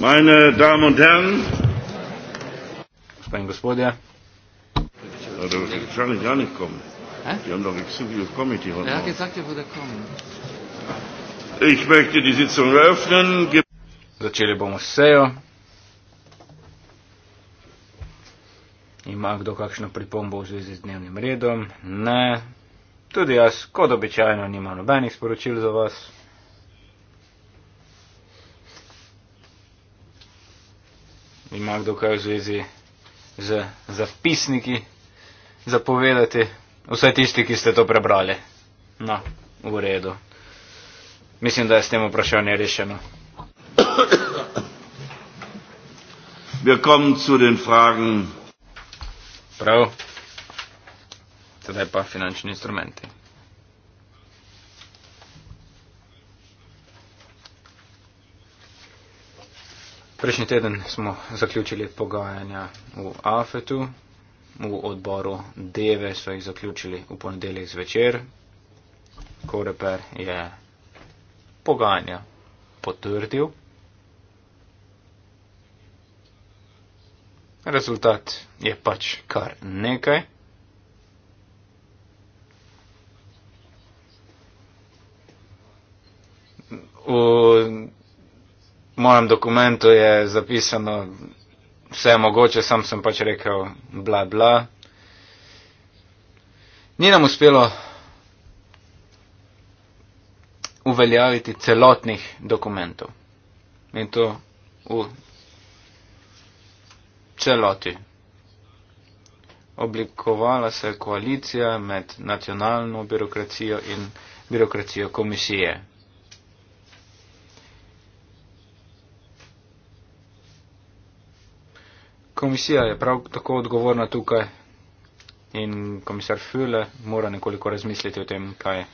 Meine Damen und Herren, Meine gospodje, ja, da bi šali gar nicht kommen. Wir haben doch Executive Committee heute. Er hat gesagt, er würde kommen. Ich möchte die Sitzung eröffnen. Začeli bomo s sejo. Ima kdo kakšno pripombo v zvezi z dnevnim redom? Ne. Tudi jaz, kot običajno, nimam nobenih sporočil za vas. ima kdo kaj v zvezi z zapisniki zapovedati, vse tisti, ki ste to prebrali. No, v redu. Mislim, da je s tem vprašanje rešeno. Prav, sedaj pa finančni instrumenti. Prejšnji teden smo zaključili pogajanja v AFET-u, v odboru DEVE so jih zaključili v ponedeljek zvečer. Koreper je pogajanja potrdil. Rezultat je pač kar nekaj. V mojem dokumentu je zapisano vse mogoče, sam sem pač rekel bla bla. Ni nam uspelo uveljaviti celotnih dokumentov. In to v celoti. Oblikovala se je koalicija med nacionalno birokracijo in birokracijo komisije. komisija je prav tako odgovorna tukaj in komisar Füle mora nekoliko razmisliti o tem, kaj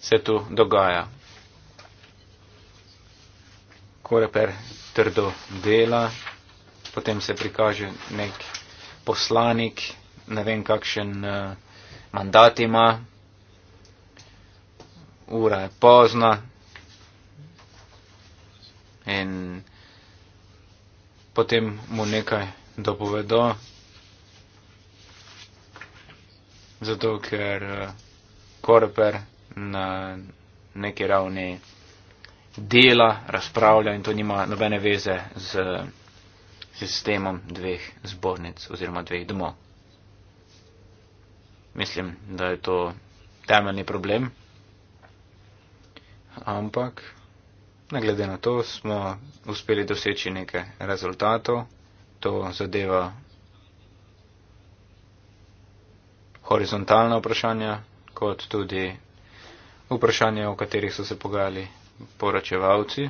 se tu dogaja. Koreper trdo dela, potem se prikaže nek poslanik, ne vem kakšen eh, mandat ima, ura je pozna in potem mu nekaj dopovedo, zato ker eh, korper na neki ravni dela, razpravlja in to nima nobene veze z sistemom dveh zbornic oziroma dveh domov. Mislim, da je to temeljni problem. Ampak Ne glede na to, smo uspeli doseči nekaj rezultatov. To zadeva horizontalna vprašanja, kot tudi vprašanja, o katerih so se pogajali poročevalci.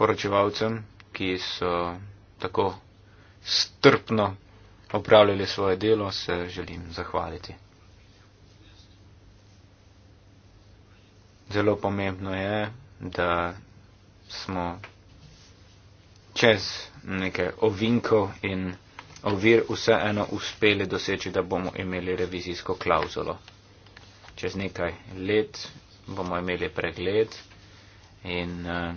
Poročevalcem, ki so tako strpno opravljali svoje delo, se želim zahvaliti. zelo pomembno je, da smo čez nekaj ovinkov in ovir vseeno uspeli doseči, da bomo imeli revizijsko klauzulo. Čez nekaj let bomo imeli pregled in uh,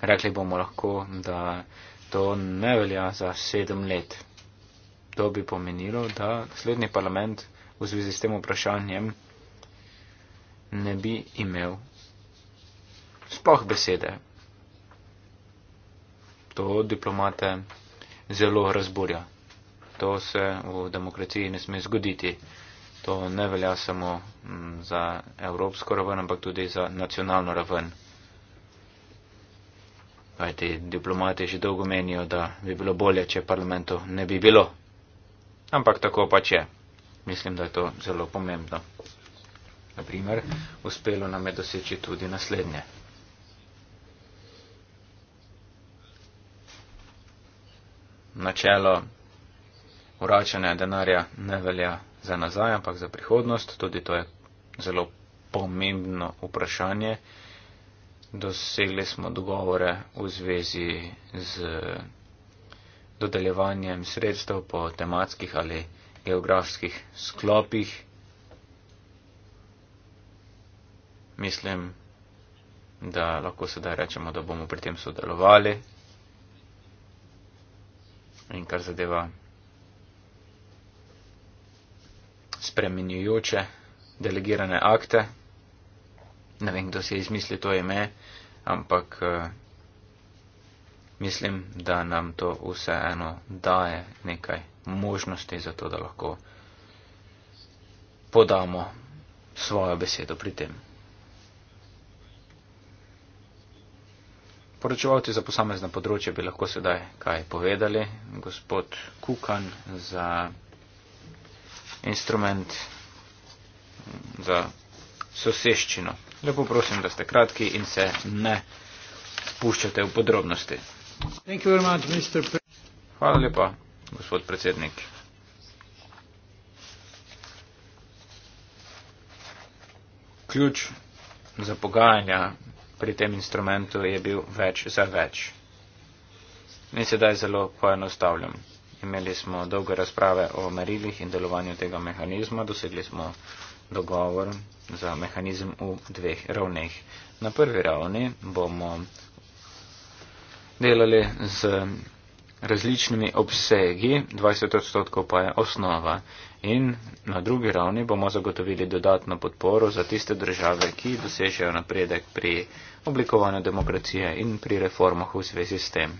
rekli bomo lahko, da to ne velja za sedem let. To bi pomenilo, da naslednji parlament v zvezi s tem vprašanjem ne bi imel spoh besede. To diplomate zelo razburja. To se v demokraciji ne sme zgoditi. To ne velja samo mm, za evropsko raven, ampak tudi za nacionalno raven. Kajti diplomati že dolgo menijo, da bi bilo bolje, če parlamentu ne bi bilo. Ampak tako pač je. Mislim, da je to zelo pomembno naprimer, uspelo nam je doseči tudi naslednje. Načelo vračanja denarja ne velja za nazaj, ampak za prihodnost. Tudi to je zelo pomembno vprašanje. Dosegli smo dogovore v zvezi z dodeljevanjem sredstev po tematskih ali geografskih sklopih. mislim, da lahko sedaj rečemo, da bomo pri tem sodelovali. In kar zadeva spremenjujoče delegirane akte, ne vem, kdo si je izmislil to ime, ampak eh, mislim, da nam to vseeno daje nekaj možnosti za to, da lahko podamo svojo besedo pri tem. poročevalci za posamezna področja bi lahko sedaj kaj povedali. Gospod Kukan za instrument mm, za soseščino. Lepo prosim, da ste kratki in se ne spuščate v podrobnosti. Hvala lepa, gospod predsednik. Ključ za pogajanja pri tem instrumentu je bil več za več. In sedaj zelo poenostavljam. Imeli smo dolge razprave o merilih in delovanju tega mehanizma, dosegli smo dogovor za mehanizem v dveh ravneh. Na prvi ravni bomo delali z različnimi obsegi, 20 odstotkov pa je osnova. In na drugi ravni bomo zagotovili dodatno podporo za tiste države, ki dosežejo napredek pri oblikovanju demokracije in pri reformah v zvezi s tem.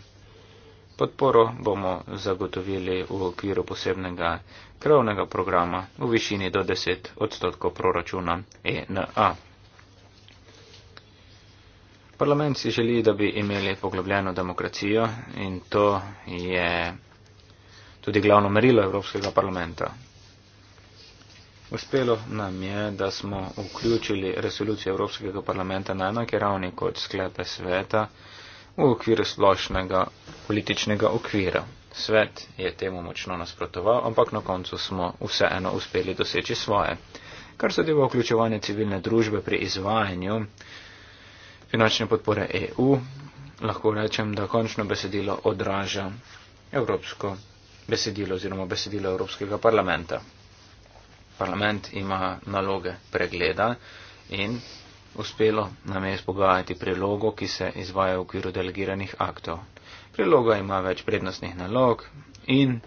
Podporo bomo zagotovili v okviru posebnega krovnega programa v višini do 10 odstotkov proračuna ENA. Parlament si želi, da bi imeli poglobljeno demokracijo in to je tudi glavno merilo Evropskega parlamenta. Uspelo nam je, da smo vključili resolucijo Evropskega parlamenta na enake ravni kot sklepe sveta v okviru splošnega političnega okvira. Svet je temu močno nasprotoval, ampak na koncu smo vseeno uspeli doseči svoje. Kar zadeva vključevanje civilne družbe pri izvajanju, finančne podpore EU, lahko rečem, da končno besedilo odraža evropsko besedilo oziroma besedilo Evropskega parlamenta. Parlament ima naloge pregleda in uspelo nam je izpogajati prilogo, ki se izvaja v okviru delegiranih aktov. Priloga ima več prednostnih nalog in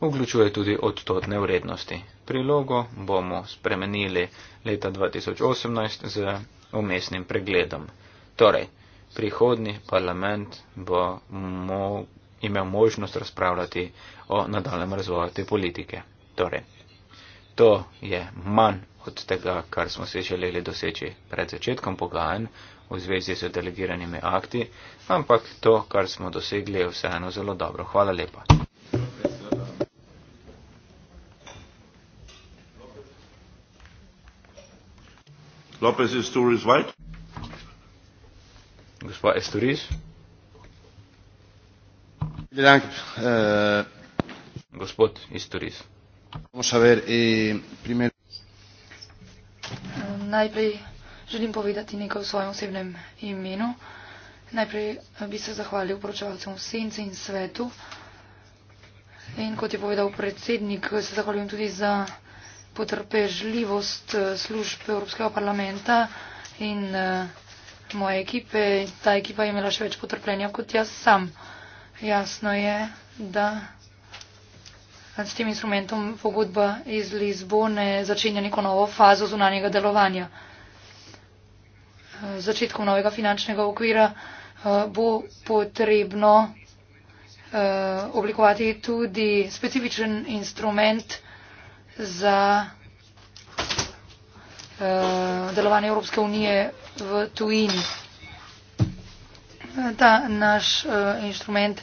vključuje tudi odtotne vrednosti. Prilogo bomo spremenili leta 2018 z umestnim pregledom. Torej, prihodni parlament bo mo imel možnost razpravljati o nadaljem razvoju te politike. Torej, to je manj od tega, kar smo se želeli doseči pred začetkom pogajanj v zvezi z delegiranimi akti, ampak to, kar smo dosegli, je vseeno zelo dobro. Hvala lepa. Okay. López Estoriz White. Gospa Estoriz. Eh, Gospod Istoriz. Vamos a ver, eh, primer... Najprej želim povedati nekaj v svojem osebnem imenu. Najprej eh, bi se zahvalil poročevalcem v Senci in svetu. In kot je povedal predsednik, se zahvaljujem tudi za potrpežljivost eh, služb Evropskega parlamenta in eh, moje ekipe. Ta ekipa je imela še več potrpljenja kot jaz sam. Jasno je, da s tem instrumentom pogodba iz Lizbone začenja neko novo fazo zunanjega delovanja. Eh, začetkom novega finančnega okvira bo potrebno oblikovati tudi specifičen instrument, za uh, delovanje Evropske unije v tujini. Ta naš uh, inštrument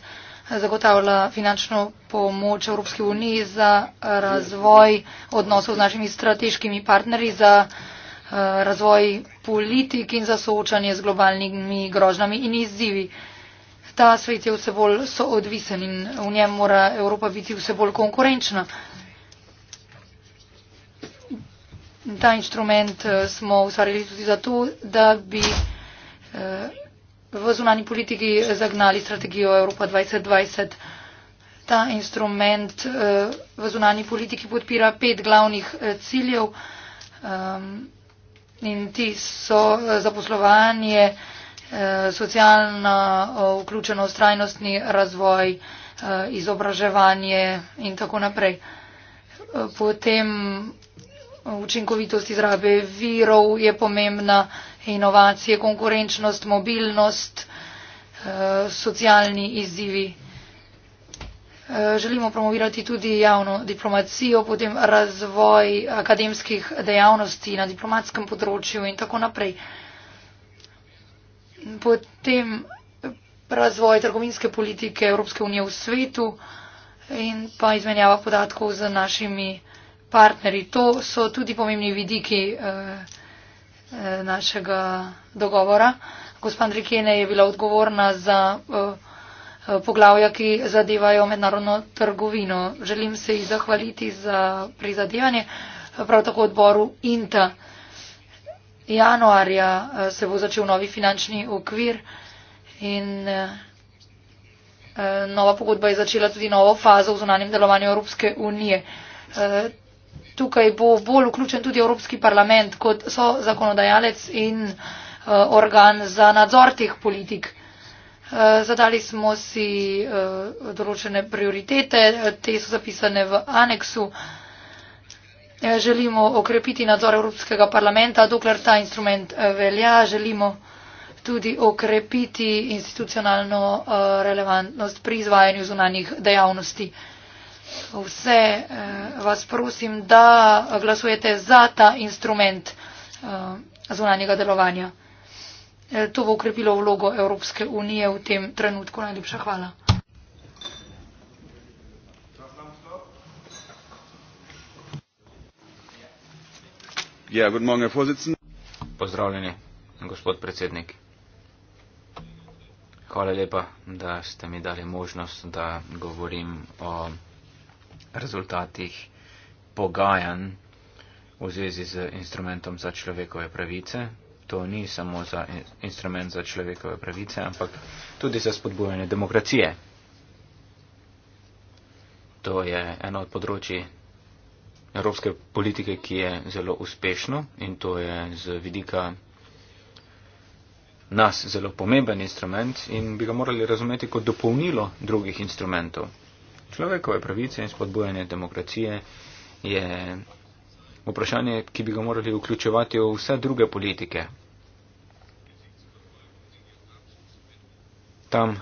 zagotavlja finančno pomoč Evropske unije za razvoj odnosov z našimi strateškimi partnerji, za uh, razvoj politik in za soočanje z globalnimi grožnami in izzivi. Ta svet je vse bolj soodvisen in v njem mora Evropa biti vse bolj konkurenčna. Uh, Ta inštrument eh, smo ustvarili tudi zato, da bi eh, v zunani politiki zagnali strategijo Evropa 2020. Ta instrument eh, v zunani politiki podpira pet glavnih ciljev ehm, in ti so zaposlovanje, socialna vključenost, trajnostni razvoj, izobraževanje in tako naprej. Potem učinkovitost izrabe virov je pomembna, inovacije, konkurenčnost, mobilnost, eh, socialni izzivi. Eh, želimo promovirati tudi javno diplomacijo, potem razvoj akademskih dejavnosti na diplomatskem področju in tako naprej. Potem razvoj trgovinske politike Evropske unije v svetu in pa izmenjava podatkov z našimi partnerji. To so tudi pomembni vidiki eh, eh, našega dogovora. Gospa Andrikene je bila odgovorna za eh, poglavja, ki zadevajo mednarodno trgovino. Želim se ji zahvaliti za prizadevanje, prav tako odboru INTA. Januarja se bo začel novi finančni okvir in nova pogodba je začela tudi novo fazo v zunanjem delovanju Evropske unije tukaj bo bolj vključen tudi Evropski parlament kot so zakonodajalec in uh, organ za nadzor teh politik. Eh, zadali smo si eh, določene prioritete, te so zapisane v aneksu. Želimo okrepiti nadzor Evropskega parlamenta, dokler ta instrument velja. Želimo tudi okrepiti institucionalno relevantnost pri izvajanju zunanjih dejavnosti vse eh, vas prosim, da glasujete za ta instrument eh, zunanjega delovanja. Eh, to bo ukrepilo vlogo Evropske unije v tem trenutku. Najlepša hvala. Ja, good morning, Fosicen. Pozdravljeni, gospod predsednik. Hvala lepa, da ste mi dali možnost, da govorim o rezultatih pogajanj v zvezi z instrumentom za človekove pravice. To ni samo za instrument za človekove pravice, ampak tudi za spodbujanje demokracije. To je eno od področji evropske politike, ki je zelo uspešno in to je z vidika nas zelo pomemben instrument in bi ga morali razumeti kot dopolnilo drugih instrumentov človekove pravice in spodbujanje demokracije je vprašanje, ki bi ga morali vključevati v vse druge politike. Tam,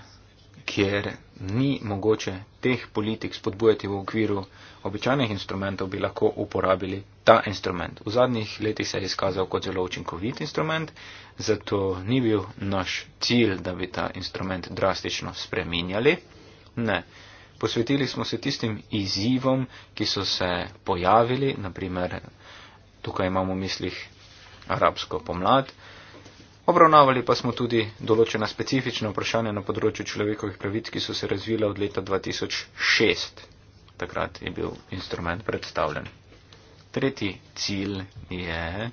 kjer ni mogoče teh politik spodbujati v okviru običajnih instrumentov, bi lahko uporabili ta instrument. V zadnjih letih se je izkazal kot zelo učinkovit instrument, zato ni bil naš cilj, da bi ta instrument drastično spreminjali. Ne posvetili smo se tistim izzivom, ki so se pojavili, naprimer tukaj imamo v mislih arabsko pomlad. Obravnavali pa smo tudi določena specifična vprašanja na področju človekovih pravic, ki so se razvila od leta 2006. Takrat je bil instrument predstavljen. Tretji cilj je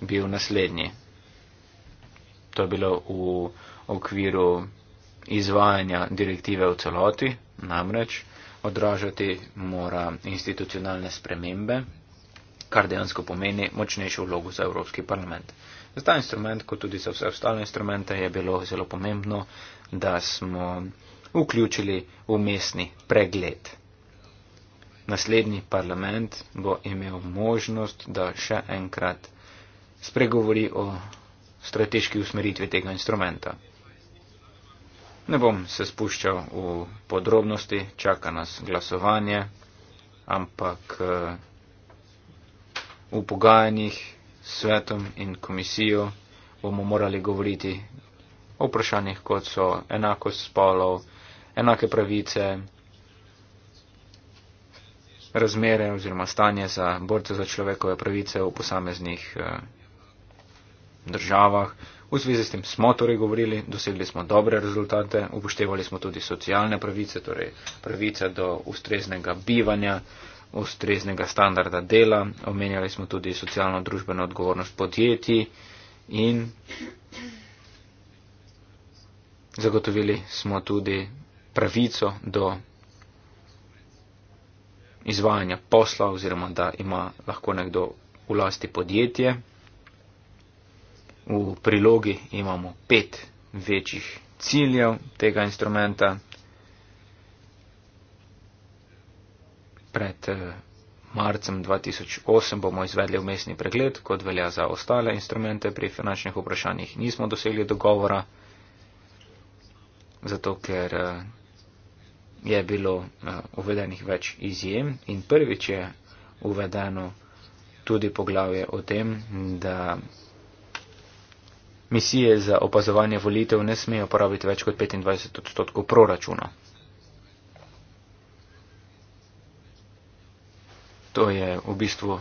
bil naslednji. To je bilo v okviru izvajanja direktive v celoti, namreč odražati mora institucionalne spremembe, kar dejansko pomeni močnejšo vlogo za Evropski parlament. Za ta instrument, kot tudi za vse ostale instrumente, je bilo zelo pomembno, da smo vključili umestni pregled. Naslednji parlament bo imel možnost, da še enkrat spregovori o strateški usmeritvi tega instrumenta. Ne bom se spuščal v podrobnosti, čaka nas glasovanje, ampak eh, v pogajanjih s svetom in komisijo bomo morali govoriti o vprašanjih, kot so enakost spolov, enake pravice, razmere oziroma stanje za borce za človekove pravice v posameznih eh, državah. V zvezi s tem smo torej govorili, dosegli smo dobre rezultate, upoštevali smo tudi socialne pravice, torej pravica do ustreznega bivanja, ustreznega standarda dela, omenjali smo tudi socialno družbeno odgovornost podjetij in zagotovili smo tudi pravico do izvajanja posla oziroma da ima lahko nekdo v lasti podjetje. V prilogi imamo pet večjih ciljev tega instrumenta. Pred eh, marcem 2008 bomo izvedli umestni pregled, kot velja za ostale instrumente. Pri finančnih vprašanjih nismo dosegli dogovora, zato ker eh, je bilo eh, uvedenih več izjem in prvič je uvedeno tudi poglavje o tem, da misije za opazovanje volitev ne smejo porabiti več kot 25 odstotkov proračuna. To je v bistvu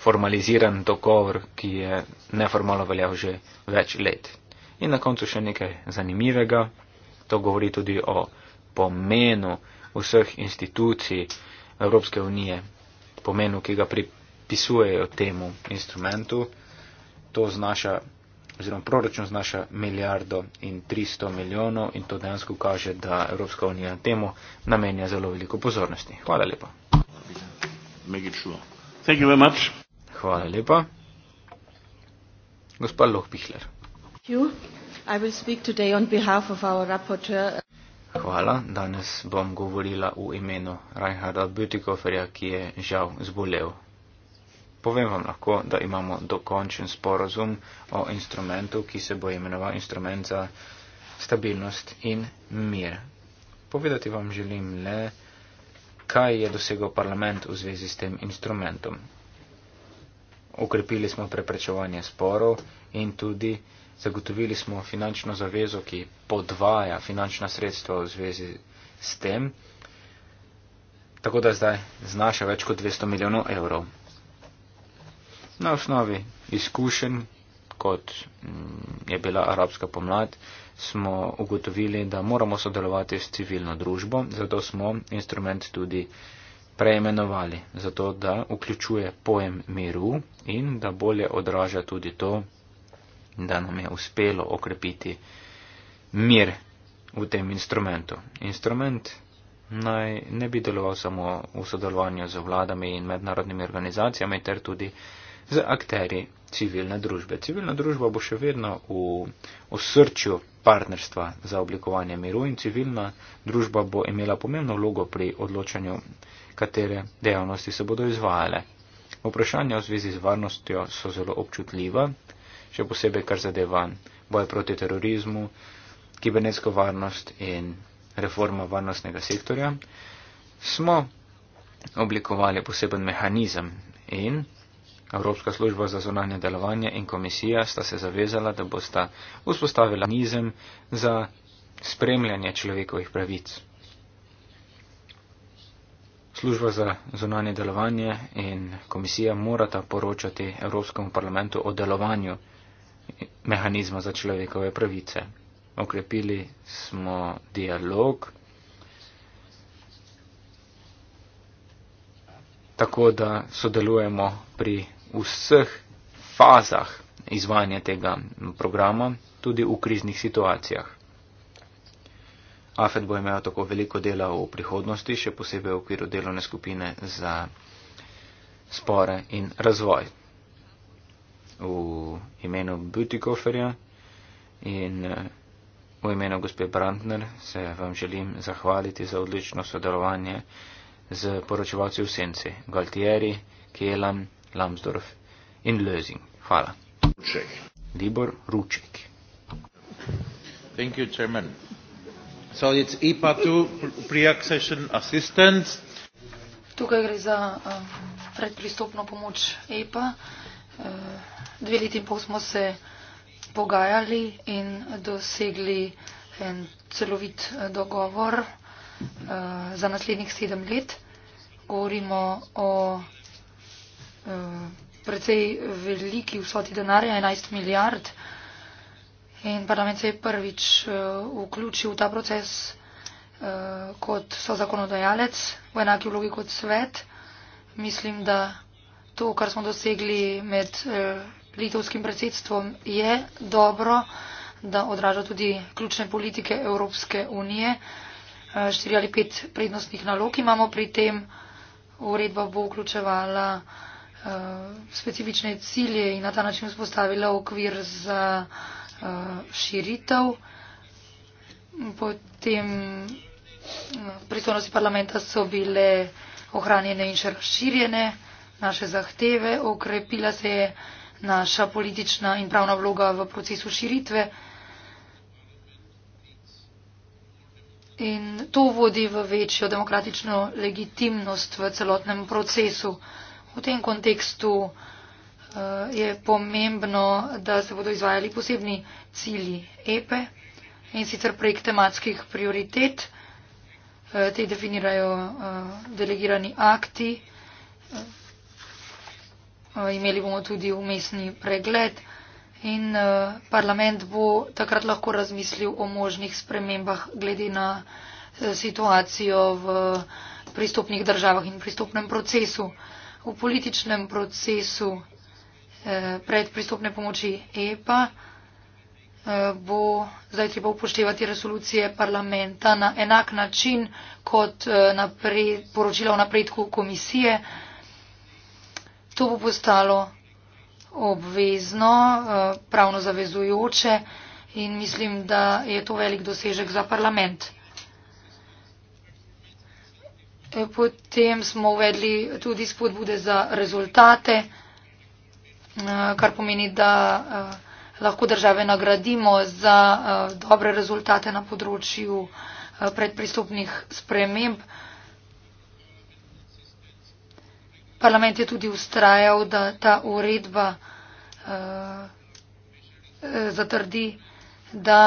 formaliziran dogovor, ki je neformalno veljal že več let. In na koncu še nekaj zanimivega. To govori tudi o pomenu vseh institucij Evropske unije, pomenu, ki ga pripisujejo temu instrumentu. To znaša oziroma proračun znaša milijardo in 300 milijonov in to dejansko kaže, da Evropska unija temu namenja zelo veliko pozornosti. Hvala lepa. Hvala lepa. Gospod Lohpihler. Hvala. Danes bom govorila v imenu Reinharda Bütikoferja, ki je žal zbolel. Povem vam lahko, da imamo dokončen sporozum o instrumentu, ki se bo imenoval instrument za stabilnost in mir. Povedati vam želim le, kaj je dosegal parlament v zvezi s tem instrumentom. Ukrepili smo preprečevanje sporov in tudi zagotovili smo finančno zavezo, ki podvaja finančna sredstva v zvezi s tem. Tako da zdaj znaša več kot 200 milijonov evrov na osnovi izkušenj, kot mm, je bila arabska pomlad, smo ugotovili, da moramo sodelovati s civilno družbo, zato smo instrument tudi preimenovali, zato da vključuje pojem miru in da bolje odraža tudi to, da nam je uspelo okrepiti mir v tem instrumentu. Instrument naj ne bi deloval samo v sodelovanju z vladami in mednarodnimi organizacijami, ter tudi z akteri civilne družbe. Civilna družba bo še vedno v osrčju partnerstva za oblikovanje miru in civilna družba bo imela pomembno vlogo pri odločanju, katere dejavnosti se bodo izvajale. Vprašanja v zvezi z varnostjo so zelo občutljiva, še posebej kar zadeva boje proti terorizmu, kibernetsko varnost in reforma varnostnega sektorja. Smo oblikovali poseben mehanizem in Evropska služba za zonanje delovanje in komisija sta se zavezala, da bosta vzpostavila mehanizem za spremljanje človekovih pravic. Služba za zonanje delovanje in komisija morata poročati Evropskemu parlamentu o delovanju mehanizma za človekove pravice. Okrepili smo dialog, tako da sodelujemo pri vseh fazah izvajanja tega programa, tudi v kriznih situacijah. AFED bo imel tako veliko dela v prihodnosti, še posebej v okviru delovne skupine za spore in razvoj. V imenu Butikoferja in eh, v imenu gospe Brandner se vam želim zahvaliti za odlično sodelovanje z poročevalci v senci Galtieri, Kielan, Lambsdorff in Lösing. Hvala. Ruček. Libor Ruček. Thank you, Chairman. So it's IPA2 pre-accession assistance. Tukaj gre za uh, predpristopno pomoč EPA. Uh, eh, dve leti in pol smo se pogajali in dosegli en celovit eh, dogovor uh, za naslednjih sedem let. Govorimo o Eh, precej veliki vsoti denarja, 11 milijard. In parlament se je prvič eh, vključil v ta proces eh, kot so zakonodajalec v enaki vlogi kot svet. Mislim, da to, kar smo dosegli med litovskim predsedstvom, je dobro, da odraža tudi ključne politike Evropske unije. Štiri ali pet prednostnih nalog imamo pri tem. Uredba bo vključevala Eh, specifične cilje in na ta način vzpostavila okvir za eh, širitev. Potem eh, pristojnosti parlamenta so bile ohranjene in še razširjene, naše zahteve, okrepila se je naša politična in pravna vloga v procesu širitve. In to vodi v večjo demokratično legitimnost v celotnem procesu. V tem kontekstu eh, je pomembno, da se bodo izvajali posebni cilji EPE e in sicer prek tematskih prioritet. Eh, te definirajo eh, delegirani akti. Imeli bomo tudi umestni pregled in parlament bo takrat lahko razmislil o možnih spremembah glede na situacijo v pristopnih državah in pristopnem procesu v političnem procesu eh, pred pristopne pomoči EPA eh, bo zdaj treba upoštevati resolucije parlamenta na enak način kot eh, poročila o napredku komisije. To bo postalo obvezno, pravno zavezujoče in mislim, da je to velik dosežek za parlament. Potem smo uvedli tudi spodbude za rezultate, eh, kar pomeni, da eh, lahko države nagradimo za eh, dobre rezultate na področju predpristopnih sprememb. Parlament je tudi ustrajal, da ta uredba zatrdi, da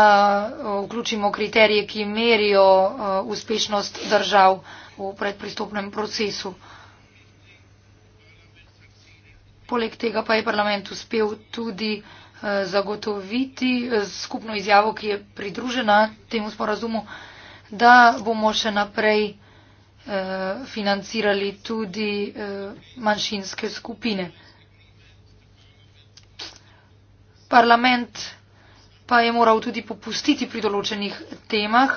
vključimo kriterije, ki merijo uspešnost držav v predpristopnem procesu. Poleg tega pa je parlament uspel tudi eh, zagotoviti eh, skupno izjavo, ki je pridružena temu sporazumu, da bomo še naprej eh, financirali tudi manjšinske skupine. Parlament pa je moral tudi popustiti pri določenih temah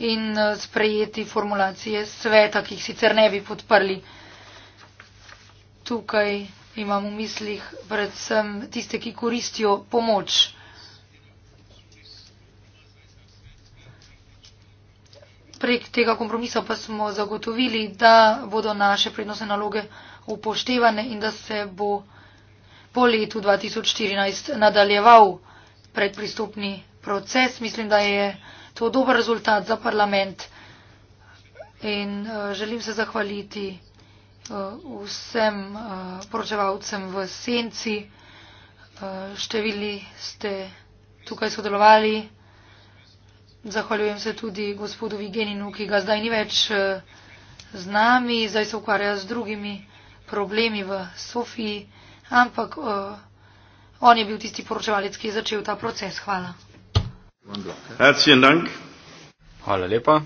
in eh, sprejeti formulacije sveta, ki jih sicer ne bi podprli. Tukaj imam v mislih predvsem tiste, ki koristijo pomoč. Prek tega kompromisa pa smo zagotovili, da bodo naše prednostne naloge upoštevane in da se bo po letu 2014 nadaljeval predpristopni proces. Mislim, da je to dober rezultat za parlament. In uh, želim se zahvaliti uh, vsem uh, poročevalcem v senci. Uh, številni ste tukaj sodelovali. Zahvaljujem se tudi gospodu Vigeninu, ki ga zdaj ni več uh, z nami, zdaj se ukvarja z drugimi problemi v Sofiji, ampak uh, on je bil tisti poročevalec, ki je začel ta proces. Hvala. Herzlichen Dank. Hvala lepa.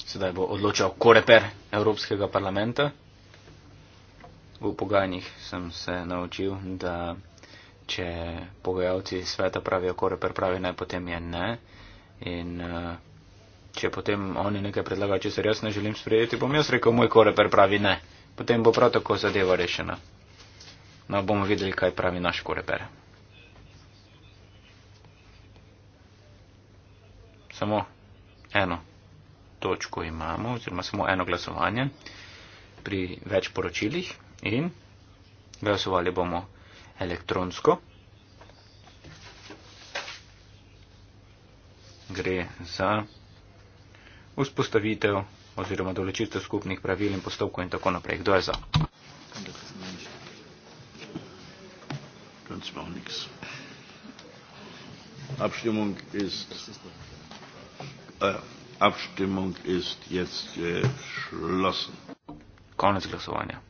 Sedaj bo odločal koreper Evropskega parlamenta. V pogajanjih sem se naučil, da če pogajalci sveta pravijo koreper pravi ne, potem je ne. In eh, če potem oni nekaj predlagajo, če se jaz ne želim sprejeti, bom jaz rekel, moj koreper pravi ne. Potem bo prav tako zadeva rešena. No, bomo videli, kaj pravi naš koreper. Samo eno točko imamo, oziroma samo eno glasovanje pri več poročilih in glasovali bomo elektronsko. Gre za vzpostavitev oziroma določitev skupnih pravil in postopkov in tako naprej. Kdo je za? kannst du auch nichts. Abstimmung ist, äh, Abstimmung ist jetzt geschlossen. Koniec głosowania.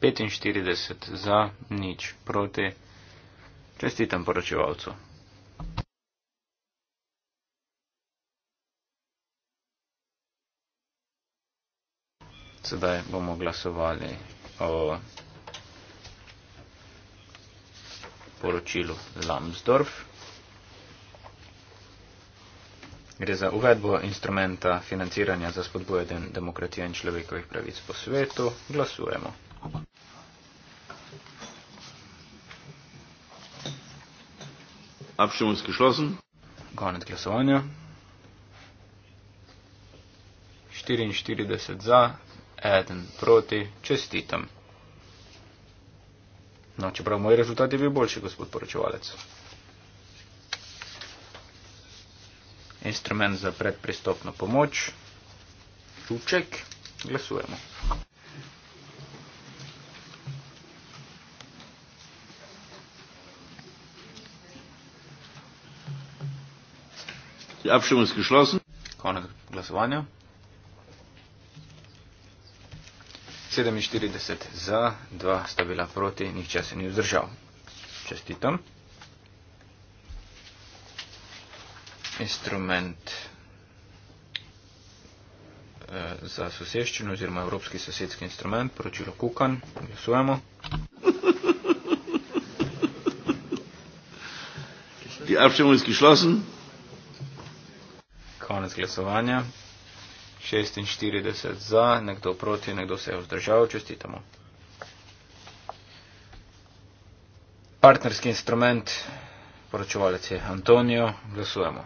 Petinštirideset za, nič proti. Čestitam poročevalcu. Sedaj bomo glasovali o poročilu Lambsdorff. Gre za uvedbo instrumenta financiranja za spodbujanje demokracije in človekovih pravic po svetu. Glasujemo. Abšumski šlosen. Konec glasovanja. 44 za, eden proti čestitam. No, čeprav moj rezultat je bil boljši, gospod poročevalec. Instrument za predpristopno pomoč. Ruček. Glasujemo. Ja, všem skušal sem. Konec glasovanja. 47 za, 2 sta bila proti, nihče se ni vzdržal. Čestitam. Instrument eh, za soseščino oziroma evropski sosedski instrument, poročilo Kukan, glasujemo. Ti apšemo izkišlosen. Konec glasovanja. 46 za, nekdo proti, nekdo se je vzdržal, čestitamo. Partnerski instrument, poročevalec je Antonijo, glasujemo.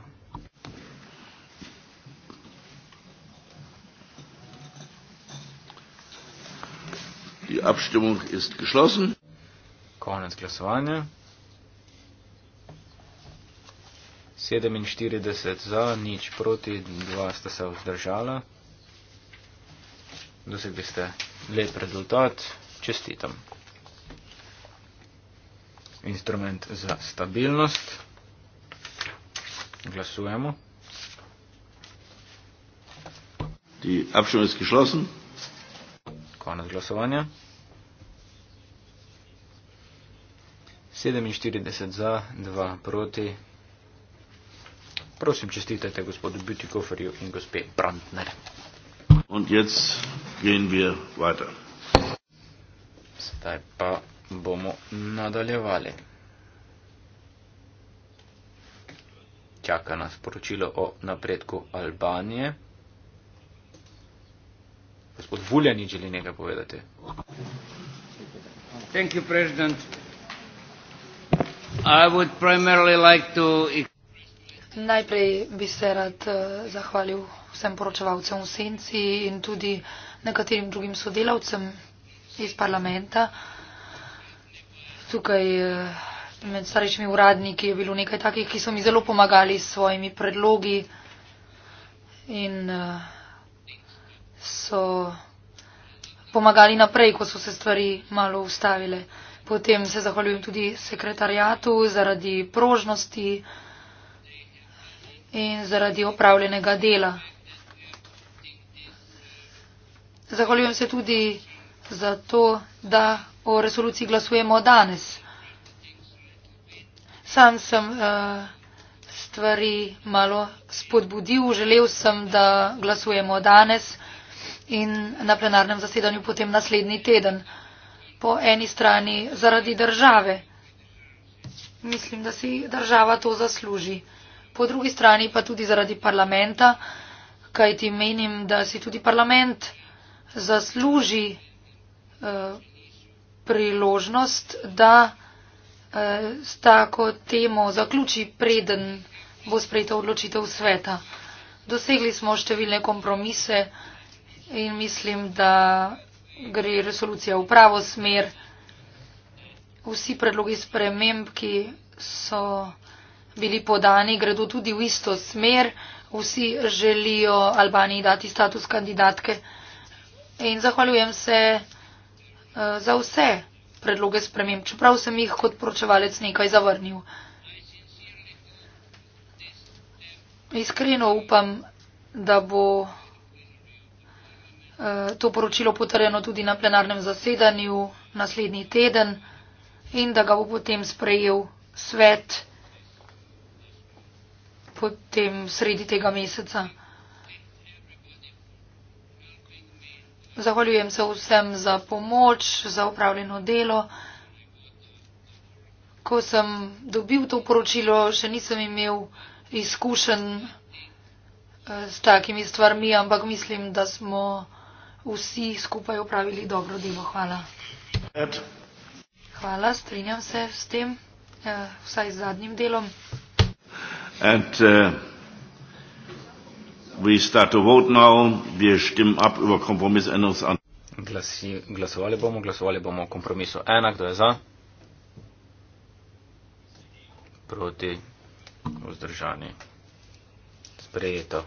Die Abstimmung ist geschlossen. Konec glasovanja. 47 za, nič proti, dva sta se vzdržala. Dosegli ste lep rezultat, čestitam. Instrument za stabilnost. Glasujemo. Die Abstimmung ist geschlossen. Konec glasovanja. 47 za, 2 proti. Prosim, čestitajte gospodu Bütikoferju in gospe Brandner. Und jetzt gehen wir weiter. Zdaj pa bomo nadaljevali. Čaka nas poročilo o napredku Albanije. Gospod Vuljani želi nekaj povedati. Thank you, president. I would primarily like to... Najprej bi se rad uh, zahvalil vsem poročevalcem v Senci in tudi nekaterim drugim sodelavcem iz parlamenta. Tukaj uh, med starejšimi uradniki je bilo nekaj takih, ki so mi zelo pomagali s svojimi predlogi in uh, so pomagali naprej, ko so se stvari malo ustavile. Potem se zahvaljujem tudi sekretarjatu zaradi prožnosti. Uh, in zaradi opravljenega dela. Zahvaljujem se tudi za to, da o resoluciji glasujemo danes. Sam sem uh, stvari malo spodbudil, želel sem, da glasujemo danes in na plenarnem zasedanju potem naslednji teden. Po eni strani zaradi države. Mislim, da si država to zasluži po drugi strani pa tudi zaradi parlamenta, kajti menim, da si tudi parlament zasluži eh, priložnost, da eh, s tako temo zaključi preden bo sprejeta odločitev sveta. Dosegli smo številne kompromise in mislim, da gre resolucija v pravo smer. Vsi predlogi sprememb, ki so bili podani, gredo tudi v isto smer. Vsi želijo Albaniji dati status kandidatke. In zahvaljujem se eh, za vse predloge spremem, čeprav sem jih kot poročevalec nekaj zavrnil. Iskreno upam, da bo eh, to poročilo potrjeno tudi na plenarnem zasedanju naslednji teden in da ga bo potem sprejel svet potem sredi tega meseca. Zahvaljujem se vsem za pomoč, za upravljeno delo. Ko sem dobil to poročilo, še nisem imel izkušen eh, s takimi stvarmi, ampak mislim, da smo vsi skupaj upravili dobro delo. Hvala. Ed. Hvala, strinjam se s tem, eh, vsaj z zadnjim delom. And uh, we start to vote now. Wir stimmen ab über Kompromissänderungsantrag. Glasi, glasovali bomo, glasovali bomo o kompromisu. Ena, kdo je za? Proti, vzdržani. Sprejeto.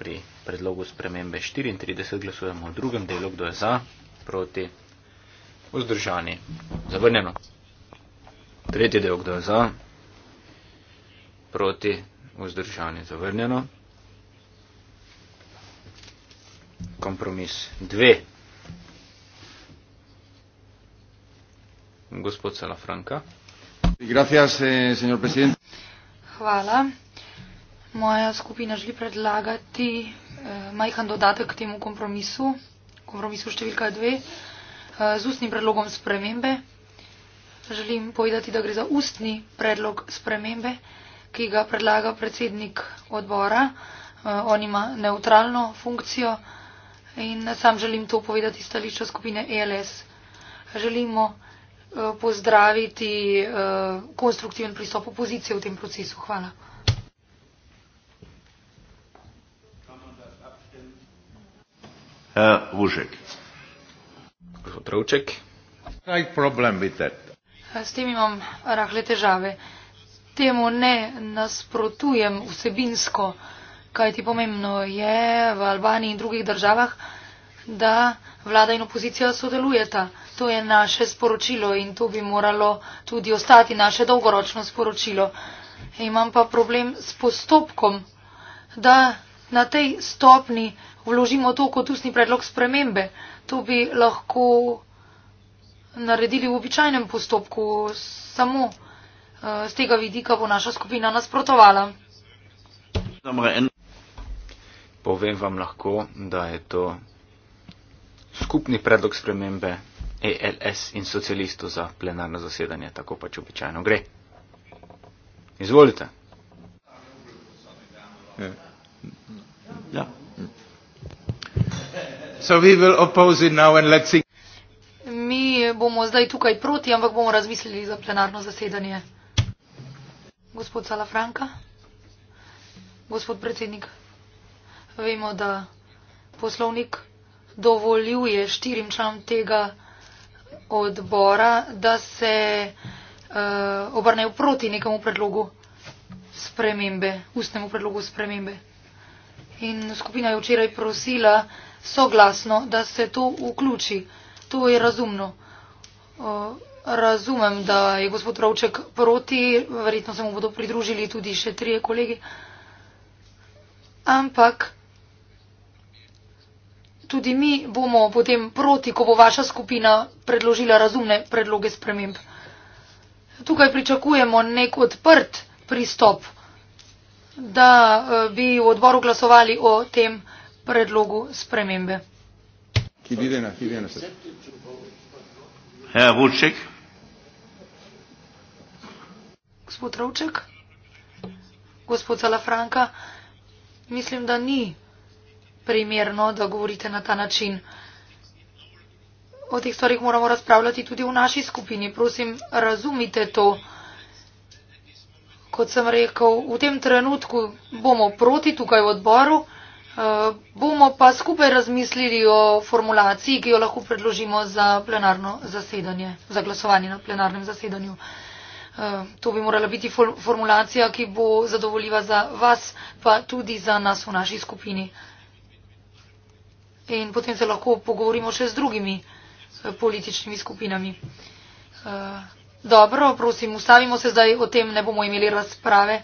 Pri predlogu spremembe 34 glasujemo o drugem delu, kdo je za? Proti, vzdržani. Zavrnjeno. Tretji del, kdo je za? proti vzdržanje zavrnjeno. Kompromis dve. Gospod Salafranka. Eh, Hvala. Moja skupina želi predlagati eh, majhen dodatek k temu kompromisu, kompromisu številka dve, eh, z ustnim predlogom spremembe. Želim povedati, da gre za ustni predlog spremembe ki ga predlaga predsednik odbora. Eh, on ima neutralno funkcijo in sam želim to povedati stališča skupine ELS. Želimo eh, pozdraviti eh, konstruktiven pristop opozicije v tem procesu. Hvala. Uh, Vužek. S tem imam rahle težave. Uh, temu ne nasprotujem vsebinsko, kaj ti pomembno je v Albaniji in drugih državah, da vlada in opozicija sodelujeta. To je naše sporočilo in to bi moralo tudi ostati naše dolgoročno sporočilo. Imam pa problem s postopkom, da na tej stopni vložimo to kot usni predlog spremembe. To bi lahko naredili v običajnem postopku samo Eh, z tega vidika bo naša skupina nasprotovala. Povem vam lahko, da je to skupni predlog spremembe ALS e in socialistov za plenarno zasedanje, tako pač običajno gre. Izvolite. Ja. Mi bomo zdaj tukaj proti, ampak bomo razmislili za plenarno zasedanje. Gospod Salafranka, gospod predsednik, vemo, da poslovnik dovoljuje štirim članom tega odbora, da se uh, obrnejo proti nekemu predlogu spremembe, ustnemu predlogu spremembe. In skupina je včeraj prosila soglasno, da se to vključi. To je razumno. Uh, Razumem, da je gospod Ravček proti, verjetno se mu bodo pridružili tudi še trije kolegi. Ampak tudi mi bomo potem proti, ko bo vaša skupina predložila razumne predloge sprememb. Tukaj pričakujemo nek odprt pristop, da eh, bi v odboru glasovali o tem predlogu spremembe. Ki vidi na, ki vidi na svet. Herr Rutschek gospod Ravček, gospod Zalafranka, mislim, da ni primerno, da govorite na ta način. O teh stvarih moramo razpravljati tudi v naši skupini. Prosim, razumite to. Kot sem rekel, v tem trenutku bomo proti tukaj v odboru, eh, bomo pa skupaj razmislili o formulaciji, ki jo lahko predložimo za, za glasovanje na plenarnem zasedanju. Eh, to bi morala biti formulacija, ki bo zadovoljiva za vas, pa tudi za nas v naši skupini. In potem se lahko pogovorimo še z drugimi eh, političnimi skupinami. Eh, dobro, prosim, ustavimo se zdaj, o tem ne bomo imeli razprave.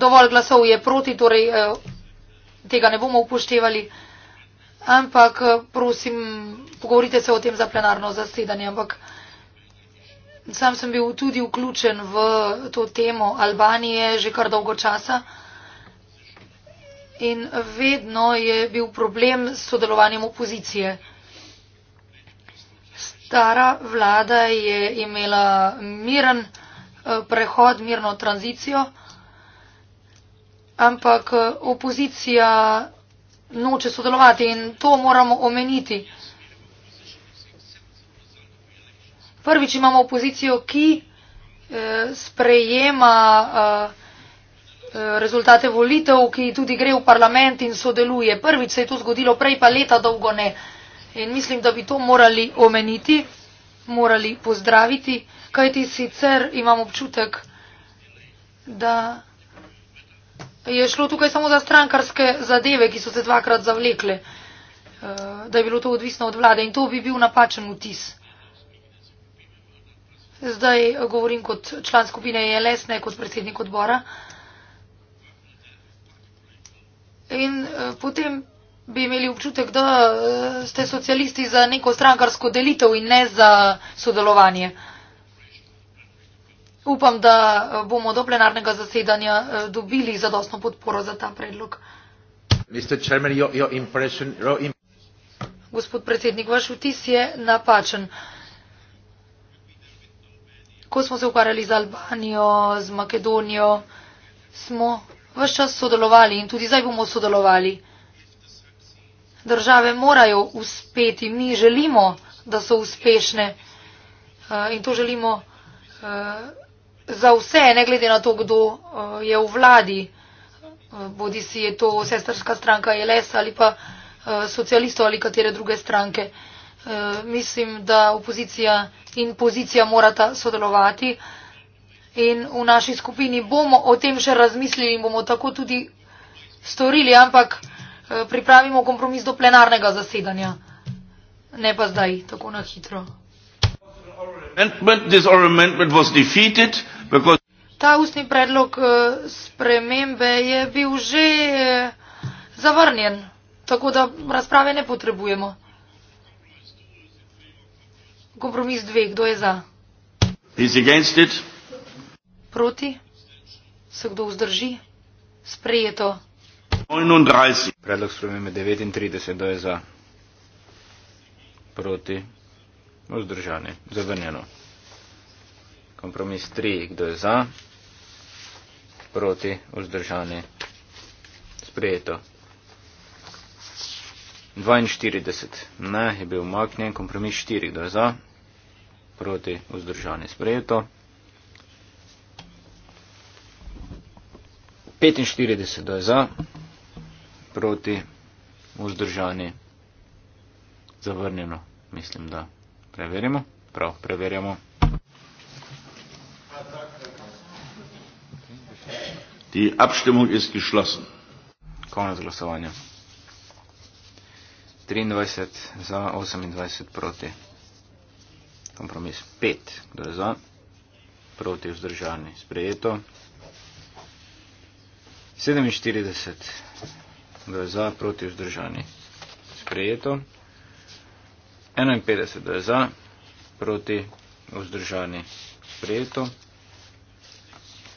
Dovolj glasov je proti, torej tega ne bomo upoštevali, ampak prosim, pogovorite se o tem za plenarno zasedanje, ampak Sam sem bil tudi vključen v to temo Albanije že kar dolgo časa. In vedno je bil problem s sodelovanjem opozicije. Stara vlada je imela miren eh, prehod, mirno tranzicijo, ampak eh, opozicija noče sodelovati in to moramo omeniti. prvič imamo opozicijo, ki eh, sprejema eh, eh, rezultate volitev, ki tudi gre v parlament in sodeluje. Prvič se je to zgodilo, prej pa leta dolgo ne. In mislim, da bi to morali omeniti, morali pozdraviti, kajti sicer imam občutek, da je šlo tukaj samo za strankarske zadeve, ki so se dvakrat zavlekle, da je bilo to odvisno od vlade in to bi bil napačen vtis. Zdaj govorim kot član skupine ELS, ne kot predsednik odbora. In e, potem bi imeli občutek, da e, ste socialisti za neko strankarsko delitev in ne za sodelovanje. Upam, da bomo do plenarnega zasedanja e, dobili zadostno podporo za ta predlog. Chairman, your, your your... Gospod predsednik, vaš vtis je napačen ko smo se ukvarjali z Albanijo, z Makedonijo, smo vse čas sodelovali in tudi zdaj bomo sodelovali. Države morajo uspeti, mi želimo, da so uspešne eh, in to želimo eh, za vse, ne glede na to, kdo eh, je v vladi, bodi si je to sestrska stranka LS ali pa socialistov ali katere druge stranke. Eh, mislim, da opozicija in pozicija morata sodelovati. In v naši skupini bomo o tem še razmislili in bomo tako tudi storili, ampak eh, pripravimo kompromis do plenarnega zasedanja. Ne pa zdaj, tako na hitro. Ta ustni predlog eh, spremembe je bil že zavrnjen, tako da razprave ne potrebujemo. Kompromis dve, kdo je za? Proti? Se kdo vzdrži? Sprejeto. Predlog spremembe 39, kdo je za? Proti? Vzdržani. Zavrnjeno. Kompromis 3, kdo je za? Proti? Vzdržani. Sprejeto. 42, ne, je bil umaknjen. Kompromis 4, kdo je za? proti vzdržani sprejeto. 45 je za, proti vzdržani zavrnjeno. Mislim, da preverimo. Prav, preverjamo. Ti abštemung je geschlossen. Konec glasovanja. 23 za 28 proti kompromis 5, kdo je za, proti vzdržani, sprejeto. 47, kdo je za, proti vzdržani, sprejeto. 51, kdo je za, proti vzdržani, sprejeto.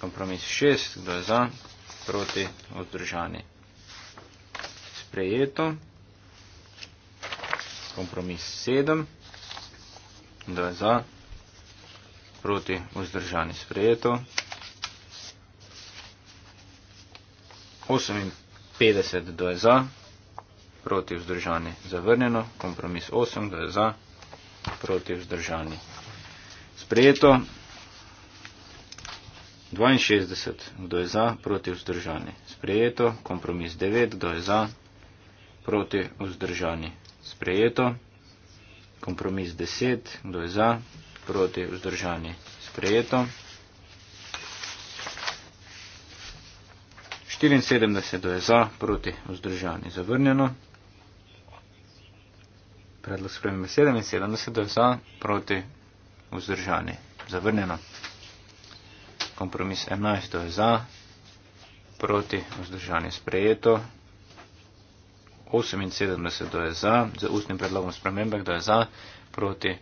Kompromis 6, kdo je za, proti vzdržani, sprejeto. Kompromis 7. 2 za, proti vzdržani sprejeto. 58, 2 za, proti vzdržani zavrnjeno, kompromis 8, 2 za, proti vzdržani sprejeto. 62, kdo je za, proti vzdržani sprejeto, kompromis 9, kdo je za, proti vzdržani sprejeto. Kompromis 10. Kdo je za? Proti vzdržani. Sprejeto. 74. Kdo je za? Proti vzdržani. Zavrnjeno. Predlog spremembe 77. Kdo je za? Proti vzdržani. Zavrnjeno. Kompromis 11. Kdo je za? Proti vzdržani. Sprejeto. 78, kdo je za, za ustnim predlogom spremembe, kdo je za, proti.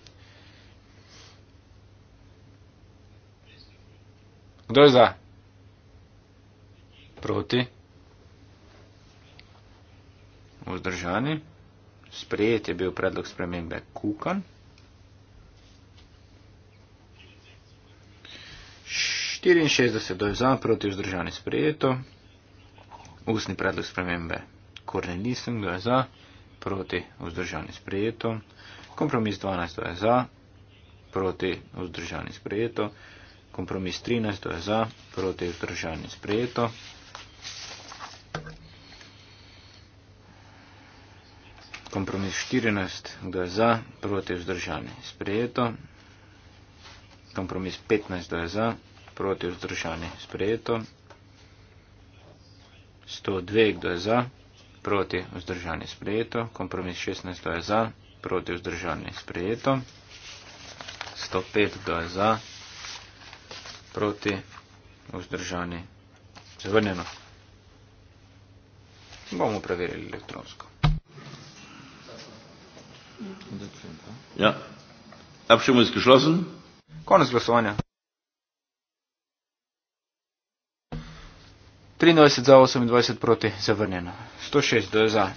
Kdo je za? Proti. Vzdržani. Sprejet je bil predlog spremembe Kukan. 64 do je za, proti vzdržani sprejeto. Ustni predlog spremembe korne listen, kdo je za, proti vzdržani sprejeto, kompromis 12, kdo je za, proti vzdržani sprejeto, kompromis 13, kdo je za, proti vzdržani sprejeto. Kompromis 14, kdo je za, proti vzdržani sprejeto. Kompromis 15, kdo je za, proti vzdržani sprejeto. 102, kdo je za, proti vzdržanje sprejeto, kompromis 16 glas za, proti vzdržanje sprejeto, 105 glas za, proti vzdržanje zavrnjeno. Bomo preverili elektronsko. Ja, ab schon muss geschlossen. Konnes glasovanja. 23 za 28 proti zavrnjeno. 106 do je za,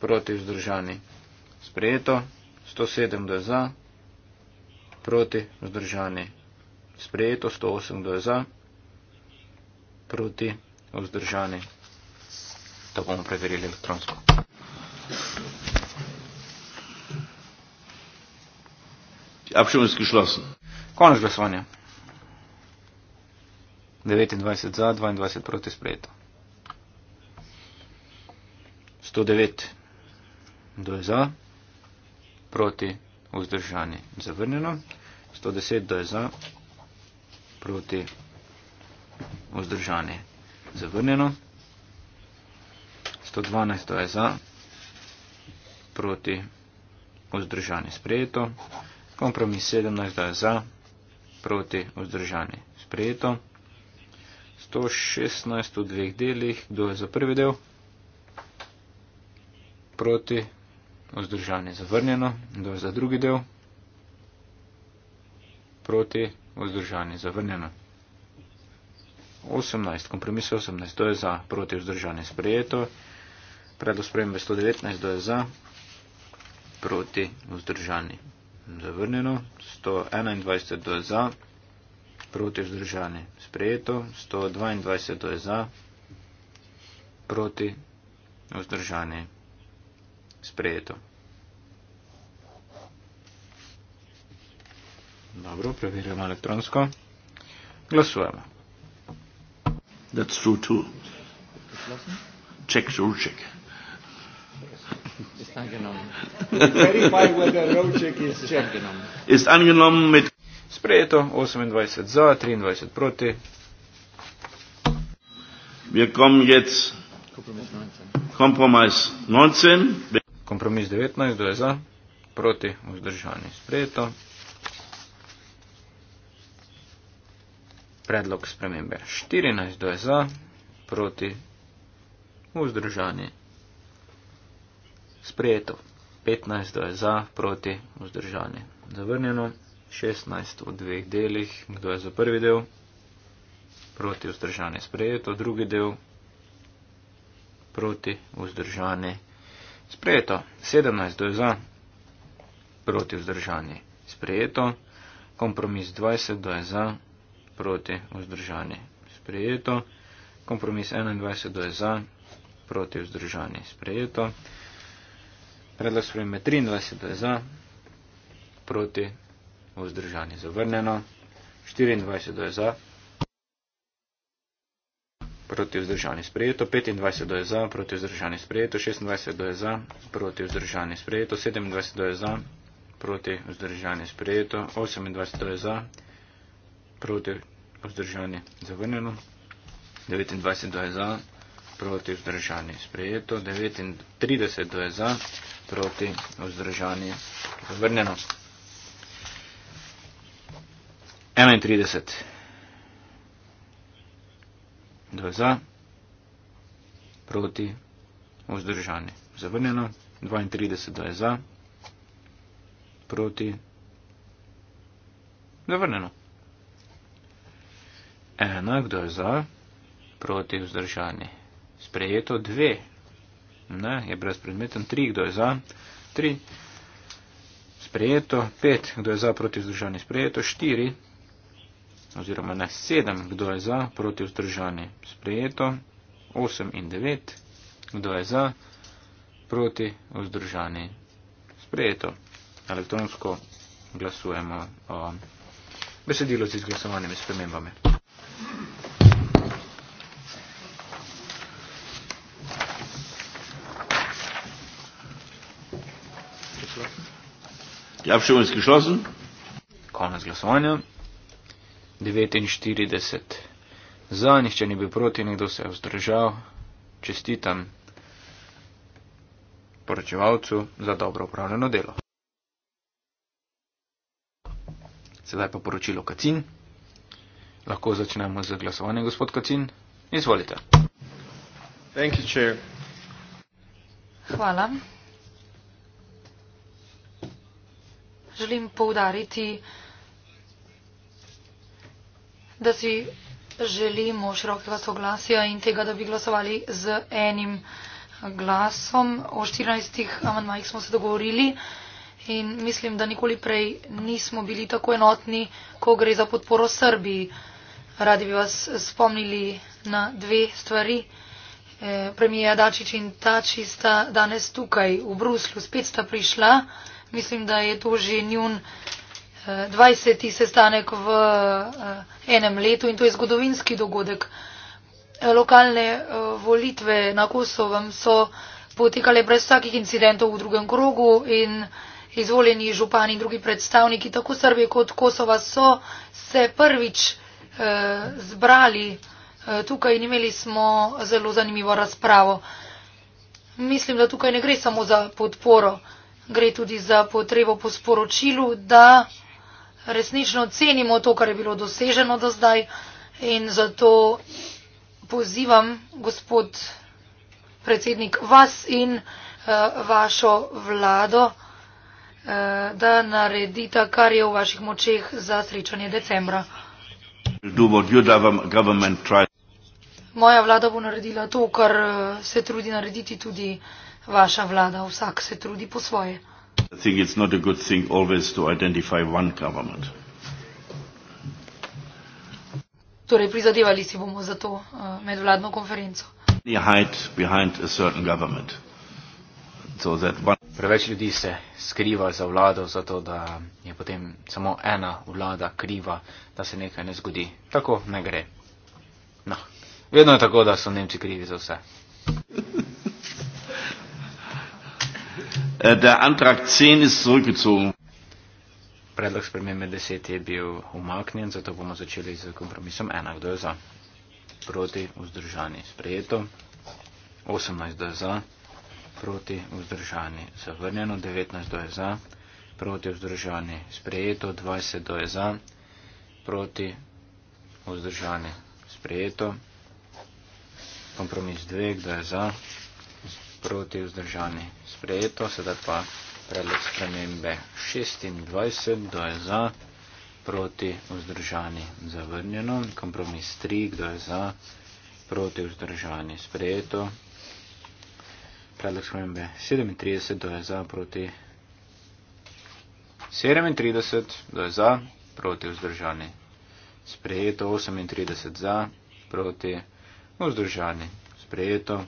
proti vzdržani. Sprejeto. 107 do je za, proti vzdržani. Sprejeto. 108 do je za, proti vzdržani. To bomo preverili elektronsko. Abšumski šlosen. Konec glasovanja. 29 za, 22 proti sprejeto. 109. Do je za, proti vzdržani zavrnjeno. 110. Do je za, proti vzdržani zavrnjeno. 112. Do je za, proti vzdržani sprejeto. Kompromis 17. Do je za, proti vzdržani sprejeto. 116 v dveh delih. Kdo je za prvi del? Proti. Vzdržanje zavrnjeno. Kdo je za drugi del? Proti. Vzdržanje zavrnjeno. 18. Kompromis 18. Kdo je za? Proti. Vzdržanje sprejeto. Predlog spremembe 119. Kdo je za? Proti. Vzdržanje zavrnjeno. 121. Kdo je za? proti vzdržani. Sprejeto 122 je za, proti vzdržani. Sprejeto. Dobro, preverjamo elektronsko. Glasujemo. That's true too. Check, sure, check. It's angenommen. Verify whether road check is checked. It's angenommen mit sprejeto 28 za, 23 proti. Wir kommen jetzt Kompromis 19. Kompromis 19, kdo je za? Proti, vzdržani, sprejeto. Predlog spremembe 14, kdo je za? Proti, vzdržani, sprejeto. 15, kdo je za? Proti, vzdržani, zavrnjeno. 16 v dveh delih. Kdo je za prvi del? Proti vzdržanje sprejeto. Drugi del? Proti vzdržanje sprejeto. 17 do je za. Proti vzdržanje sprejeto. Kompromis 20 do je za. Proti vzdržanje sprejeto. Kompromis 21 do je za. Proti vzdržanje sprejeto. Predlog sprejme 23 do je za. Proti vzdržanje zavrnjeno, 24 do je za, proti vzdržanje sprejeto, 25 do je za, proti vzdržanje sprejeto, 26 do je za, proti vzdržanje sprejeto, 27 do je za, proti vzdržanje sprejeto, 28 do je za, proti vzdržanje zavrnjeno, 29 do je za, proti vzdržanje sprejeto, 39 do je za, proti vzdržanje zavrnjeno. 31. Dva za, proti, vzdržani. Zavrnjeno. 32, dva je za, proti, zavrnjeno. Ena, kdo je za, proti, vzdržani. Sprejeto dve. Ne, je brezpredmeten. Tri, kdo je za, tri. Sprejeto pet, kdo je za, proti, vzdržani. Sprejeto štiri oziroma na sedem, kdo je za, proti vzdržani, sprejeto, osem in devet, kdo je za, proti vzdržani, sprejeto. Elektronsko glasujemo o besedilo z izglasovanimi spremembami. Ja, Konec glasovanja. 49. Za nihče ni bil proti, nekdo se je vzdržal. Čestitam poročevalcu za dobro upravljeno delo. Sedaj pa poročilo Kacin. Lahko začnemo z glasovanjem, gospod Kacin. Izvolite. Thank you, chair. Hvala. Želim poudariti, da si želimo širokega soglasja in tega, da bi glasovali z enim glasom. O 14 amandmajih smo se dogovorili in mislim, da nikoli prej nismo bili tako enotni, ko gre za podporo Srbiji. Radi bi vas spomnili na dve stvari. E, Premija Dačić in Tači sta danes tukaj v Bruslju, spet sta prišla. Mislim, da je to že njun 20. sestanek v eh, enem letu in to je zgodovinski dogodek. Lokalne eh, volitve na Kosovem so potekale brez vsakih incidentov v drugem krogu in izvoljeni župani in drugi predstavniki, tako Srbije kot Kosova, so se prvič eh, zbrali tukaj in imeli smo zelo zanimivo razpravo. Mislim, da tukaj ne gre samo za podporo, gre tudi za potrebo po sporočilu, da resnično cenimo to, kar je bilo doseženo do zdaj in zato pozivam, gospod predsednik, vas in uh, vašo vlado, uh, da naredita, kar je v vaših močeh za srečanje decembra. Moja vlada bo naredila to, kar eh, se trudi narediti tudi vaša vlada. Vsak se trudi po svoje. I think it's not a good thing always to identify one government. Torej, prizadevali si bomo za to uh, medvladno konferenco. Preveč ljudi se skriva za vlado, zato da je potem samo ena vlada kriva, da se nekaj ne zgodi. Tako ne gre. No. Vedno je tako, da so Nemci krivi za vse. Äh, der Antrag 10 ist zurückgezogen. Predlog spremembe 10 je bil umaknjen, zato bomo začeli z kompromisom 1, kdo je za? Proti, vzdržani, sprejeto. 18, kdo je za? Proti, vzdržani, zavrnjeno. 19, kdo je za? Proti, vzdržani, sprejeto. 20, kdo je za? Proti, vzdržani, sprejeto. Kompromis 2, kdo je za? proti vzdržani. Sprejeto, sedaj pa predlog spremembe 26, kdo je za, proti vzdržani, zavrnjeno. Kompromis 3, kdo je za, proti vzdržani. Sprejeto, predlog spremembe 37, kdo je za, proti. 37, kdo je za, proti vzdržani. Sprejeto, 38 za, proti vzdržani. Sprejeto.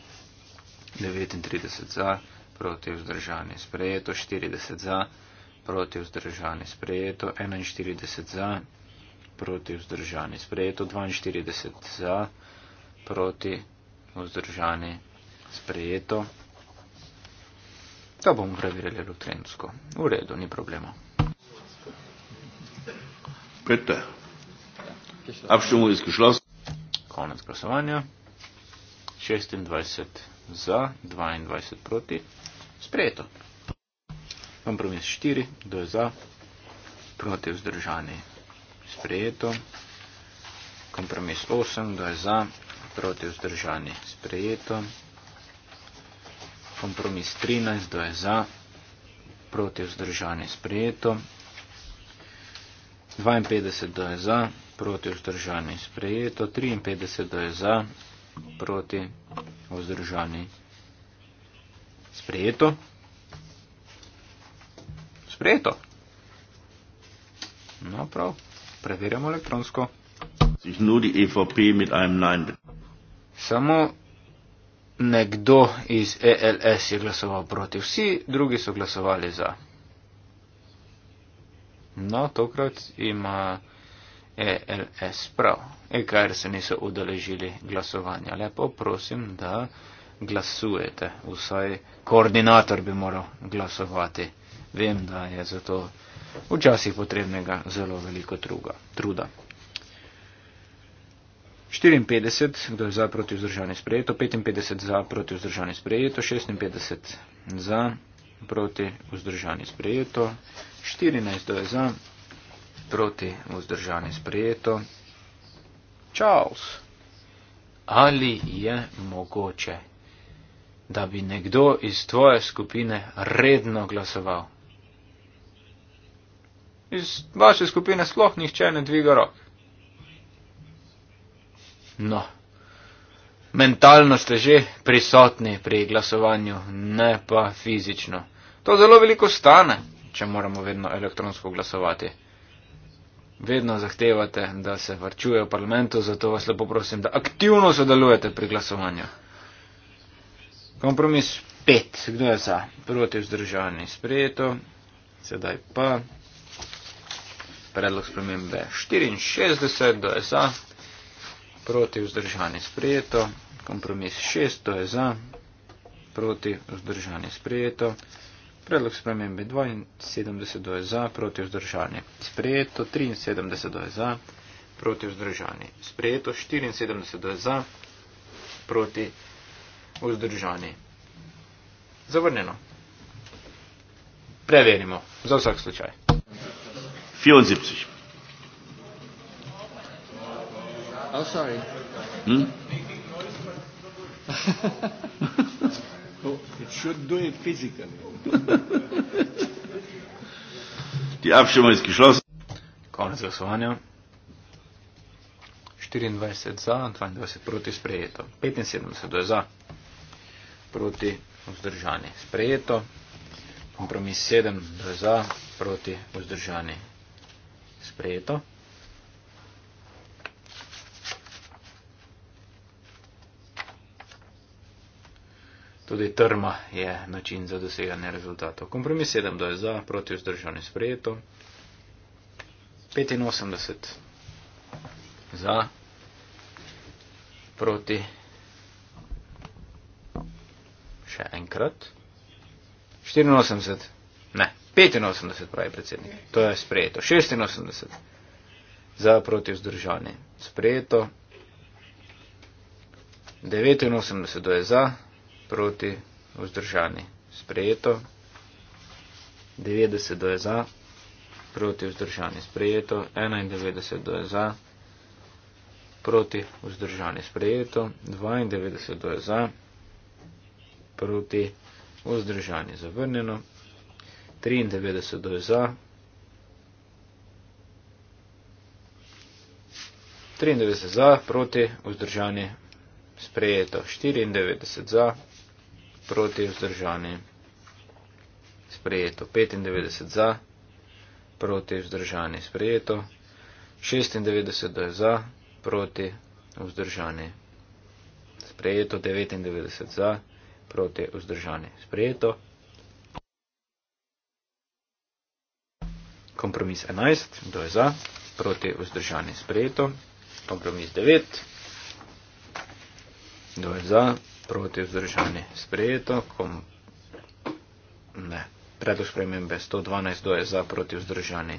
39 za, proti vzdržani sprejeto, 40 za, proti vzdržani sprejeto, 41 za, proti vzdržani sprejeto, 42 za, proti vzdržani sprejeto. To bomo preverili elektronsko. V redu, ni problema. Peta. Abšumovski šlos. Konec glasovanja. 26 za 22 proti. Sprejeto. Kompromis 4, kdo je za, proti vzdržani. Sprejeto. Kompromis 8, kdo je za, proti vzdržani. Sprejeto. Kompromis 13, kdo je za, proti vzdržani. Sprejeto. 52, kdo je za, proti vzdržani. Sprejeto. 53, kdo je za proti vzdržani. Sprejeto. Sprejeto. No, prav. Preverjamo elektronsko. E Samo nekdo iz ELS je glasoval proti. Vsi drugi so glasovali za. No, tokrat ima ELS prav ker se niso udeležili glasovanja. Lepo prosim, da glasujete. Vsaj koordinator bi moral glasovati. Vem, da je zato včasih potrebnega zelo veliko truga, truda. 54, kdo je za proti vzdržanju sprejeto, 55 za proti vzdržanju sprejeto, 56 za proti vzdržanju sprejeto, 14 kdo je za proti vzdržanju sprejeto. Charles. Ali je mogoče, da bi nekdo iz tvoje skupine redno glasoval? Iz vaše skupine sploh nihče ne dviga rok. No, mentalno ste že prisotni pri glasovanju, ne pa fizično. To zelo veliko stane, če moramo vedno elektronsko glasovati vedno zahtevate, da se varčuje v parlamentu, zato vas lepo prosim, da aktivno sodelujete pri glasovanju. Kompromis 5. Kdo je za? Proti vzdržavanje sprejeto. Sedaj pa predlog spremembe 64. Kdo je za? Proti vzdržavanje sprejeto. Kompromis 6. Kdo je za? Proti vzdržavanje sprejeto. Predlog spremembe 72 do je za, proti vzdržani. Sprejeto 73 do je za, proti vzdržani. Sprejeto 74 do je za, proti vzdržani. Zavrnjeno. Preverimo. Za vsak slučaj. 74. Oh, sorry. Hmm? Oh, it should do it physically. Die Abstimmung ist geschlossen. Konec glasovanja. 24 za, 22 proti sprejeto. 75 je za, proti vzdržani sprejeto. Kompromis 7 je za, proti vzdržani sprejeto. Tudi trma je način za doseganje rezultatov. Kompromis 7 do je za, proti vzdržavni sprejeto. 85 za, proti še enkrat. 84, ne, 85 pravi predsednik, to je sprejeto. 86 za, proti vzdržavni sprejeto. 89 do je za, proti vzdržani. Sprejeto. 90 do je za, proti vzdržani. Sprejeto. 91 do je za, proti vzdržani. Sprejeto. 92 do je za, proti vzdržani. Zavrnjeno. 93 do je za. 93 za, proti, vzdržanje sprejeto. 94 za, proti vzdržani. Sprejeto 95 za, proti vzdržani. Sprejeto 96 za, proti vzdržani. Sprejeto 99 za, proti vzdržani. Sprejeto. Kompromis 11, kdo je za, proti vzdržani. Sprejeto. Kompromis 9, kdo je za, proti vzdržani sprejeto, kom... ne, predlog spremembe 112 do je za proti vzdržani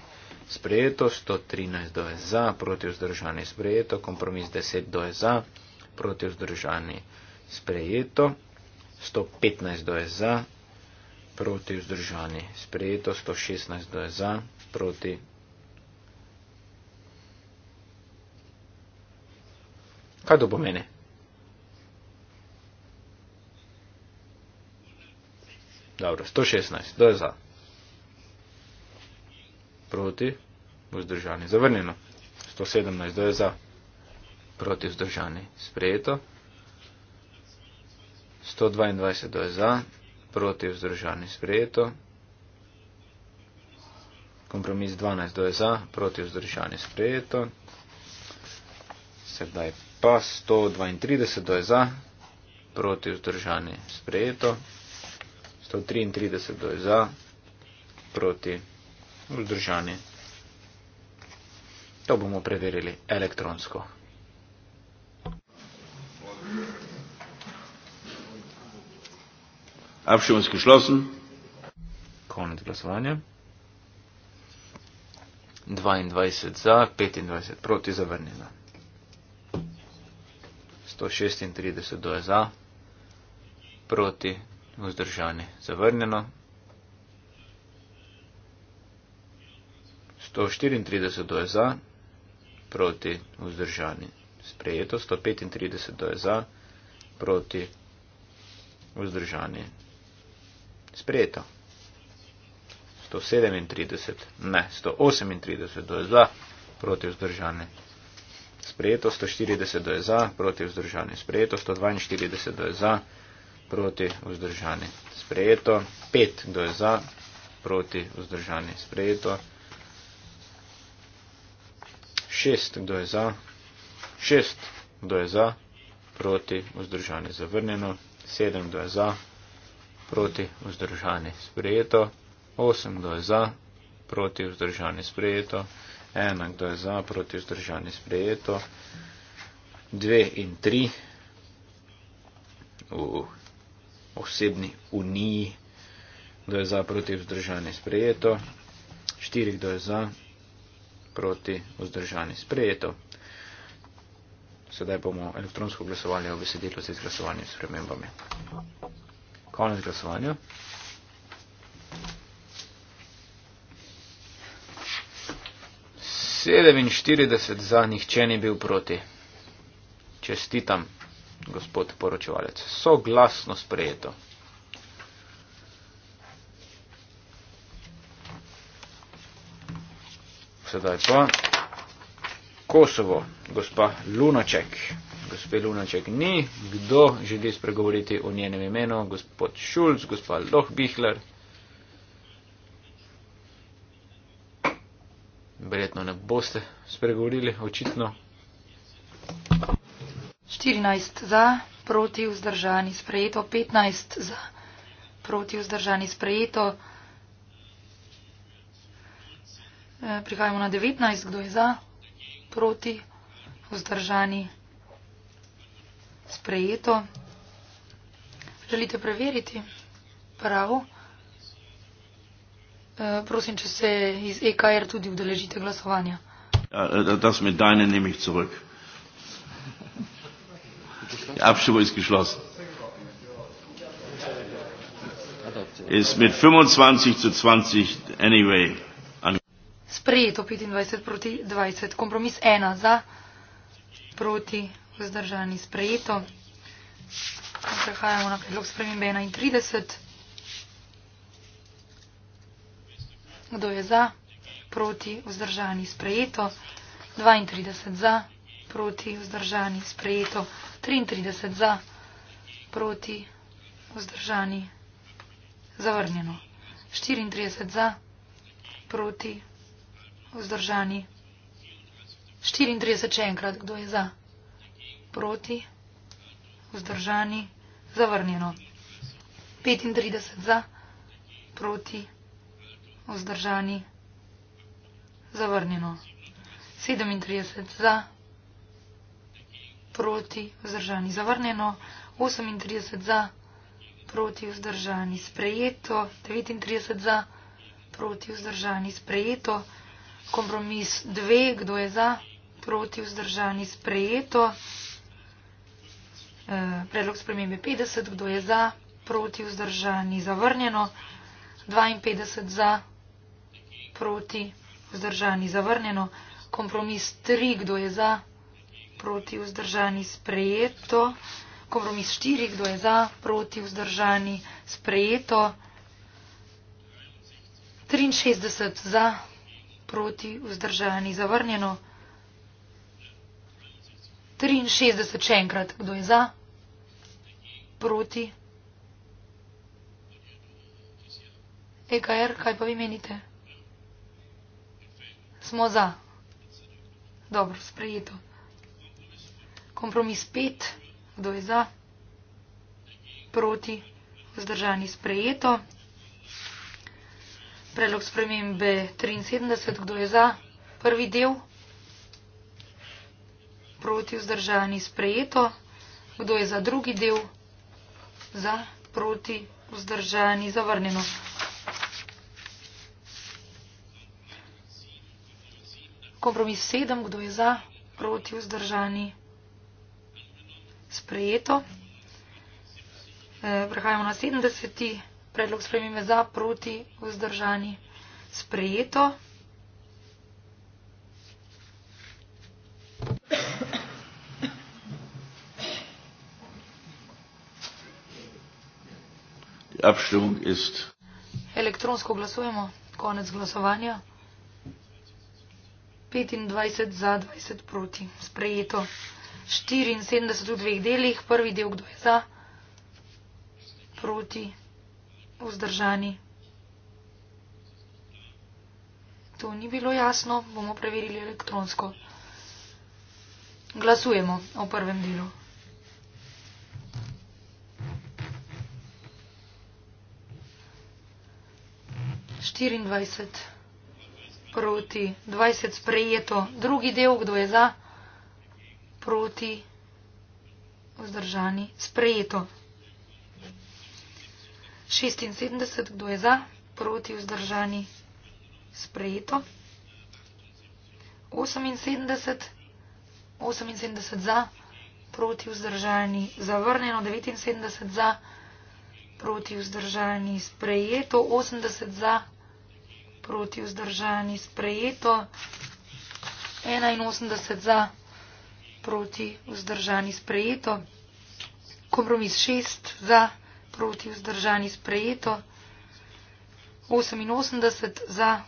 sprejeto, 113 do je za proti vzdržani sprejeto, kompromis 10 do je za proti vzdržani sprejeto, 115 do je za proti vzdržani sprejeto, 116 do je za proti Kaj to pomeni? Dobro, 116. Kdo je za? Proti? Vzdržani. Zavrnjeno. 117. Kdo je za? Proti vzdržani. Sprejeto. 122. Kdo je za? Proti vzdržani. Sprejeto. Kompromis 12. Kdo je za? Proti vzdržani. Sprejeto. Sedaj pa 132. Kdo je za? Proti vzdržani. Sprejeto. 133 do je za, proti vzdržani. To bomo preverili elektronsko. Abšumski šlosen. Konec glasovanja. 22 za, 25 proti zavrnjena. 136 do je za, proti vzdržane, zavrnjeno. 134 do je za, proti vzdržani, sprejeto. 135 do je za, proti vzdržani, sprejeto. 137, ne, 138 do je za, proti vzdržani, sprejeto. 140 do je za, proti vzdržani, sprejeto. 142 do je za, proti vzdržani, sprejeto proti vzdržani sprejeto, 5 do je za, proti vzdržani sprejeto, 6 do je za, 6 do je za, proti vzdržani zavrnjeno, 7 do je za, proti vzdržani sprejeto, 8 do je za, proti vzdržani sprejeto, 1 do je za, proti vzdržani sprejeto, 2 in 3, uh osebni uniji. Kdo je za proti vzdržanje sprejeto? Štiri, kdo je za proti vzdržanje sprejeto? Sedaj bomo elektronsko glasovanje o besedilu z izglasovanjem spremembami. Konec glasovanja. Sedeminštirideset za nihče ni bil proti. Čestitam gospod poročevalec. Soglasno sprejeto. Sedaj pa Kosovo, gospa Lunaček. Gospe Lunaček ni, kdo želi spregovoriti o njenem imenu, gospod Šulc, gospa Lohbihler. Verjetno ne boste spregovorili, očitno 14 za, proti vzdržani sprejeto, 15 za, proti vzdržani sprejeto. E, prihajamo na 19, kdo je za, proti vzdržani sprejeto. Želite preveriti? Prav. E, prosim, če se iz EKR tudi udeležite glasovanja. Ja, e, das mit deinen nehme ich zurück. Die Abstimmung ist geschlossen. Ist mit 25 zu 20 anyway. Sprejeto 25 proti 20. Kompromis 1 za, proti vzdržani sprejeto. Prehajamo na predlog spremembe 31. Kdo je za, proti vzdržani sprejeto. 32 za proti, vzdržani, sprejeto, 33 za, proti, vzdržani, zavrnjeno, 34 za, proti, vzdržani, 34 še enkrat, kdo je za, proti, vzdržani, zavrnjeno, 35 za, proti, vzdržani, zavrnjeno. 37 za, proti vzdržani zavrnjeno, 38 za proti vzdržani sprejeto, 39 za proti vzdržani sprejeto, kompromis 2, kdo je za proti vzdržani sprejeto, e, predlog spremembe 50, kdo je za proti vzdržani zavrnjeno, 52 za proti vzdržani zavrnjeno, kompromis 3, kdo je za proti vzdržani sprejeto, proti vzdržani sprejeto. Kompromis štiri, kdo je za, proti vzdržani sprejeto. 63 za, proti vzdržani zavrnjeno. 63 še enkrat, kdo je za, proti. EKR, er, kaj pa vi menite? Smo za. Dobro, sprejeto. Kompromis 5. Kdo je za? Proti. Vzdržani sprejeto. Predlog spremembe 73. Kdo je za? Prvi del. Proti. Vzdržani sprejeto. Kdo je za drugi del? Za. Proti. Vzdržani zavrnjeno. Kompromis 7. Kdo je za? Proti. Vzdržani zavrnjeno sprejeto. Eh, prehajamo na 70. predlog spremembe za proti vzdržani sprejeto. Abstimmung ist. Elektronsko glasujemo, konec glasovanja. 25 za 20 proti. Sprejeto. 74 v dveh delih, prvi del kdo je za, proti, vzdržani. To ni bilo jasno, bomo preverili elektronsko. Glasujemo o prvem delu. Štiriindvajset proti dvajset sprejeto. Drugi del, kdo je za? proti, vzdržani, sprejeto. 76, kdo je za, proti, vzdržani, sprejeto. 78, 78 za, proti, vzdržani, zavrnjeno. 79 za, proti, vzdržani, sprejeto. 80 za, proti, vzdržani, sprejeto. 81 za, proti vzdržani sprejeto. Kompromis 6 za proti vzdržani sprejeto. 88 za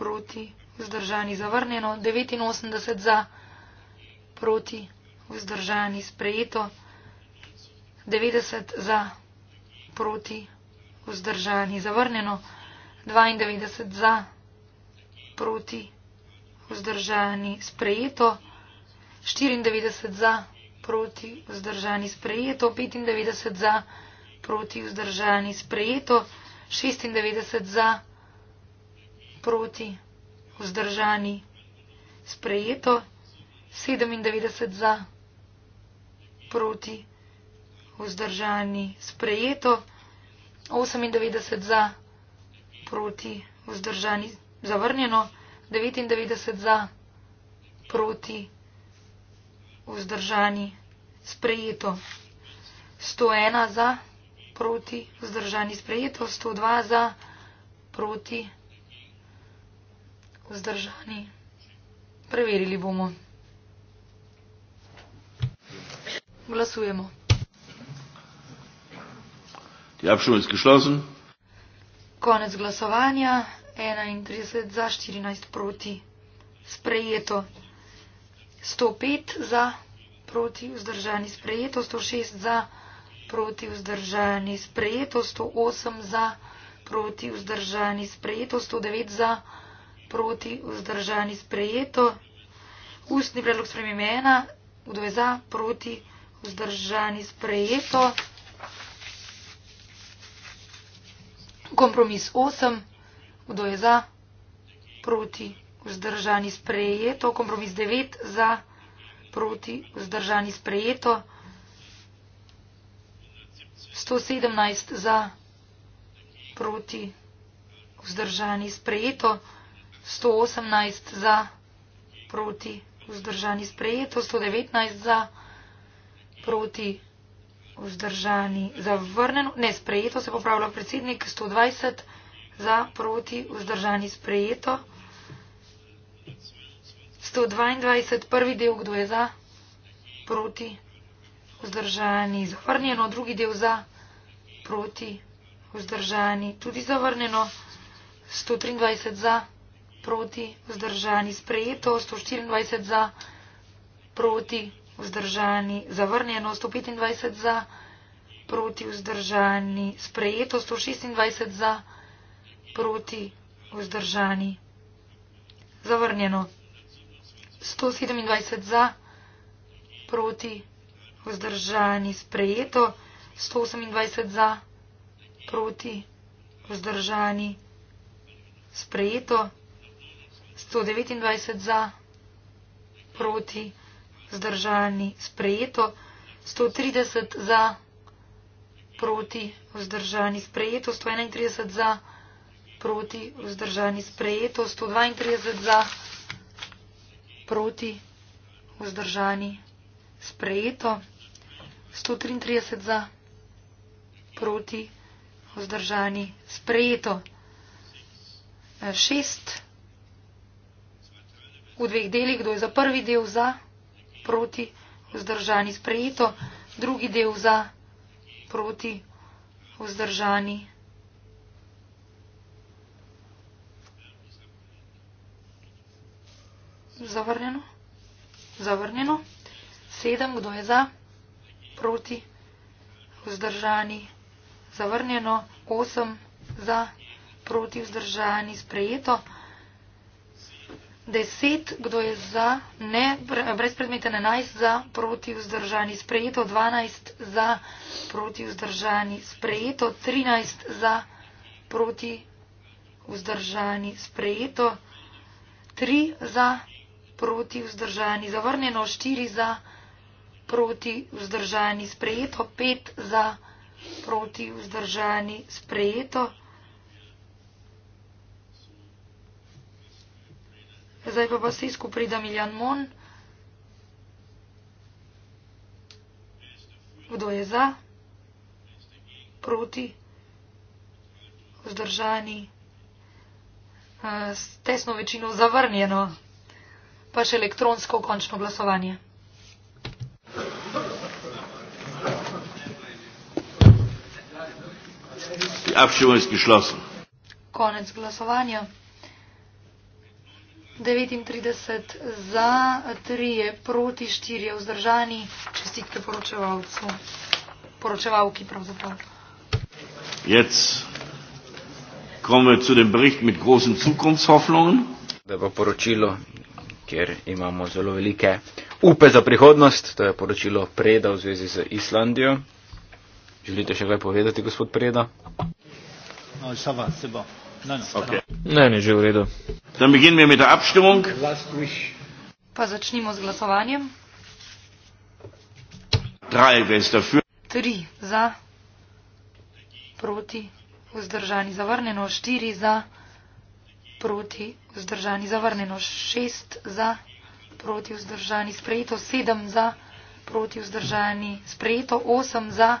proti vzdržani zavrnjeno. 89 za proti vzdržani sprejeto. 90 za proti vzdržani zavrnjeno. 92 za proti vzdržani sprejeto. 92 za proti vzdržani sprejeto. 94 za, proti vzdržani sprejeto, 95 za, proti vzdržani sprejeto, 96 za, proti vzdržani sprejeto, 97 za, proti vzdržani sprejeto, 98 za, proti vzdržani zavrnjeno, 99 za, proti vzdržani sprejeto vzdržani, sprejeto. 101 za, proti, vzdržani, sprejeto. 102 za, proti, vzdržani. Preverili bomo. Glasujemo. Konec glasovanja. 31 za, 14 proti. Sprejeto. 105 za proti vzdržani sprejeto, 106 za proti vzdržani sprejeto, 108 za proti vzdržani sprejeto, 109 za proti vzdržani sprejeto, ustni predlog spremembe 1, vdove za proti vzdržani sprejeto, kompromis 8, vdove za proti vzdržani sprejeto vzdržani sprejeto, kompromis 9 za, proti vzdržani sprejeto, 117 za, proti vzdržani sprejeto, 118 za, proti vzdržani sprejeto, 119 za, proti vzdržani zavrnjeno, ne sprejeto se popravlja predsednik, 120 za, proti vzdržani sprejeto. 122, prvi del, kdo je za, proti, vzdržani, zavrnjeno, drugi del za, proti, vzdržani, tudi zavrnjeno, 123 za, proti, vzdržani, sprejeto, 124 za, proti, vzdržani, zavrnjeno, 125 za, proti, vzdržani, sprejeto, 126 za, proti, vzdržani zavrnjeno. 127 za, proti, vzdržani, sprejeto. 128 za, proti, vzdržani, sprejeto. 129 za, proti, vzdržani, sprejeto. 130 za, proti, vzdržani, sprejeto. 131 za, proti, vzdržani, sprejeto proti, vzdržani sprejeto, 132 za, proti, vzdržani sprejeto, 133 za, proti, vzdržani sprejeto, 6 v dveh delih, kdo je za prvi del za, proti, vzdržani sprejeto, drugi del za, proti, vzdržani sprejeto. Zavrnjeno. Zavrnjeno. Sedem, kdo je za? Proti. Vzdržani. Zavrnjeno. Osem, za? Proti. Vzdržani. Sprejeto. Deset, kdo je za? Ne, brez predmeta. Enajst, za? Proti. Vzdržani. Sprejeto. Dvanajst, za? Proti. Vzdržani. Sprejeto. Trinajst, za? Proti. Vzdržani. Sprejeto. Tri, za? proti vzdržani, zavrnjeno štiri za, proti vzdržani, sprejeto pet za, proti vzdržani, sprejeto. Zdaj pa pa se izkuprida Miljan Mon. Kdo je za? Proti. Vzdržani. Eh, s tesno večino zavrnjeno. Zdaj pa še elektronsko končno glasovanje. Konec glasovanja. 39 za, 3 je proti, 4 je vzdržani. Čestitke poročevalcu. Poročevalki pravzaprav. Jetzt kommen wir zu dem Bericht mit großen Zukunftshoffnungen. Da bo poročilo kjer imamo zelo velike upe za prihodnost. To je poročilo Preda v zvezi z Islandijo. Želite še kaj povedati, gospod Preda? No, ne, ne, že v redu. Pa začnimo z glasovanjem. Tri za, proti, vzdržani zavrnjeno, štiri za, proti, vzdržani, zavrnjeno 6 za, proti vzdržani, sprejeto 7 za, proti vzdržani, sprejeto 8 za,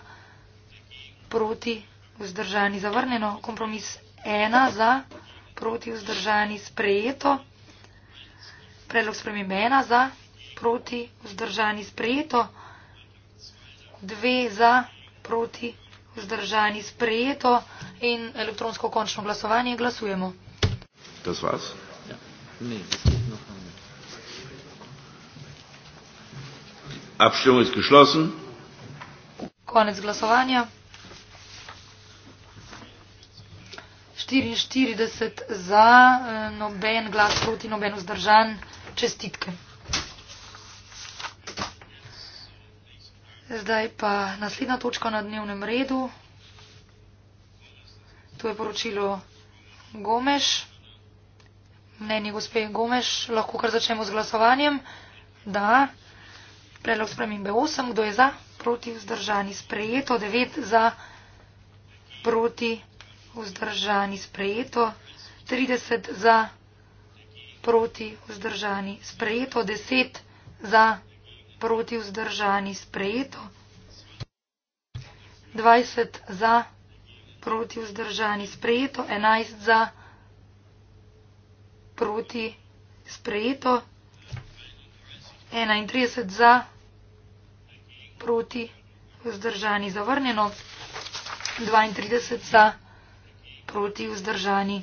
proti vzdržani, zavrnjeno kompromis 1 za, proti vzdržani, sprejeto, predlog spremembe 1 za, proti vzdržani, sprejeto, 2 za, proti vzdržani, sprejeto in elektronsko končno glasovanje glasujemo. Das war's? Ja. Nee, das geht noch einmal. Abstimmung ist geschlossen. Konec glasovanja. 44 za, eh, noben glas proti, noben vzdržan. Čestitke. Zdaj pa naslednja točka na dnevnem redu. To je poročilo Gomeš mnenje gospe Gomeš, lahko kar začnemo z glasovanjem. Da, predlog spremembe 8, kdo je za, proti vzdržani sprejeto, 9 za, proti vzdržani sprejeto, 30 za, proti vzdržani sprejeto, 10 za, proti vzdržani sprejeto, 20 za, proti vzdržani sprejeto, 11 za, proti vzdržani sprejeto proti sprejeto. 31 za proti vzdržani zavrnjeno. 32 za proti vzdržani.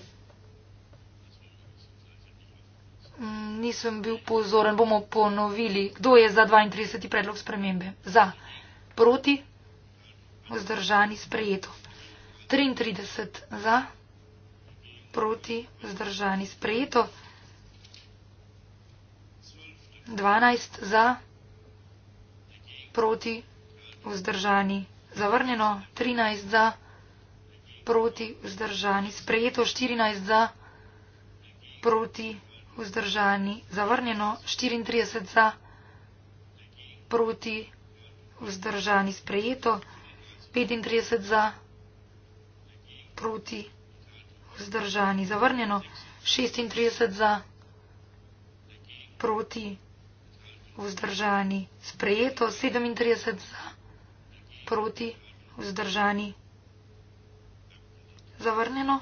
Nisem bil pozoren, bomo ponovili, kdo je za 32. predlog spremembe. Za, proti, vzdržani, sprejeto. 33 za proti zdržani sprejeto. 12 za proti vzdržani zavrnjeno, 13 za proti vzdržani sprejeto, 14 za proti vzdržani zavrnjeno, 34 za proti vzdržani sprejeto, 35 za proti vzdržani sprejeto vzdržani, zavrnjeno 36 za, proti vzdržani, sprejeto 37 za, proti vzdržani, zavrnjeno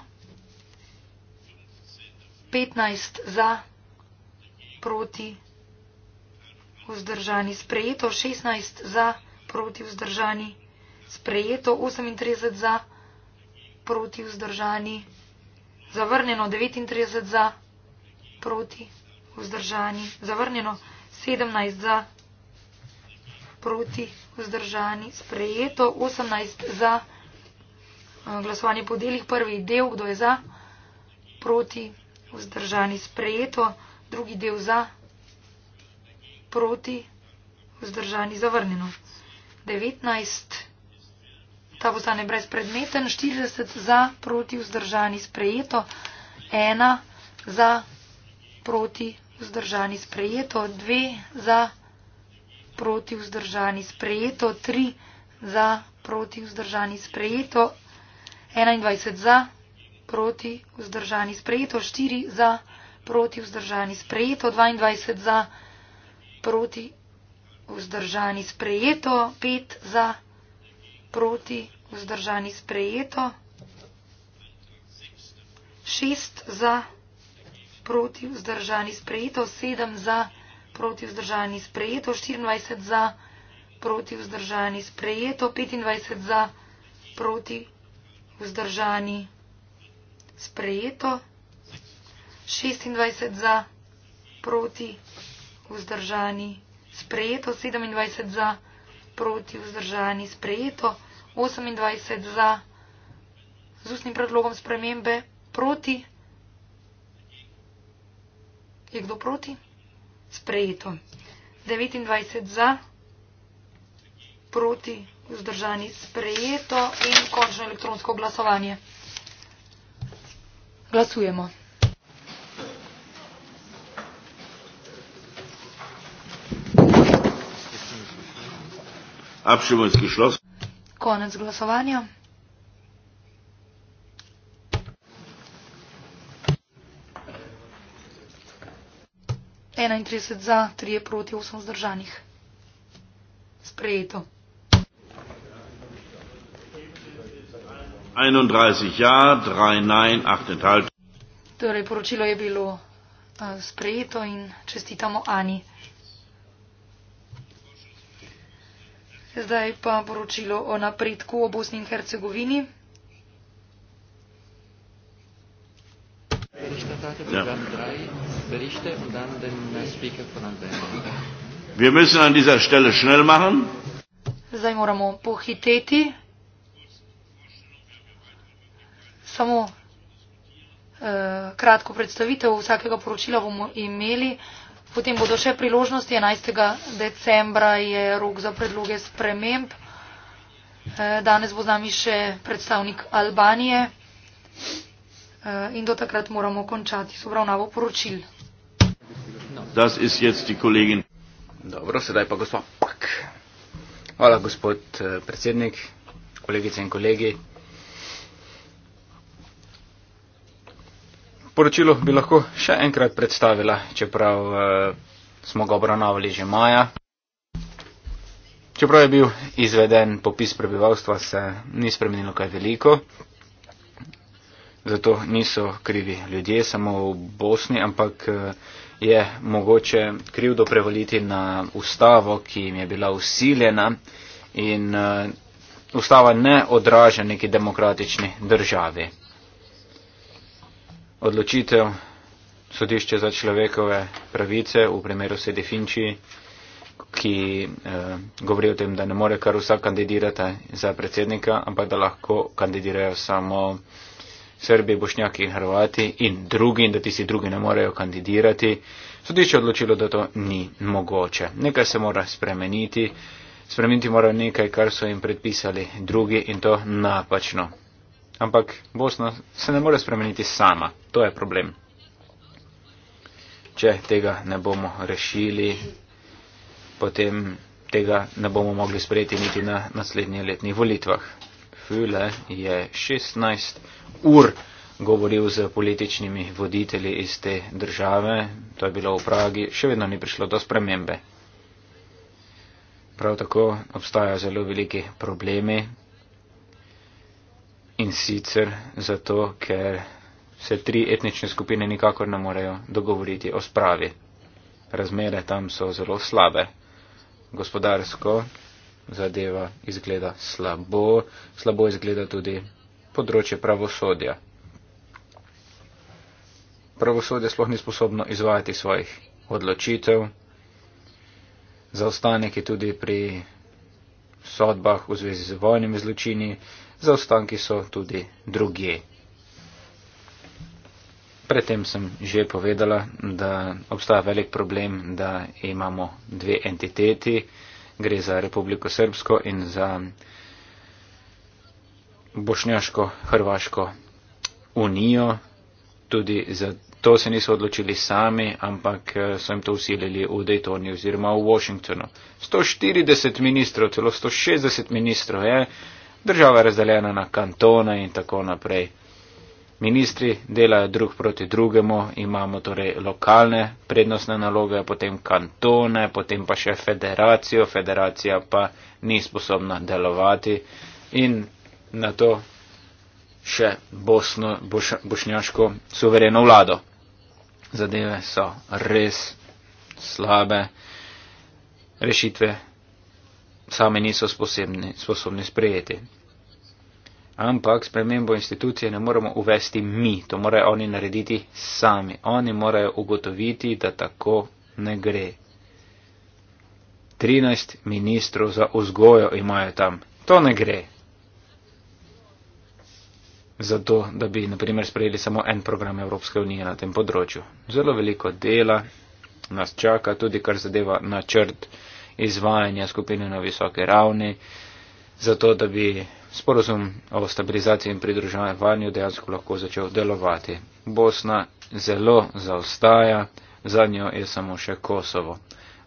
15 za, proti vzdržani, sprejeto 16 za, proti vzdržani, sprejeto 38 za, proti vzdržani zavrnjeno 39 za, proti, vzdržani, zavrnjeno 17 za, proti, vzdržani, sprejeto 18 za, eh, glasovanje po delih, prvi del, kdo je za, proti, vzdržani, sprejeto, drugi del za, proti, vzdržani, zavrnjeno 19 za ta postane brezpredmeten, 40 za, proti, vzdržani, sprejeto, 1 za, proti, vzdržani, sprejeto, 2 za, proti, vzdržani, sprejeto, 3 za, proti, vzdržani, sprejeto, 21 za, proti, vzdržani, sprejeto, 4 za, proti, vzdržani, sprejeto, 22 za, proti, vzdržani, sprejeto, 5 za, proti, vzdržani, sprejeto, proti, vzdržani sprejeto, šest za, proti, vzdržani sprejeto, sedem za, proti, vzdržani sprejeto, 24 za, proti, vzdržani sprejeto, 25 za, proti, vzdržani sprejeto, 26 za, proti, vzdržani sprejeto, 27 za, proti, vzdržani sprejeto, 28 za z ustnim predlogom spremembe proti. Je kdo proti? Sprejeto. 29 za, proti, vzdržani, sprejeto in končno elektronsko glasovanje. Glasujemo. Apšivanski šlos. Konec glasovanja. Enaintrideset za, tri proti, osem zdržanih. Sprejeto. Ja, torej, poročilo je bilo eh, sprejeto in čestitamo Ani. Zdaj pa poročilo o napredku v Bosni in Hercegovini. Ja. Zdaj moramo pohiteti. Samo uh, kratko predstavitev vsakega poročila bomo imeli. Potem bodo še priložnosti. 11. decembra je rok za predloge sprememb. Eh, danes bo z nami še predstavnik Albanije eh, in do takrat moramo končati s obravnavo poročil. Dobro, sedaj pa gospod Pak. Hvala, gospod eh, predsednik, kolegice in kolegi. poročilo bi lahko še enkrat predstavila, čeprav uh, smo ga obravnavali že maja. Čeprav je bil izveden popis prebivalstva, se ni spremenilo kaj veliko. Zato niso krivi ljudje samo v Bosni, ampak eh, je mogoče krivdo prevaliti na ustavo, ki jim je bila usiljena in uh, ustava ne odraža neki demokratični državi odločitev sodišče za človekove pravice v primeru Sede Finči, ki eh, govori o tem, da ne more kar vsak kandidirati za predsednika, ampak da lahko kandidirajo samo Srbi, Bošnjaki in Hrvati in drugi in da tisti drugi ne morejo kandidirati. Sodišče odločilo, da to ni mogoče. Nekaj se mora spremeniti. Spremeniti morajo nekaj, kar so jim predpisali drugi in to napačno ampak Bosna se ne more spremeniti sama. To je problem. Če tega ne bomo rešili, potem tega ne bomo mogli sprejeti niti na naslednjih letnih volitvah. Füle je 16 ur govoril z političnimi voditelji iz te države, to je bilo v Pragi, še vedno ni prišlo do spremembe. Prav tako obstajajo zelo veliki problemi, In sicer zato, ker se tri etnične skupine nikakor ne morejo dogovoriti o spravi. Razmere tam so zelo slabe. Gospodarsko zadeva izgleda slabo, slabo izgleda tudi področje pravosodja. Pravosodje sploh ni sposobno izvajati svojih odločitev. Zaostanek je tudi pri sodbah v zvezi z vojnimi zločini, zaostanki so tudi drugje. Predtem sem že povedala, da obstaja velik problem, da imamo dve entiteti, gre za Republiko Srbsko in za Bošnjaško-Hrvaško unijo. Tudi za to se niso odločili sami, ampak eh, so jim to usilili v Daytoni oziroma v Washingtonu. 140 ministrov, celo 160 ministrov je. Eh? Država je razdeljena na kantone in tako naprej. Ministri delajo drug proti drugemu, imamo torej lokalne prednostne naloge, potem kantone, potem pa še federacijo, federacija pa ni sposobna delovati in na to še Bosno, boš, bošnjaško suvereno vlado. Zadeve so res slabe. Rešitve same niso sposobni, sposobni sprejeti. Ampak spremembo institucije ne moramo uvesti mi, to morajo oni narediti sami. Oni morajo ugotoviti, da tako ne gre. 13 ministrov za vzgojo imajo tam. To ne gre. Zato, da bi, na primer, sprejeli samo en program Evropske unije na tem področju. Zelo veliko dela nas čaka, tudi kar zadeva načrt izvajanja skupine na visoke ravni, zato da bi sporozum o stabilizaciji in pridruževanju dejansko lahko začel delovati. Bosna zelo zaostaja, za njo je samo še Kosovo.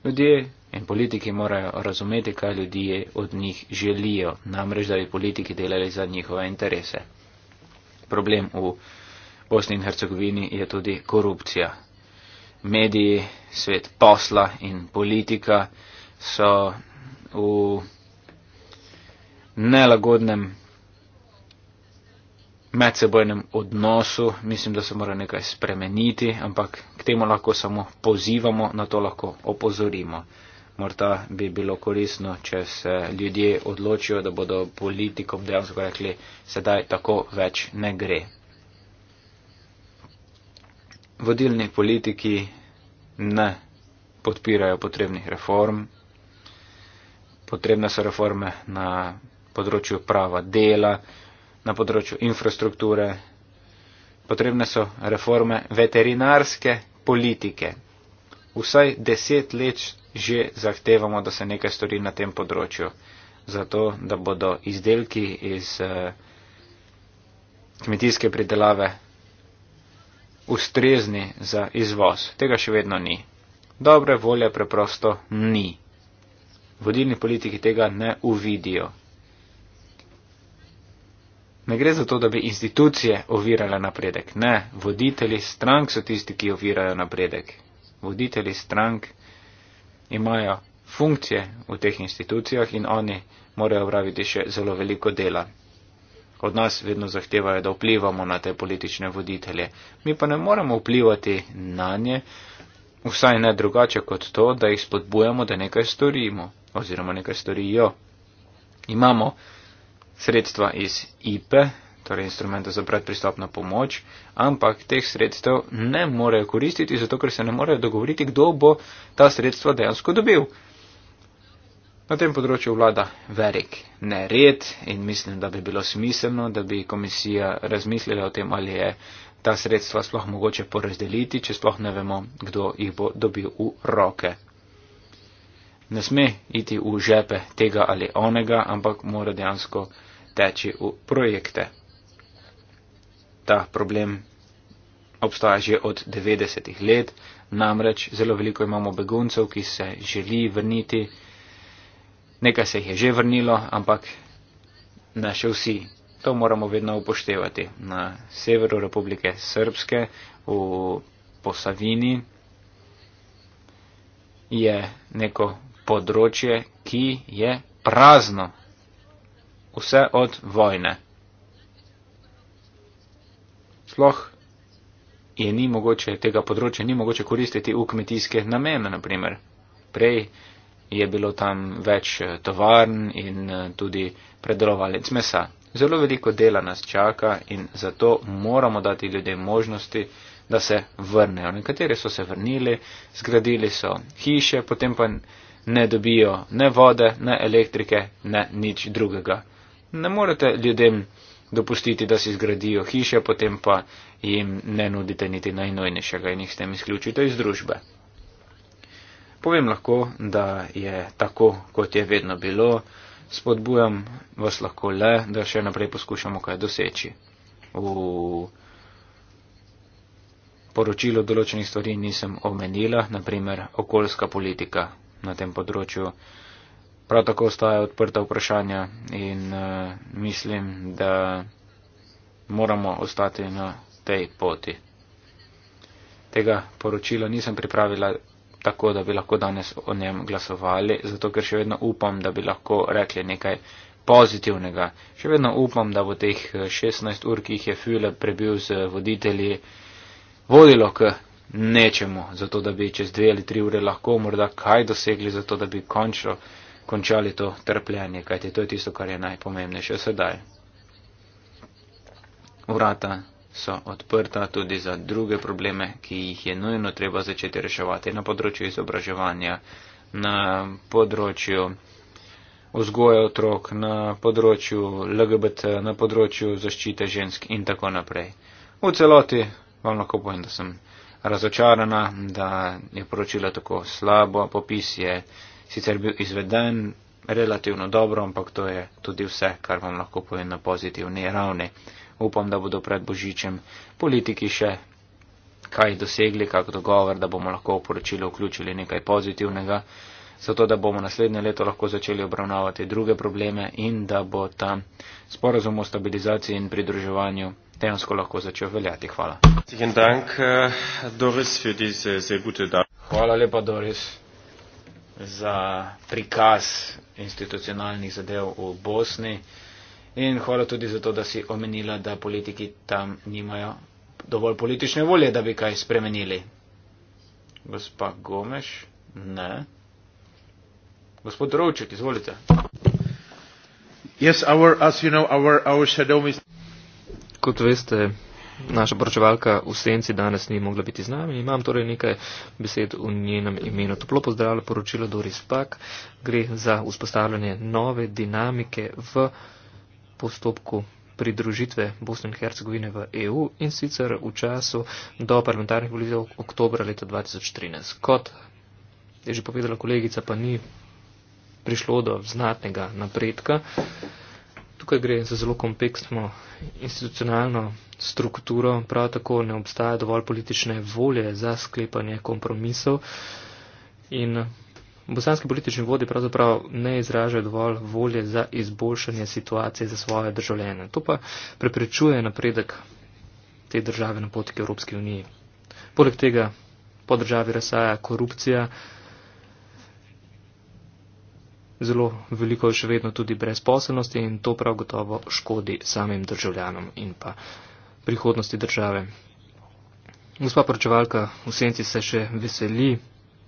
Ljudje in politiki morajo razumeti, kaj ljudje od njih želijo, namreč da bi politiki delali za njihove interese. Problem v Bosni in Hercegovini je tudi korupcija. Mediji, svet posla in politika so v nelagodnem medsebojnem odnosu, mislim, da se mora nekaj spremeniti, ampak k temu lahko samo pozivamo, na to lahko opozorimo. Morda bi bilo korisno, če se ljudje odločijo, da bodo politikom dejansko rekli, sedaj tako več ne gre. Vodilni politiki ne podpirajo potrebnih reform, potrebne so reforme na področju prava dela, na področju infrastrukture, potrebne so reforme veterinarske politike. Vsaj deset let že zahtevamo, da se nekaj stori na tem področju, zato da bodo izdelki iz eh, kmetijske pridelave ustrezni za izvoz. Tega še vedno ni. Dobre volje preprosto ni vodilni politiki tega ne uvidijo. Ne gre za to, da bi institucije ovirale napredek. Ne, voditelji strank so tisti, ki ovirajo napredek. Voditelji strank imajo funkcije v teh institucijah in oni morajo opraviti še zelo veliko dela. Od nas vedno zahtevajo, da vplivamo na te politične voditelje. Mi pa ne moremo vplivati na nje, vsaj ne drugače kot to, da jih spodbujamo, da nekaj storimo oziroma nekaj storijo. Imamo sredstva iz IPE, torej instrumenta za predpristopno pomoč, ampak teh sredstev ne morejo koristiti, zato ker se ne morejo dogovoriti, kdo bo ta sredstva dejansko dobil. Na tem področju vlada verik nered in mislim, da bi bilo smiselno, da bi komisija razmislila o tem, ali je ta sredstva sploh mogoče porazdeliti, če sploh ne vemo, kdo jih bo dobil v roke ne sme iti v žepe tega ali onega, ampak mora dejansko teči v projekte. Ta problem obstaja že od 90-ih let, namreč zelo veliko imamo beguncev, ki se želi vrniti, nekaj se jih je že vrnilo, ampak ne še vsi. To moramo vedno upoštevati. Na severu Republike Srpske, v Posavini, je neko področje, ki je prazno, vse od vojne. Sploh je ni mogoče, tega področja ni mogoče koristiti v kmetijske namene, naprimer. Prej je bilo tam več eh, tovarn in eh, tudi predelovalec mesa. Zelo veliko dela nas čaka in zato moramo dati ljudem možnosti, da se vrnejo. Nekateri so se vrnili, zgradili so hiše, potem pa ne dobijo ne vode, ne elektrike, ne nič drugega. Ne morete ljudem dopustiti, da si zgradijo hiše, potem pa jim ne nudite niti najnujnejšega in jih s tem izključite iz družbe. Povem lahko, da je tako, kot je vedno bilo, spodbujam vas lahko le, da še naprej poskušamo kaj doseči. V poročilu določenih stvari nisem omenila, naprimer okoljska politika na tem področju. Prav tako ostaje odprta vprašanja in uh, mislim, da moramo ostati na tej poti. Tega poročila nisem pripravila tako, da bi lahko danes o njem glasovali, zato ker še vedno upam, da bi lahko rekli nekaj pozitivnega. Še vedno upam, da bo teh 16 eh, ur, ki jih je Füle prebil z voditelji, vodilo k nečemu, zato da bi čez dve ali tri ure lahko morda kaj dosegli, zato da bi končno končali to trpljenje, kajti to je tisto, kar je najpomembnejše sedaj. Vrata so odprta tudi za druge probleme, ki jih je nujno treba začeti reševati na področju izobraževanja, na področju vzgoja otrok, na področju LGBT, na področju zaščite žensk in tako naprej. V celoti vam lahko povem, da sem razočarana, da je poročilo tako slabo, popis je sicer bil izveden relativno dobro, ampak to je tudi vse, kar vam lahko povem na pozitivni ravni. Upam, da bodo pred Božičem politiki še kaj dosegli, kak dogovor, da bomo lahko v poročilo vključili nekaj pozitivnega, zato da bomo naslednje leto lahko začeli obravnavati druge probleme in da bo ta sporazum o stabilizaciji in pridruževanju dejansko lahko začel veljati. Hvala. Dank, eh, Doris, diese, Hvala lepa, Doris, za prikaz institucionalnih zadev v Bosni. In hvala tudi za to, da si omenila, da politiki tam nimajo dovolj politične volje, da bi kaj spremenili. Gospa Gomeš? Ne. Gospod Rovček, izvolite. Yes, our, as you know, our, our shadow is kot veste, naša poročevalka v senci danes ni mogla biti z nami. Imam torej nekaj besed v njenem imenu. Toplo pozdravljam poročilo Doris Pak. Gre za vzpostavljanje nove dinamike v postopku pridružitve Bosne in Hercegovine v EU in sicer v času do parlamentarnih volitev oktobra leta 2013. Kot je že povedala kolegica, pa ni prišlo do znatnega napredka tukaj gre za zelo kompleksno institucionalno strukturo, prav tako ne obstaja dovolj politične volje za sklepanje kompromisov in bosanski politični vodi pravzaprav ne izražajo dovolj volje za izboljšanje situacije za svoje državljene. To pa preprečuje napredek te države na poti k Evropski uniji. Poleg tega po državi razsaja korupcija, zelo veliko je še vedno tudi brezposelnosti in to prav gotovo škodi samim državljanom in pa prihodnosti države. Gospa poročevalka v senci se še veseli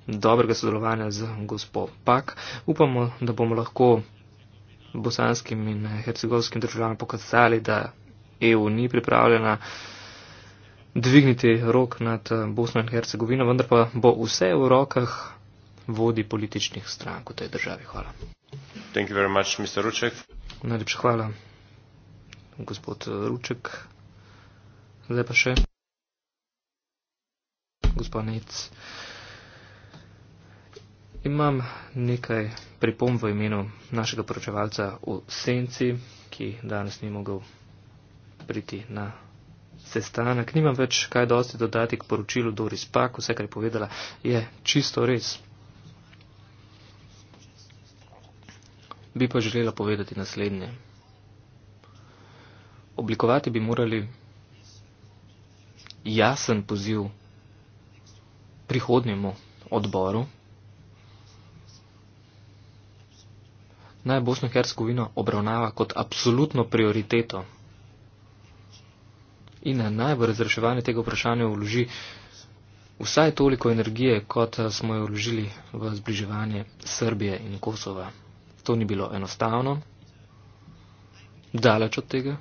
dobrega sodelovanja z gospod Pak. Upamo, da bomo lahko bosanskim in hercegovskim državljanom pokazali, da EU ni pripravljena dvigniti rok nad eh, Bosno in Hercegovino, vendar pa bo vse v rokah vodi političnih strank v tej državi. Hvala. Thank you very much, Mr. Ruček. Najlepša hvala, gospod eh, Ruček. Zdaj pa še. Gospod Nec. Imam nekaj pripom v imenu našega poročevalca v Senci, ki danes ni mogel priti na sestanek. Nimam več kaj dosti dodati k poročilu Doris Pak. Vse, kar je povedala, je čisto res. bi pa želela povedati naslednje. Oblikovati bi morali jasen poziv prihodnjemu odboru, naj Bosno-Hercegovino obravnava kot absolutno prioriteto in naj v razreševanje tega vprašanja vloži vsaj toliko energije, kot smo jo vložili v zbliževanje Srbije in Kosova to ni bilo enostavno, daleč od tega.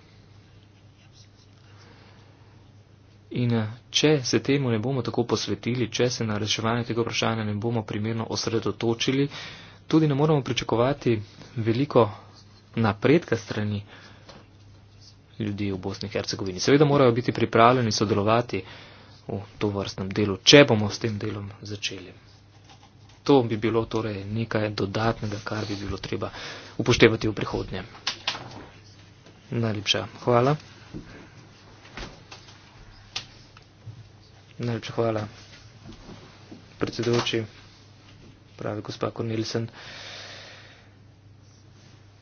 In eh, če se temu ne bomo tako posvetili, če se na reševanje tega vprašanja ne bomo primerno osredotočili, tudi ne moramo pričakovati veliko napredka strani ljudi v Bosni in Hercegovini. Seveda morajo biti pripravljeni sodelovati v to vrstnem delu, če bomo s tem delom začeli to bi bilo torej nekaj dodatnega, kar bi bilo treba upoštevati v prihodnje. Najlepša hvala. Najlepša hvala, predsedujoči, pravi gospa Cornelisen.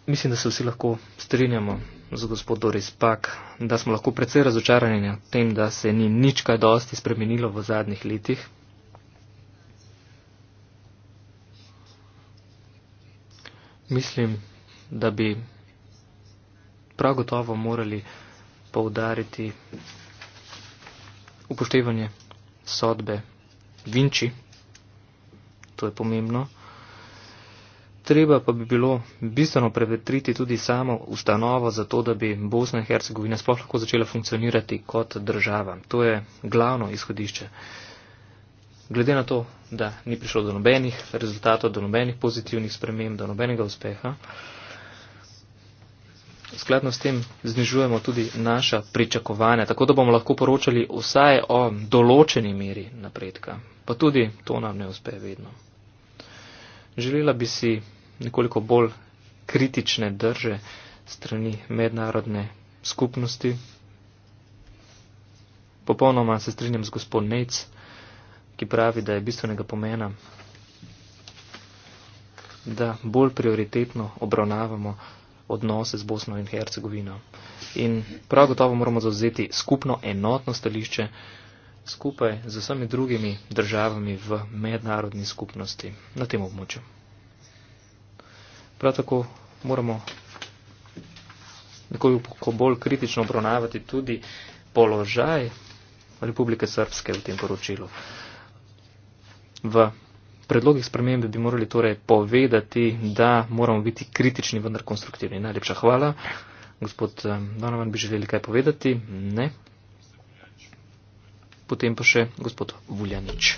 Mislim, da se vsi lahko strinjamo z gospod Doris Pak, da smo lahko precej razočarani na tem, da se ni nič kaj dosti spremenilo v zadnjih letih, mislim, da bi prav gotovo morali poudariti upoštevanje sodbe Vinči. To je pomembno. Treba pa bi bilo bistveno prevetriti tudi samo ustanovo za to, da bi Bosna in Hercegovina sploh lahko začela funkcionirati kot država. To je glavno izhodišče glede na to, da ni prišlo do nobenih rezultatov, do nobenih pozitivnih sprememb, do nobenega uspeha, skladno s tem znižujemo tudi naša pričakovanja, tako da bomo lahko poročali vsaj o določeni meri napredka. Pa tudi to nam ne uspe vedno. Želela bi si nekoliko bolj kritične drže strani mednarodne skupnosti. Popolnoma se strinjam z gospod Nates ki pravi, da je bistvenega pomena, da bolj prioritetno obravnavamo odnose z Bosno in Hercegovino. In prav gotovo moramo zauzeti skupno enotno stališče skupaj z vsemi drugimi državami v mednarodni skupnosti na tem območju. Prav tako moramo nekoliko bolj kritično obravnavati tudi položaj Republike Srpske v tem poročilu v predlogih sprememb bi morali torej povedati, da moramo biti kritični, vendar konstruktivni. Najlepša hvala. Gospod eh, Donovan, bi želeli kaj povedati? Ne. Potem pa še gospod Vuljanič.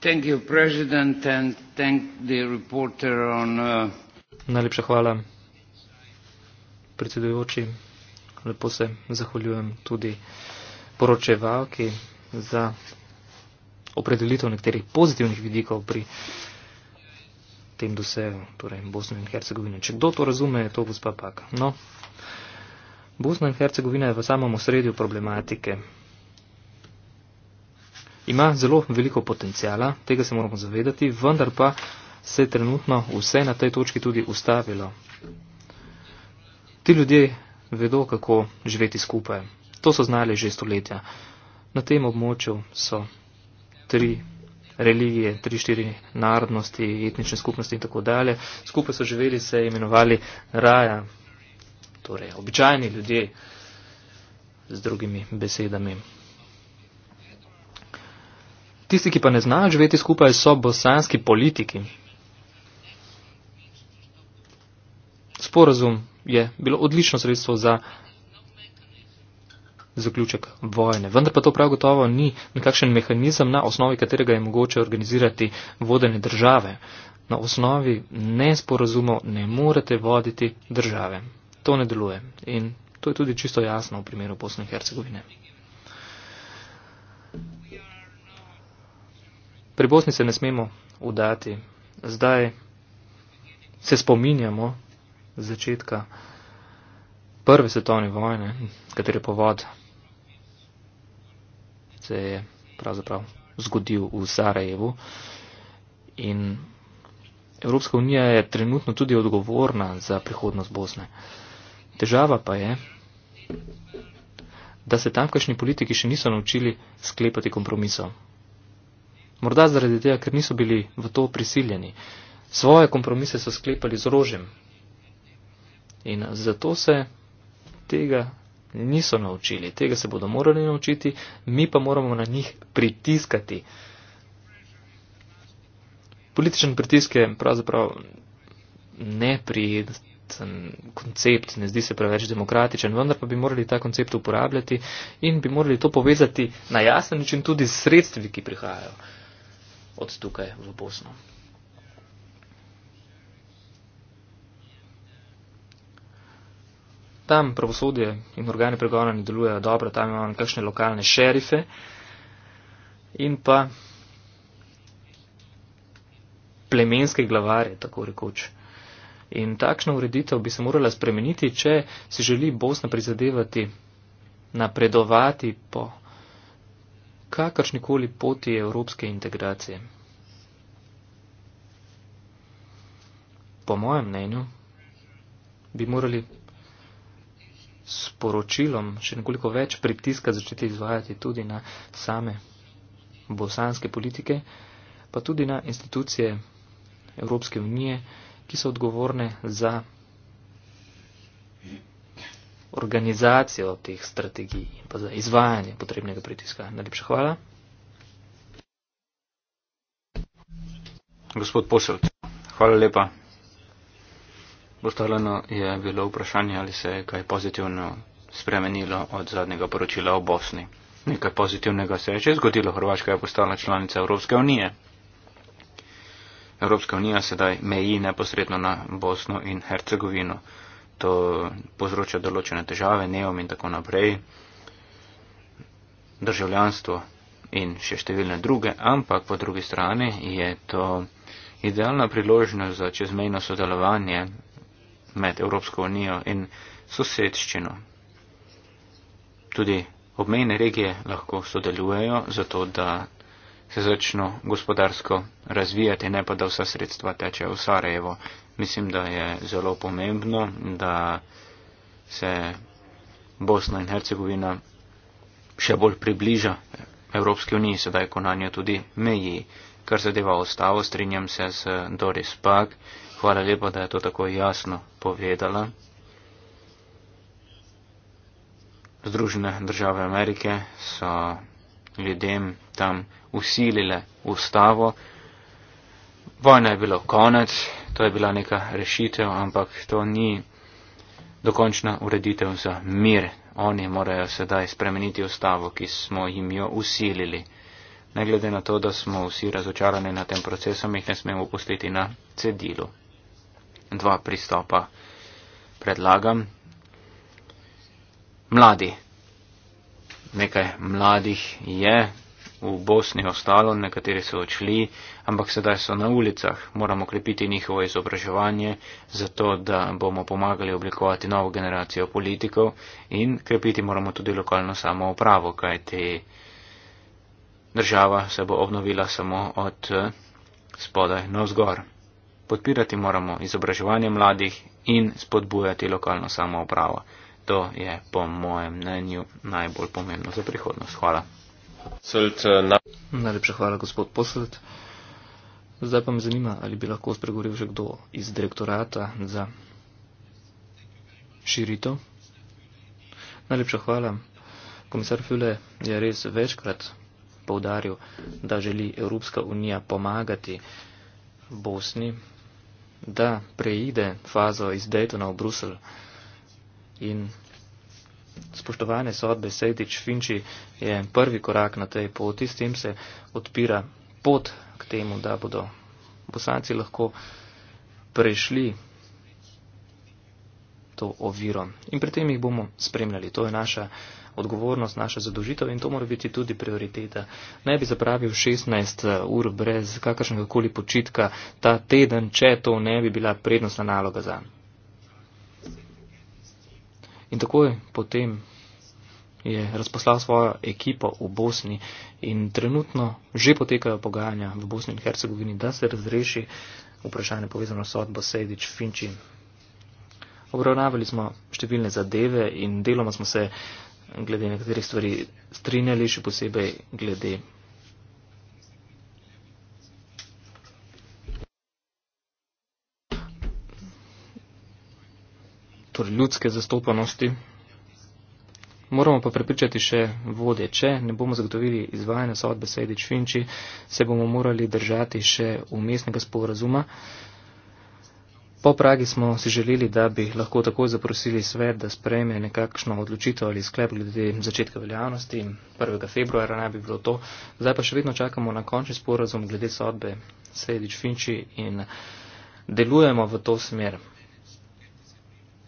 Thank you, president, and thank the reporter on... Uh, Najlepša hvala, predsedujoči. Lepo se zahvaljujem tudi poročevalki za opredelitev nekaterih pozitivnih vidikov pri tem dosegu, torej Bosne in Hercegovine. Če kdo to razume, je to gospa Pak. No, Bosna in Hercegovina je v samem osredju problematike. Ima zelo veliko potencijala, tega se moramo zavedati, vendar pa se je trenutno vse na tej točki tudi ustavilo. Ti ljudje vedo, kako živeti skupaj. To so znali že stoletja. Na tem območju so tri religije, tri, štiri narodnosti, etnične skupnosti in tako dalje. Skupaj so živeli, se imenovali raja, torej običajni ljudje z drugimi besedami. Tisti, ki pa ne znajo živeti skupaj, so bosanski politiki. Sporazum je bilo odlično sredstvo za zaključek vojne. Vendar pa to prav gotovo ni nekakšen mehanizem, na osnovi katerega je mogoče organizirati vodene države. Na osnovi nesporazumov ne morete voditi države. To ne deluje. In to je tudi čisto jasno v primeru Bosne in Hercegovine. Pri Bosni se ne smemo udati. Zdaj se spominjamo začetka prve svetovne vojne, katere povod se je pravzaprav zgodil v Sarajevu. In Evropska unija je trenutno tudi odgovorna za prihodnost Bosne. Težava pa je, da se tamkajšnji politiki še niso naučili sklepati kompromisov. Morda zaradi tega, ker niso bili v to prisiljeni. Svoje kompromise so sklepali z rožem. In zato se tega niso naučili, tega se bodo morali naučiti, mi pa moramo na njih pritiskati. Političen pritisk je pravzaprav neprijeten koncept, ne zdi se preveč demokratičen, vendar pa bi morali ta koncept uporabljati in bi morali to povezati na jasen način tudi s sredstvi, ki prihajajo od tukaj v Bosno. tam pravosodje in organi pregona ne delujejo dobro, tam imamo nekakšne lokalne šerife in pa plemenske glavarje, tako rekoč. In takšna ureditev bi se morala spremeniti, če si želi Bosna prizadevati napredovati po kakršnikoli poti evropske integracije. Po mojem mnenju bi morali sporočilom še nekoliko več pritiska začeti izvajati tudi na same bosanske politike, pa tudi na institucije Evropske unije, ki so odgovorne za organizacijo teh strategij in pa za izvajanje potrebnega pritiska. Najlepša hvala. Gospod Posel, hvala lepa. Postavljeno je bilo vprašanje, ali se je kaj pozitivno spremenilo od zadnjega poročila o Bosni. Nekaj pozitivnega se je že zgodilo, Hrvaška je postala članica Evropske unije. Evropska unija sedaj meji neposredno na Bosno in Hercegovino. To povzroča določene težave, neom in tako naprej, državljanstvo in še številne druge, ampak po drugi strani je to idealna priložnost za čezmejno sodelovanje med Evropsko unijo in sosedščino. Tudi obmejne regije lahko sodelujejo, zato da se začno gospodarsko razvijati, ne pa da vsa sredstva tečejo v Sarajevo. Mislim, da je zelo pomembno, da se Bosna in Hercegovina še bolj približa Evropski uniji, sedaj ko na njo tudi meji. Kar zadeva ostavo, strinjam se z Doris Pak. Hvala lepa, da je to tako jasno povedala. Združene države Amerike so ljudem tam usilile ustavo. Vojna je bila konec, to je bila neka rešitev, ampak to ni dokončna ureditev za mir. Oni morajo sedaj spremeniti ustavo, ki smo jim jo usilili. Ne glede na to, da smo vsi razočarani na tem procesu, jih ne smemo pustiti na cedilu dva pristopa predlagam. Mladi. Nekaj mladih je v Bosni ostalo, nekateri so odšli, ampak sedaj so na ulicah. Moramo krepiti njihovo izobraževanje, zato da bomo pomagali oblikovati novo generacijo politikov in krepiti moramo tudi lokalno samoupravo, kajti država se bo obnovila samo od eh, spodaj na vzgor podpirati moramo izobraževanje mladih in spodbujati lokalno samoupravo. To je po mojem mnenju najbolj pomembno za prihodnost. Hvala. Najlepša hvala, gospod Poslet. Zdaj pa me zanima, ali bi lahko spregovoril še kdo iz direktorata za širito. Najlepša hvala. Komisar Füle je res večkrat poudaril, da želi Evropska unija pomagati Bosni da preide fazo iz Daytona v Brusel in spoštovanje sodbe Sejtič Finči je prvi korak na tej poti, s tem se odpira pot k temu, da bodo bosanci lahko prešli to oviro. In pri tem jih bomo spremljali. To je naša odgovornost, naša zadožitev in to mora biti tudi prioriteta. Naj bi zapravil 16 eh, ur brez kakršnega koli počitka ta teden, če to ne bi bila prednostna naloga za. In takoj potem je razposlal svojo ekipo v Bosni in trenutno že potekajo pogajanja v Bosni in Hercegovini, da se razreši vprašanje povezano s sodbo Sejdič Finči. Obravnavali smo številne zadeve in deloma smo se glede nekaterih stvari strinjali, še posebej glede. torej ljudske zastopanosti. Moramo pa prepričati še vode. Če ne bomo zagotovili izvajanja sodbe Sejdič Finči, se bomo morali držati še umestnega sporazuma. Po Pragi smo si želeli, da bi lahko takoj zaprosili svet, da sprejme nekakšno odločitev ali sklep glede začetka veljavnosti. 1. februara naj bi bilo to. Zdaj pa še vedno čakamo na končni sporazum glede sodbe Sredič Finči in delujemo v to smer.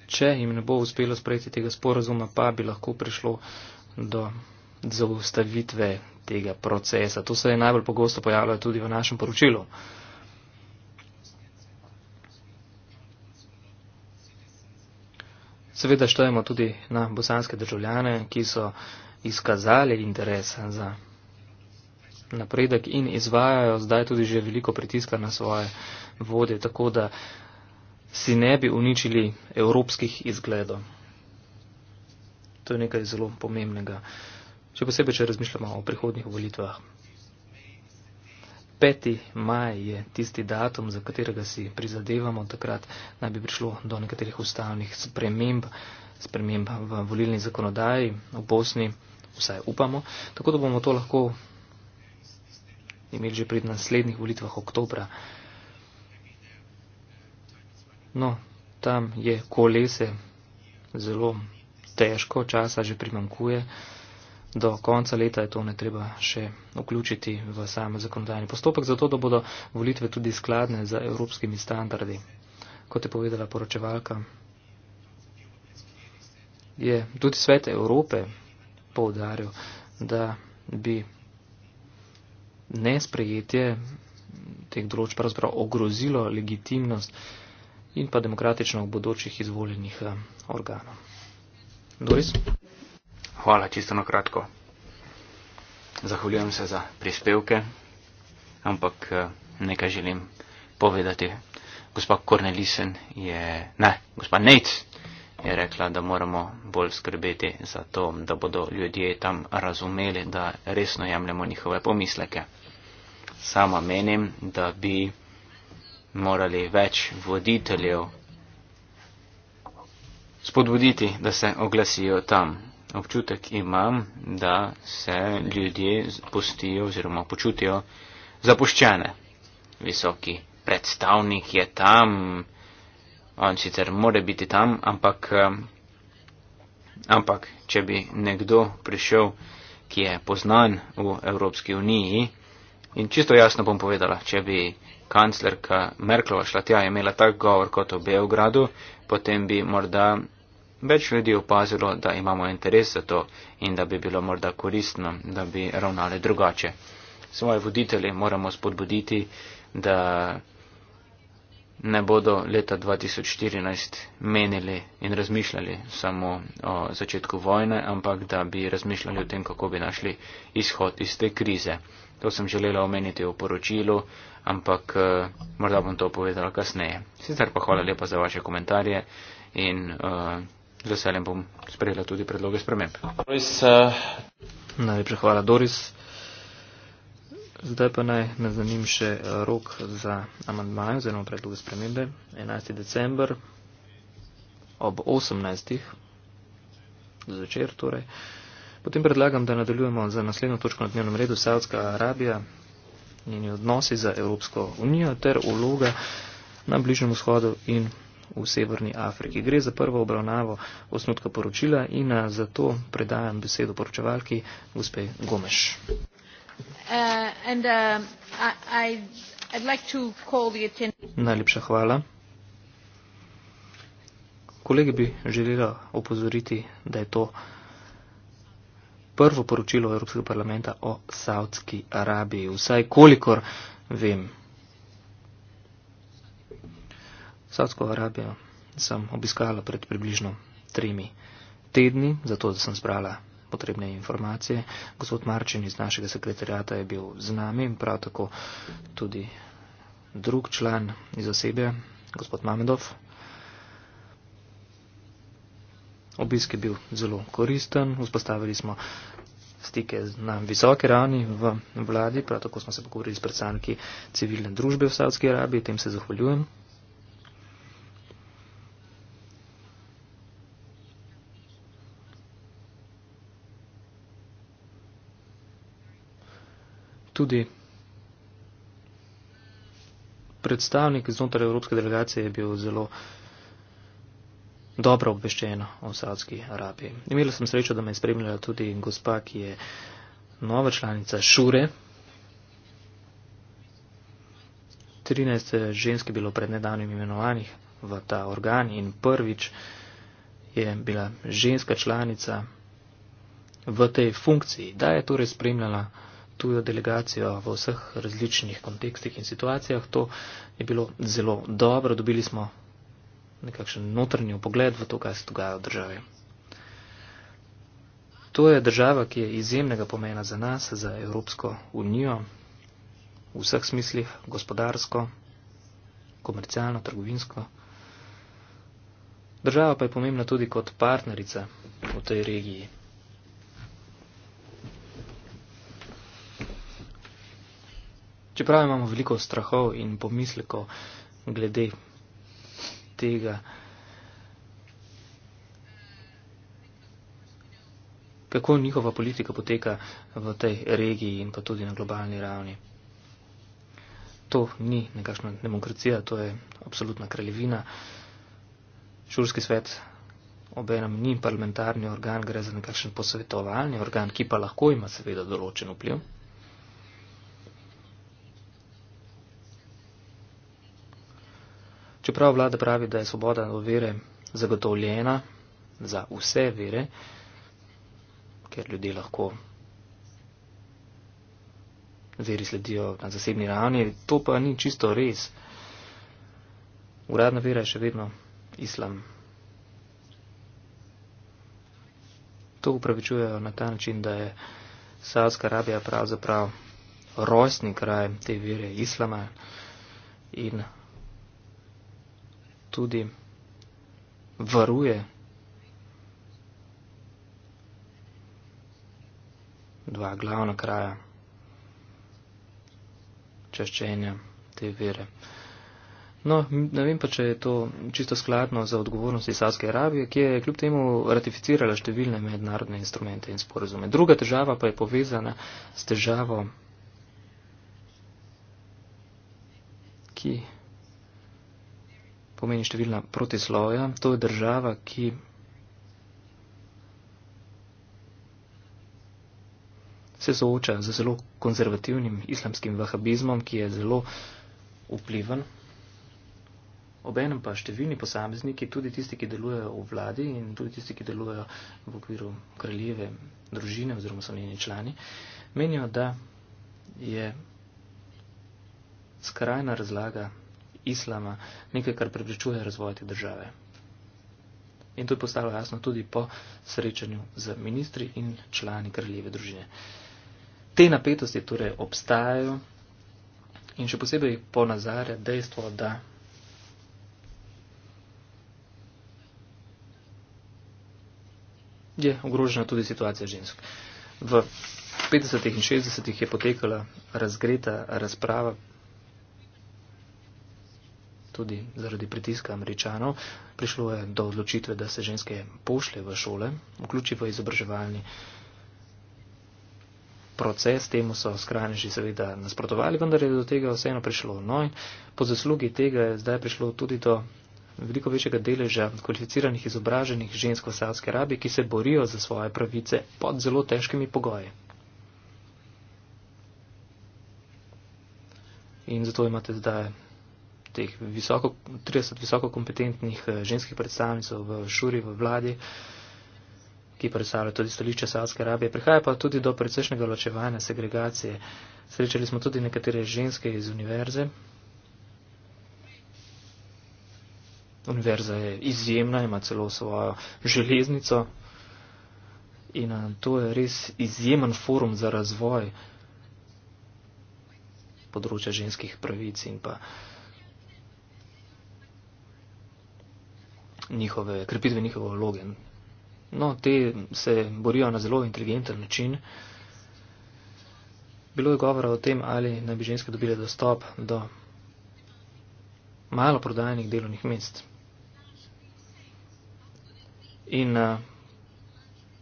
Če jim ne bo uspelo sprejeti tega sporazuma, pa bi lahko prišlo do zaustavitve tega procesa. To se je najbolj pogosto pojavljalo tudi v našem poročilu. Seveda štejemo tudi na bosanske državljane, ki so izkazali interes za napredek in izvajajo zdaj tudi že veliko pritiska na svoje vode, tako da si ne bi uničili evropskih izgledov. To je nekaj zelo pomembnega, še posebej, če razmišljamo o prihodnjih volitvah. 5. maj je tisti datum, za katerega si prizadevamo, takrat naj bi prišlo do nekaterih ustavnih sprememb, sprememb v volilni zakonodaji v Bosni, vsaj upamo, tako da bomo to lahko imeli že pri naslednjih volitvah oktobra. No, tam je kolese, zelo težko, časa že primankuje do konca leta je to ne treba še vključiti v sam zakonodajni postopek, zato da bodo volitve tudi skladne z evropskimi standardi. Kot je povedala poročevalka, je tudi svet Evrope povdaril, da bi nesprejetje teh določb pravzaprav ogrozilo legitimnost in pa demokratično v bodočih izvoljenih eh, organov. Doris? Hvala, čisto na kratko. Zahvaljujem se za prispevke, ampak eh, nekaj želim povedati. Gospa Kornelisen je, ne, gospa Nec je rekla, da moramo bolj skrbeti za to, da bodo ljudje tam razumeli, da resno jemljemo njihove pomisleke. Sama menim, da bi morali več voditeljev spodbuditi, da se oglasijo tam, občutek imam, da se ljudje postijo oziroma počutijo zapuščene. Visoki predstavnik je tam, on sicer more biti tam, ampak, ampak če bi nekdo prišel, ki je poznan v Evropski uniji, in čisto jasno bom povedala, če bi kanclerka Merklova šla tja in imela tak govor kot v Beogradu, potem bi morda več ljudi opazilo, da imamo interes za to in da bi bilo morda koristno, da bi ravnali drugače. Svoje voditelje moramo spodbuditi, da ne bodo leta 2014 menili in razmišljali samo o začetku vojne, ampak da bi razmišljali o tem, kako bi našli izhod iz te krize. To sem želela omeniti v poročilu, ampak eh, morda bom to povedala kasneje. Sicer pa hvala lepa za vaše komentarje in uh, z veseljem bom sprejela tudi predloge sprememb. Doris, uh... Najlepša hvala, Doris. Zdaj pa naj me zanim še uh, rok za amandmaje oziroma predloge spremembe. 11. december ob 18. začer torej. Potem predlagam, da nadaljujemo za naslednjo točko na dnevnem redu Saudska Arabija, njeni odnosi za Evropsko unijo ter uloga na Bližnjem vzhodu in v Severni Afriki. Gre za prvo obravnavo osnutka poročila in eh, zato predajam besedo poročevalki gospe Gomeš. Uh, and, uh, I, I'd like to call the attention... Najlepša hvala. Kolege bi želela opozoriti, da je to prvo poročilo Evropskega parlamenta o Saudski Arabiji. Vsaj kolikor vem. Saudsko Arabijo sem obiskala pred približno tremi tedni, zato da sem zbrala potrebne informacije. Gospod Marčin iz našega sekretarjata je bil z nami in prav tako tudi drug član iz osebe, gospod Mamedov. Obisk je bil zelo koristen, vzpostavili smo stike na visoke ravni v vladi, prav tako smo se pogovorili s predstavniki civilne družbe v Saudski Arabiji, tem se zahvaljujem. tudi predstavnik znotraj Evropske delegacije je bil zelo dobro obveščen o Saudski Arabiji. Imela sem srečo, da me je spremljala tudi gospa, ki je nova članica Šure. 13 žensk je bilo pred nedavnim imenovanih v ta organ in prvič je bila ženska članica v tej funkciji. Da je torej spremljala tujo delegacijo v vseh različnih kontekstih in situacijah. To je bilo zelo dobro, dobili smo nekakšen notrnji pogled v to, kaj se dogaja v državi. To je država, ki je izjemnega pomena za nas, za Evropsko unijo, v vseh smislih, gospodarsko, komercialno, trgovinsko. Država pa je pomembna tudi kot partnerica v tej regiji. Čeprav imamo veliko strahov in pomislekov glede tega. kako njihova politika poteka v tej regiji in pa tudi na globalni ravni. To ni nekakšna demokracija, to je absolutna kraljevina. Šurski svet obenem ni parlamentarni organ, gre za nekakšen posvetovalni organ, ki pa lahko ima seveda določen vpliv. Čeprav vlada pravi, da je svoboda vere zagotovljena za vse vere, ker ljudje lahko veri sledijo na zasebni ravni, to pa ni čisto res. Uradna vera je še vedno islam. To upravičujejo na ta način, da je Saudska Arabija pravzaprav rojstni kraj te vere islama in tudi varuje. Dva glavna kraja čaščenja te vere. No, ne vem pa, če je to čisto skladno za odgovornosti Saske Arabije, ki je kljub temu ratificirala številne mednarodne instrumente in sporozume. Druga težava pa je povezana s težavo, ki pomeni številna protisloja, to je država, ki se sooča z zelo konzervativnim islamskim vahabizmom, ki je zelo vpliven. Obenem pa številni posamezniki, tudi tisti, ki delujejo v vladi in tudi tisti, ki delujejo v okviru kraljeve družine oziroma so njeni člani, menijo, da je skrajna razlaga islama, nekaj, kar preprečuje razvoj te države. In to je postalo jasno tudi po srečanju z ministri in člani kraljeve družine. Te napetosti torej obstajajo in še posebej ponazarja dejstvo, da je ogrožena tudi situacija žensk. V 50. in 60. je potekala razgreta razprava tudi zaradi pritiska američanov, prišlo je do odločitve, da se ženske pošle v šole, vključi v izobraževalni proces, temu so skrajneži seveda nasprotovali, vendar je do tega vseeno prišlo. No in po zaslugi tega je zdaj prišlo tudi do veliko večjega deleža kvalificiranih izobraženih žensk v Savske Arabiji, ki se borijo za svoje pravice pod zelo težkimi pogoji. In zato imate zdaj teh visoko, 30 visoko kompetentnih eh, ženskih predstavnicov v šuri, v vladi, ki predstavljajo tudi stališče Saudske Arabije. Prihaja pa tudi do precejšnjega ločevanja, segregacije. Srečali smo tudi nekatere ženske iz univerze. Univerza je izjemna, ima celo svojo železnico in eh, to je res izjemen forum za razvoj področja ženskih pravic in pa uh, njihove, krepitve njihove vloge. No, te se borijo na zelo inteligenten način. Bilo je govora o tem, ali naj bi ženske dobile dostop do malo prodajenih delovnih mest. In a, eh,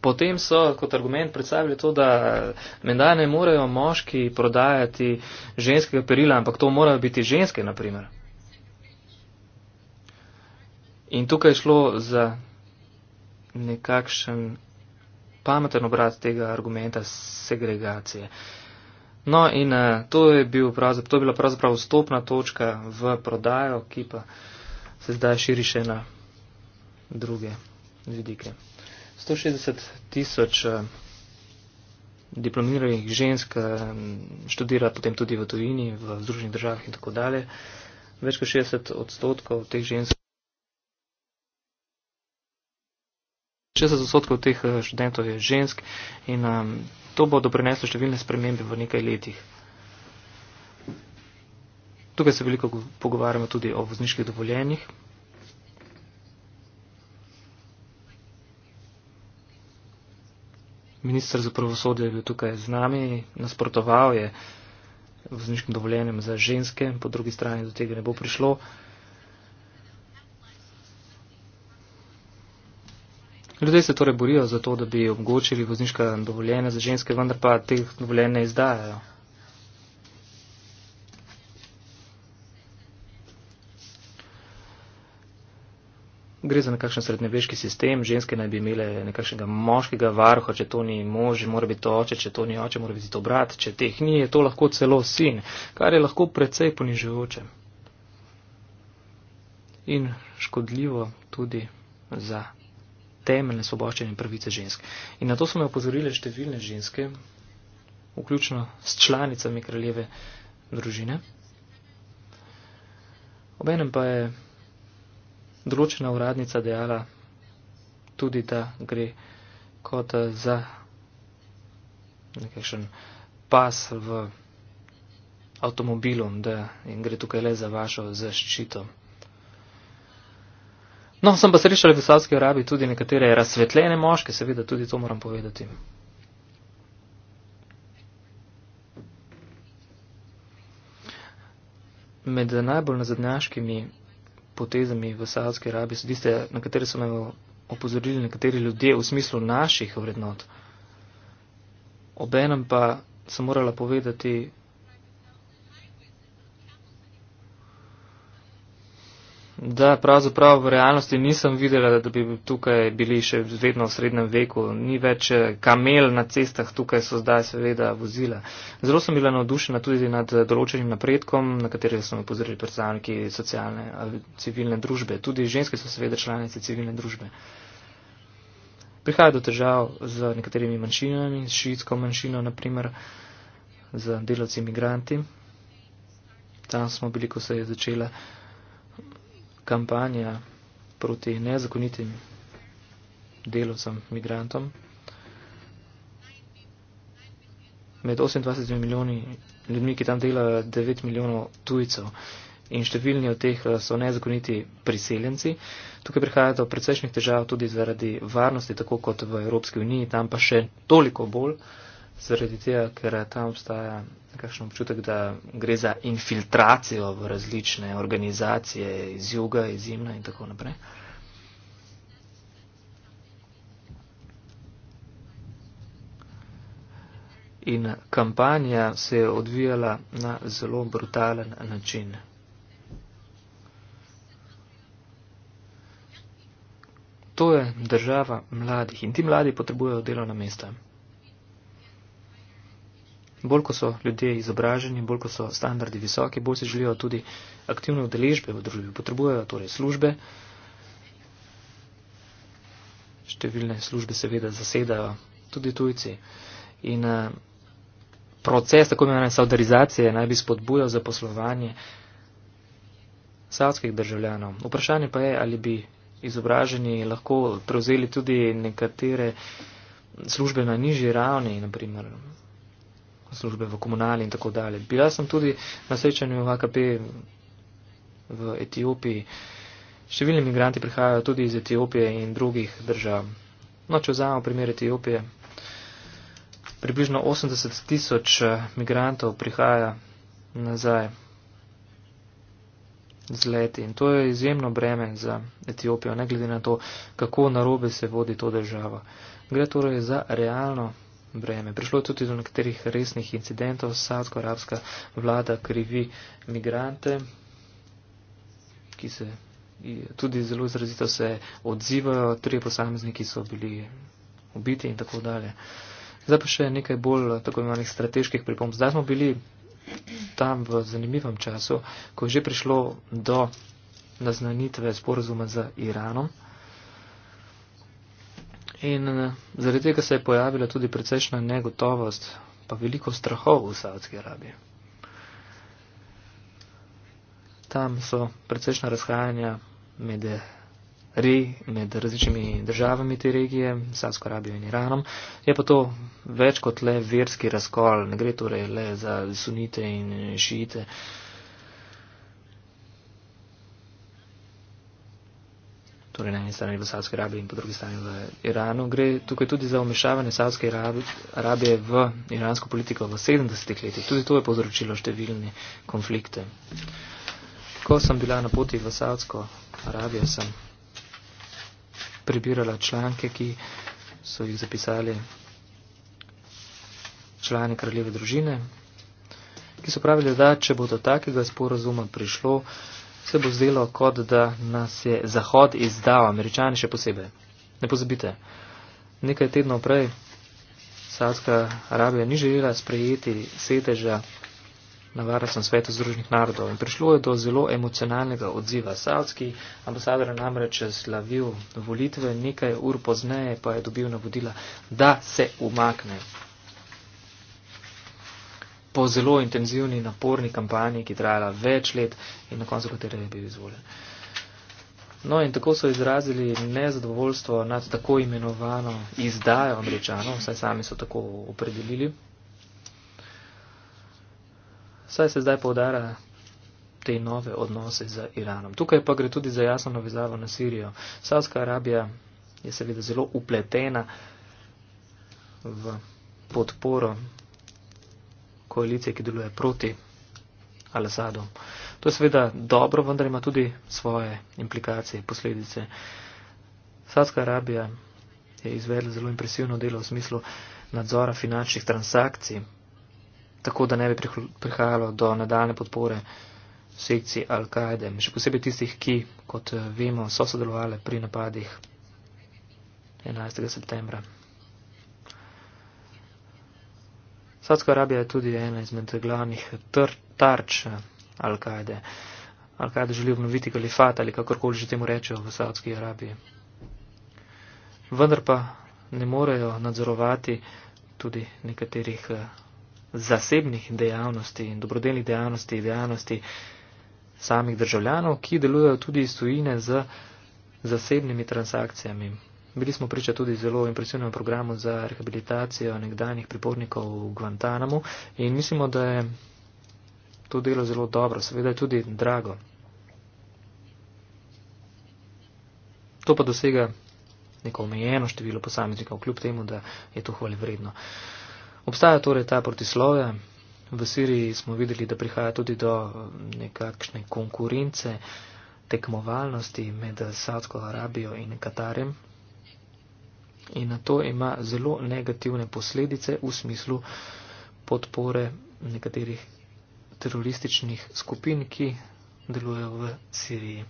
potem so kot argument predstavili to, da menda ne morejo moški prodajati ženskega perila, ampak to morajo biti ženske, naprimer. In tukaj je šlo za nekakšen pameten obrat tega argumenta segregacije. No in eh, to je, bil pravzap, to je bila pravzaprav vstopna točka v prodajo, ki pa se zdaj širi še na druge vidike. 160 tisoč eh, diplomiranih žensk eh, študira potem tudi v tujini, v združenih državah in tako dalje. Več kot 60 odstotkov teh žensk. 60 teh eh, študentov je žensk in um, to bo doprineslo številne spremembe v nekaj letih. Tukaj se veliko pogovarjamo tudi o vozniških dovoljenjih. Ministr za pravosodje je bil tukaj z nami, nasprotoval je vozniškim dovoljenjem za ženske, po drugi strani do tega ne bo prišlo. Uh, Ljudje se torej borijo za to, da bi omogočili vozniška dovoljenja za ženske, vendar pa teh dovoljenj ne izdajajo. Gre za nekakšen srednjeveški sistem, ženske naj bi imele nekakšnega moškega varha, če to ni mož, mora biti to oče, če to ni oče, mora biti to brat, če teh ni, je to lahko celo sin, kar je lahko precej ponižujoče. In škodljivo tudi za temeljne svoboščenje in pravice žensk. In na to so me opozorile številne ženske, vključno s članicami kraljeve družine. Obenem pa je določena uradnica dejala tudi, da gre kot eh, za nekakšen pas v avtomobilom, da in gre tukaj le za vašo zaščito. No, sem pa srečal v Saudski Arabiji tudi nekatere razsvetljene moške, seveda tudi to moram povedati. Med najbolj nazadnjaškimi potezami v Saudski Arabiji so tiste, na katere so me opozorili nekateri ljudje v smislu naših vrednot. Obenem pa sem morala povedati, Da, pravzaprav v realnosti nisem videla, da bi tukaj bili še vedno v srednjem veku. Ni več eh, kamel na cestah, tukaj so zdaj seveda vozila. Zelo sem bila navdušena tudi nad določenim napredkom, na katerem so me pozorili predstavniki socialne, civilne družbe. Tudi ženske so seveda članice civilne družbe. Prihaja do težav z nekaterimi manjšinami, s šiitsko manjšino naprimer, z delavci imigranti. Tam smo bili, ko se je začela kampanja proti nezakonitim delovcem, migrantom. Med 28 milijoni ljudmi, ki tam delajo, 9 milijonov tujcev in številni od teh eh, so nezakoniti priseljenci. Tukaj prihaja do precejšnjih težav tudi zaradi varnosti, tako kot v Evropski uniji, tam pa še toliko bolj. Uh, zaradi tega, ker tam obstaja nekakšen občutek, da gre za infiltracijo v različne organizacije iz juga, iz zimna in tako naprej. In kampanja se je odvijala na zelo brutalen način. To je država mladih in ti mladi potrebujejo delovna mesta. Bolj, ko so ljudje izobraženi, bolj, ko so standardi visoki, bolj si želijo tudi aktivne udeležbe v družbi. Potrebujejo torej službe. Številne službe seveda zasedajo tudi tujci. In eh, proces tako imenovane saudarizacije naj bi spodbujal zaposlovanje savskih državljanov. Vprašanje pa je, ali bi izobraženi lahko prevzeli tudi nekatere službe na nižji ravni, naprimer službe v komunali in tako dalje. Bila sem tudi na srečanju v AKP v Etiopiji. Številni migranti prihajajo tudi iz Etiopije in drugih držav. No, če vzamemo primer Etiopije, približno 80 tisoč eh, migrantov prihaja nazaj z leti in to je izjemno breme za Etiopijo, ne glede na to, kako narobe se vodi to državo. Gre torej za realno breme. Prišlo je tudi do nekaterih resnih incidentov. Saudsko arabska vlada krivi migrante, ki se tudi zelo izrazito se odzivajo. Tri posamezniki so bili ubiti in tako dalje. Zdaj pa še nekaj bolj tako imenih strateških pripomb. Zdaj smo bili tam v zanimivem času, ko je že prišlo do naznanitve sporozuma z Iranom. In eh, zaradi tega se je pojavila tudi precejšna negotovost, pa veliko strahov v Saudski Arabiji. Tam so precejšna razhajanja med, re, med različnimi državami te regije, Saudsko Arabijo in Iranom. Je pa to več kot le verski razkol, ne gre torej le za sunite in šiite. Uh, torej na eni strani v Savski Arabiji in po drugi strani v Iranu. Gre tukaj tudi za umešavanje Savske Arabije v iransko politiko v 70-ih letih. Tudi to je povzročilo številne konflikte. Ko sem bila na poti v Savsko Arabijo, sem prebirala članke, ki so jih zapisali člani kraljeve družine, ki so pravili, da če bo do takega sporazuma prišlo, se bo zdelo, kot da nas je Zahod izdal, američani še posebej. Ne pozabite, nekaj tednov prej Saudska Arabija ni želela sprejeti sedeža na varnostnem svetu Združenih narodov in prišlo je do zelo emocionalnega odziva. Saudski ambasador je namreč slavil volitve, nekaj ur pozneje pa je dobil navodila, da se umakne po zelo intenzivni, naporni kampanji, ki trajala več let in na koncu katere je bil izvoljen. No in tako so izrazili nezadovoljstvo nad tako imenovano izdajo američanov, saj sami so tako opredelili. Saj se zdaj povdara te nove odnose z Iranom. Tukaj pa gre tudi za jasno navezavo na Sirijo. Savska Arabija je seveda zelo upletena v podporo koalicije, ki deluje proti Al-Asadu. To je seveda dobro, vendar ima tudi svoje implikacije, posledice. Saudska Arabija je izvedla zelo impresivno delo v smislu nadzora finančnih transakcij, tako da ne bi prihajalo do nadaljne podpore sekcij Al-Kaide, še posebej tistih, ki, kot vemo, so sodelovali pri napadih 11. septembra. Saudska Arabija je tudi ena izmed glavnih tr tarč Al-Kaide. Al-Kaide želi obnoviti kalifat ali kakorkoli že temu rečejo v Saudski Arabiji. Vendar pa ne morejo nadzorovati tudi nekaterih eh, zasebnih dejavnosti in dobrodelnih dejavnosti, dejavnosti samih državljanov, ki delujejo tudi iz tujine z zasebnimi transakcijami. Bili smo priča tudi zelo impresivnemu programu za rehabilitacijo nekdanjih pripornikov v Guantanamu in mislimo, da je to delo zelo dobro, seveda je tudi drago. To pa dosega neko omejeno število posameznikov, kljub temu, da je to hvali vredno. Obstaja torej ta protislove. V Siriji smo videli, da prihaja tudi do nekakšne konkurence, tekmovalnosti med Saudsko Arabijo in Katarjem, in na to ima zelo negativne posledice v smislu podpore nekaterih terorističnih skupin, ki delujejo v Siriji.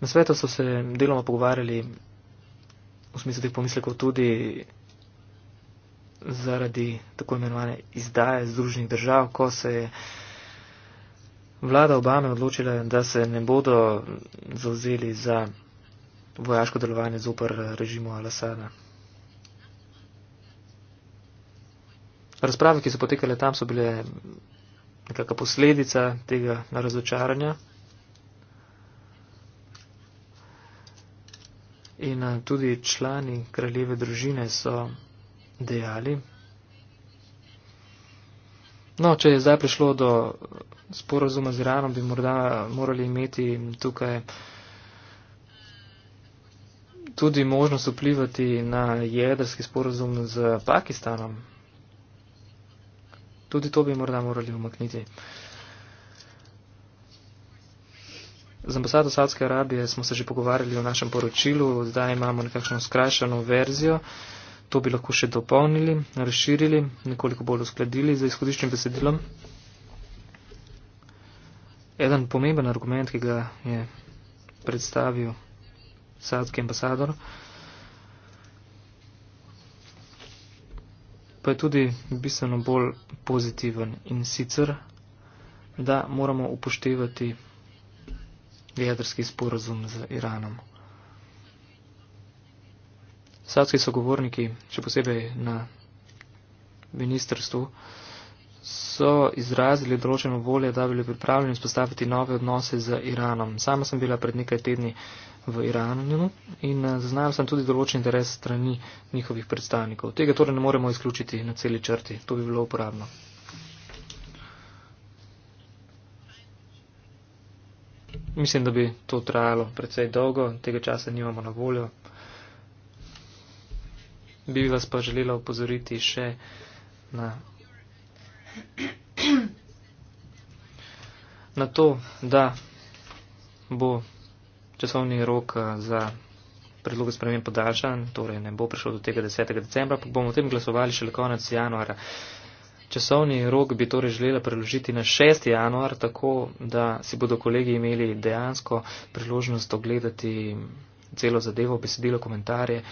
Na svetu so se deloma pogovarjali v smislu teh pomislekov tudi zaradi tako imenovane izdaje Združenih držav, ko se je vlada Obame odločila, da se ne bodo zauzeli za vojaško delovanje zoper eh, režimu Al-Assada. Razprave, ki so potekale tam, so bile nekaka posledica tega razočaranja. In eh, tudi člani kraljeve družine so dejali, no, če je zdaj prišlo do sporazuma z Iranom, bi morda morali imeti tukaj eh, tudi možnost vplivati na jedrski sporozum z Pakistanom. Tudi to bi morda morali umakniti. Z ambasado Saudske Arabije smo se že pogovarjali o našem poročilu, zdaj imamo nekakšno skrajšano verzijo. To bi lahko še dopolnili, razširili, nekoliko bolj uskladili z izhodiščnim besedilom. Eden pomemben argument, ki ga je predstavil saadski ambasador. Pa je tudi bistveno bolj pozitiven in sicer, da moramo upoštevati jedrski sporozum z Iranom. Saadski sogovorniki, še posebej na ministrstvu, so izrazili določeno volje, da bili pripravljeni spostaviti nove odnose z Iranom. Sama sem bila pred nekaj tedni v Iranu in eh, zaznal sem tudi določen interes strani njihovih predstavnikov. Tega torej ne moremo izključiti na celi črti, to bi bilo uporabno. Mislim, da bi to trajalo precej dolgo, tega časa nimamo na voljo. Bi vas pa želela opozoriti še na, na to, da bo časovni rok eh, za predlog sprememb podaljšan, torej ne bo prišlo do tega 10. decembra, pa bomo o tem glasovali šele konec januara. Časovni rok bi torej želela preložiti na 6. januar, tako da si bodo kolegi imeli dejansko priložnost ogledati celo zadevo, besedilo, komentarje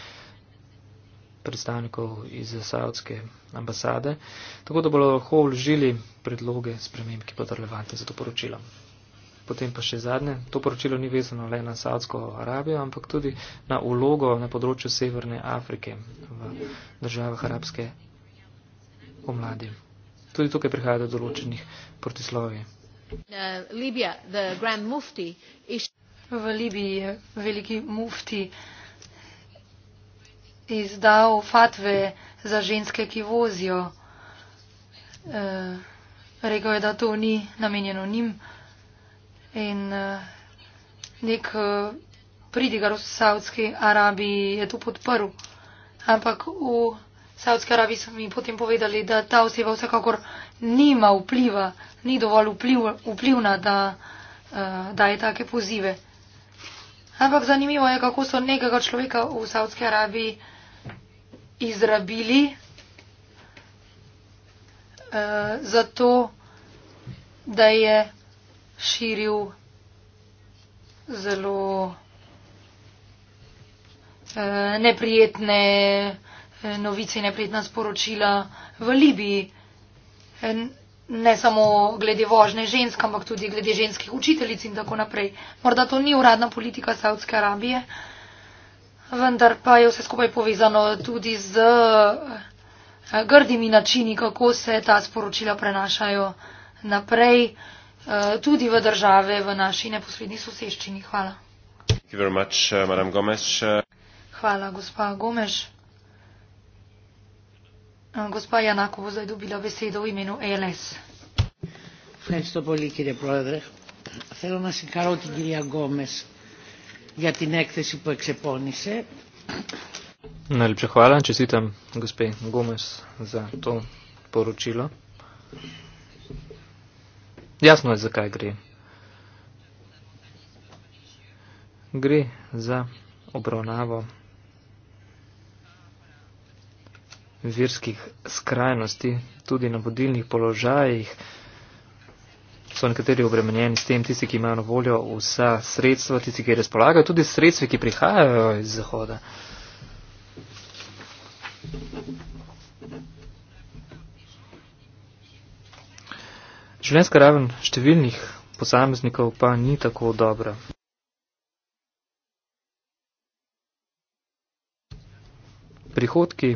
predstavnikov iz Saudske ambasade, tako da bodo lahko vložili predloge sprememb, ki bodo relevantne za to poročilo. Potem pa še zadnje, to poročilo ni vezano le na Saudsko Arabijo, ampak tudi na ulogo na področju Severne Afrike v državah arabske omladi. Tudi tukaj prihaja do določenih protislovij. Uh, v Libiji je veliki mufti izdal fatve za ženske, ki vozijo. Uh, rekel je, da to ni namenjeno njim in uh, nek uh, pridigar v Saudski Arabiji je to podprl. Ampak v Saudski Arabiji so mi potem povedali, da ta oseba vsekakor nima vpliva, ni dovolj vpliv, vplivna, da uh, daje take pozive. Ampak zanimivo je, kako so nekega človeka v Saudski Arabiji izrabili uh, za to, da je širil zelo eh, neprijetne eh, novice in neprijetna sporočila v Libiji. Eh, ne samo glede vožne žensk, ampak tudi glede ženskih učiteljic in tako naprej. Morda to ni uradna politika Saudske Arabije, vendar pa je vse skupaj povezano tudi z grdimi načini, kako se ta sporočila prenašajo naprej. Eh, tudi v države v naši neposrednji soseščini. Hvala. Much, uh, Hvala, gospa Gomeš. Gospa Janako bo zdaj dobila besedo v imenu ELS. Felsto poliki de prodre. Θέλω να συγχαρώ την κυρία Γκόμες για την έκθεση που εξεπώνησε. Να λοιπόν, ευχαριστώ, ευχαριστώ, κυρία Γκόμες, για το πορουτσίλο. Jasno je, zakaj gre. Gre za obravnavo verskih skrajnosti, tudi na vodilnih položajih so nekateri obremenjeni s tem, tisti, ki imajo na voljo vsa sredstva, tisti, ki razpolagajo, tudi sredstva, ki prihajajo iz Zahoda. Življenjska raven številnih posameznikov pa ni tako dobra. Prihodki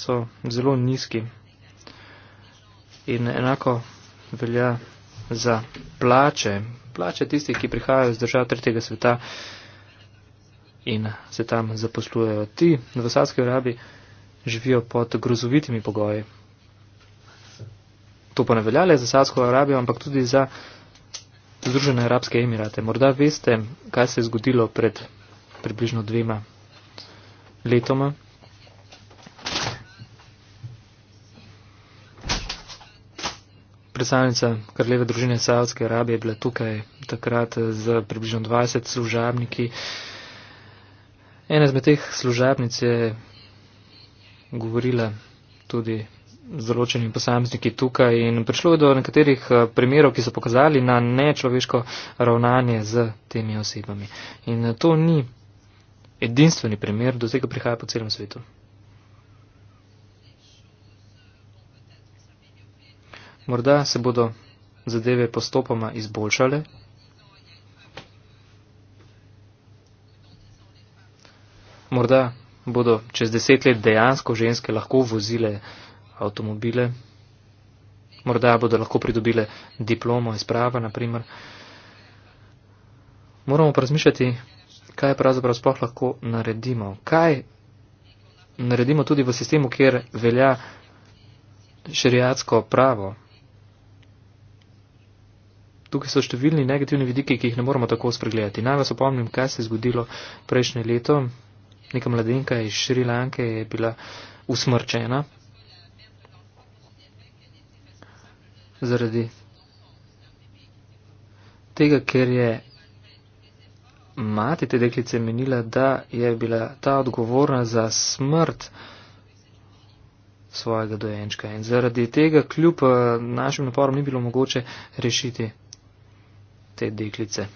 so zelo nizki in enako velja za plače. Plače tistih, ki prihajajo iz držav tretjega sveta in se tam zaposlujejo. Ti v Saskoj rabi živijo pod grozovitimi pogoji to pa ne velja le za Sadsko Arabijo, ampak tudi za Združene Arabske Emirate. Morda veste, kaj se je zgodilo pred približno dvema letoma. Predstavnica krleve družine Saudske Arabije je bila tukaj takrat z približno 20 služabniki. Ena izmed teh služabnic je govorila tudi z določenimi posamezniki tukaj in prišlo je do nekaterih eh, primerov, ki so pokazali na nečloveško ravnanje z temi osebami. In eh, to ni edinstveni primer, do tega prihaja po celem svetu. Morda se bodo zadeve postopoma izboljšale. Morda bodo čez deset let dejansko ženske lahko vozile uh, avtomobile, morda bodo lahko pridobile diplomo iz prava, naprimer. Moramo pa razmišljati, kaj pravzaprav sploh lahko naredimo. Kaj naredimo tudi v sistemu, kjer velja šeriatsko pravo. Tukaj so številni negativni vidiki, ki jih ne moramo tako spregledati. Naj vas opomnim, kaj se je zgodilo prejšnje leto. Neka mladenka iz Šrilanke je bila usmrčena zaradi tega, ker je mati te deklice menila, da je bila ta odgovorna za smrt svojega dojenčka in zaradi tega kljub eh, našim naporom ni bilo mogoče rešiti te deklice.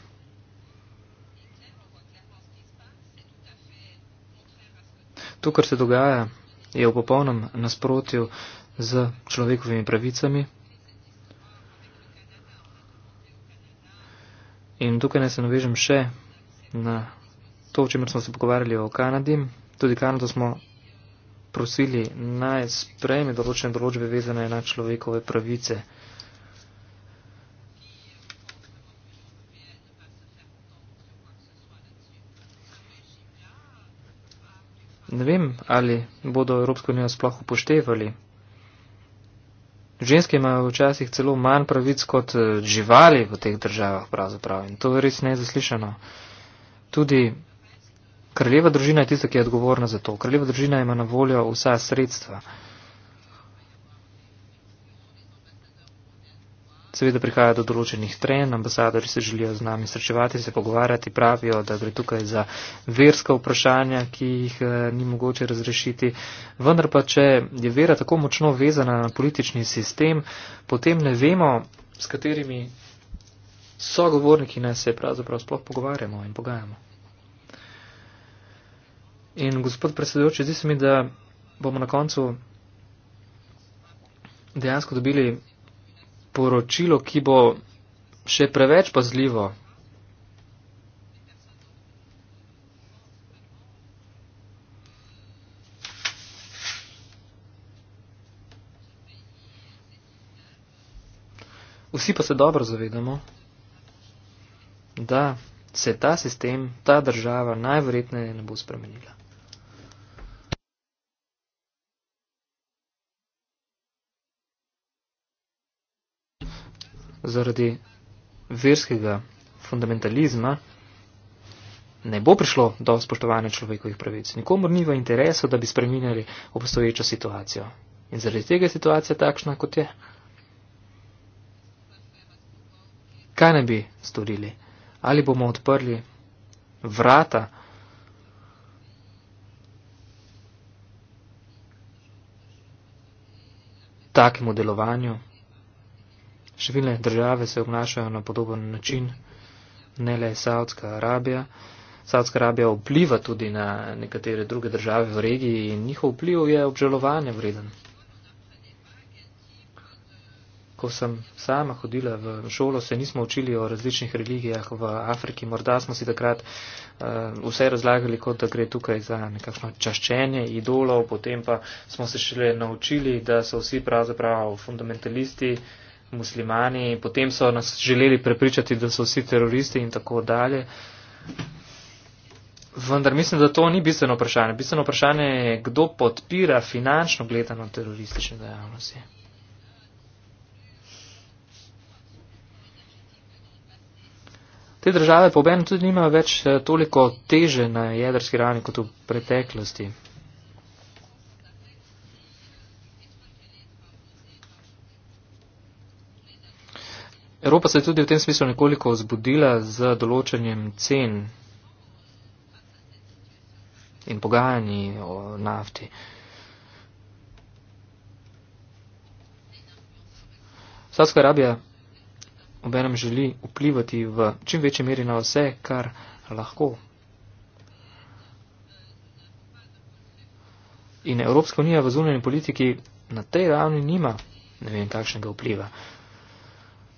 To, kar se dogaja, je v popolnem nasprotju z človekovimi pravicami. In tukaj naj se navežem še na to, o čemer smo se pogovarjali o Kanadi. Tudi Kanado smo prosili naj sprejme določene določbe vezane na človekove pravice. Ne vem, ali bodo Evropsko unijo sploh upoštevali Ženske imajo včasih celo manj pravic kot eh, živali v teh državah pravzaprav in to je res nezaslišano. Tudi kraljeva družina je tista, ki je odgovorna za to. Kraljeva družina ima na voljo vsa sredstva. Seveda prihaja do določenih trenj, ambasadori se želijo z nami srečevati, se pogovarjati, pravijo, da gre tukaj za verska vprašanja, ki jih eh, ni mogoče razrešiti. Vendar pa, če je vera tako močno vezana na politični sistem, potem ne vemo, s katerimi sogovorniki nas se pravzaprav sploh pogovarjamo in pogajamo. In gospod predsedujoči, zdi se mi, da bomo na koncu dejansko dobili poročilo, ki bo še preveč pazljivo. Vsi pa se dobro zavedamo, da se ta sistem, ta država najverjetneje ne bo spremenila. zaradi verskega fundamentalizma ne bo prišlo do spoštovanja človekovih pravic. Nikomor ni v interesu, da bi spreminjali obstoječo situacijo. In zaradi tega je situacija takšna, kot je. Kaj ne bi storili? Ali bomo odprli vrata takemu delovanju, Številne države se obnašajo na podoben način, ne le Saudska Arabija. Saudska Arabija vpliva tudi na nekatere druge države v regiji in njihov vpliv je obžalovanje vreden. Ko sem sama hodila v šolo, se nismo učili o različnih religijah v Afriki. Morda smo si takrat uh, vse razlagali, kot da gre tukaj za nekakšno čaščenje idolov, potem pa smo se šele naučili, da so vsi pravzaprav fundamentalisti, uh, muslimani, potem so nas želeli prepričati, da so vsi teroristi in tako dalje. Vendar mislim, da to ni bistveno vprašanje. Bistveno vprašanje je, kdo podpira finančno gledano teroristične dejavnosti. Te države pobeno tudi nima več eh, toliko teže na jedrski ravni kot v preteklosti. Evropa se je tudi v tem smislu nekoliko zbudila z določanjem cen in pogajanji o nafti. Saudska Arabija obenem želi vplivati v čim večji meri na vse, kar lahko. In Evropska unija v zunanji politiki na tej ravni nima ne vem kakšnega vpliva.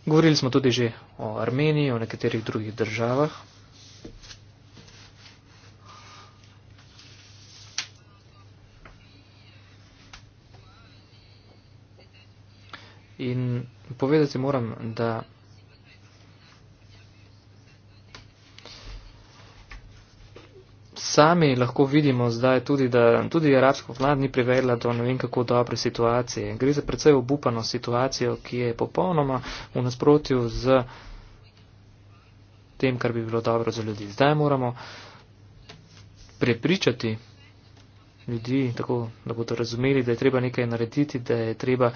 Govorili smo tudi že o Armeniji, o nekaterih drugih državah. In povedati moram, da sami lahko vidimo zdaj tudi, da tudi arabsko vlad ni privedla do ne vem kako dobre situacije. Gre za predvsej obupano situacijo, ki je popolnoma v nasprotju z tem, kar bi bilo dobro za ljudi. Zdaj moramo prepričati ljudi, tako da bodo razumeli, da je treba nekaj narediti, da je treba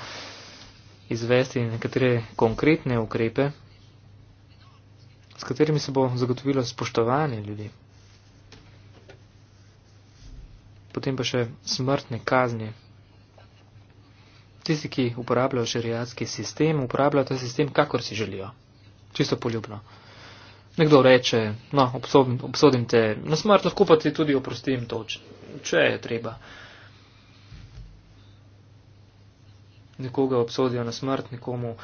izvesti nekatere konkretne ukrepe, s katerimi se bo zagotovilo spoštovanje ljudi. potem pa še smrtne kazni. Tisti, ki uporabljajo žerijatski sistem, uporabljajo ta sistem, kakor si želijo. Čisto poljubno. Nekdo reče, no, obsodim, obsodim te na smrt, lahko pa ti tudi oprostim to, če je treba. Nekoga obsodijo na smrt, nekomu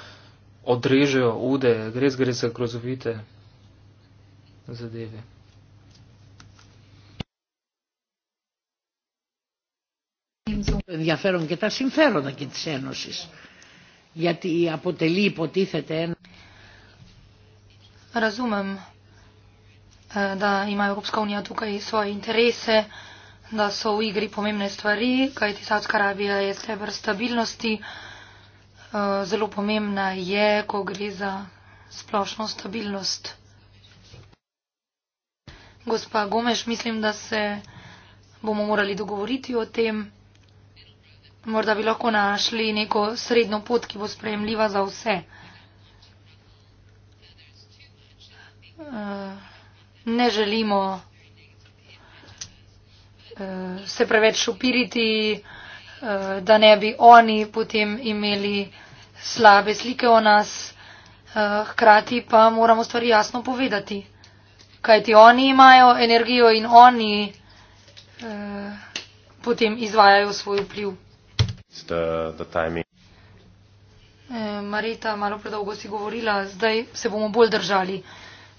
odrežejo ude, gre, gre za grozovite zadeve. ενδιαφέρον και τα συμφέροντα και της Ένωσης γιατί αποτελεί υποτίθεται ένα Ραζούμεμ eh, da ima Evropska unija tukaj svoje interese, da so v igri pomembne stvari, kajti Saudska Arabija je stebr stabilnosti, eh, zelo pomembna je, ko gre za splošno stabilnost. Gospa Gomeš, mislim, da se bomo morali dogovoriti o tem, Morda bi lahko našli neko srednjo pot, ki bo sprejemljiva za vse. Eh, ne želimo eh, se preveč šupiriti, eh, da ne bi oni potem imeli slabe slike o nas, hkrati pa moramo stvari jasno povedati. Kaj ti oni imajo energijo in oni eh, potem izvajajo svoj vpliv the, the timing. E, Marita, malo predolgo si govorila, zdaj se bomo bolj držali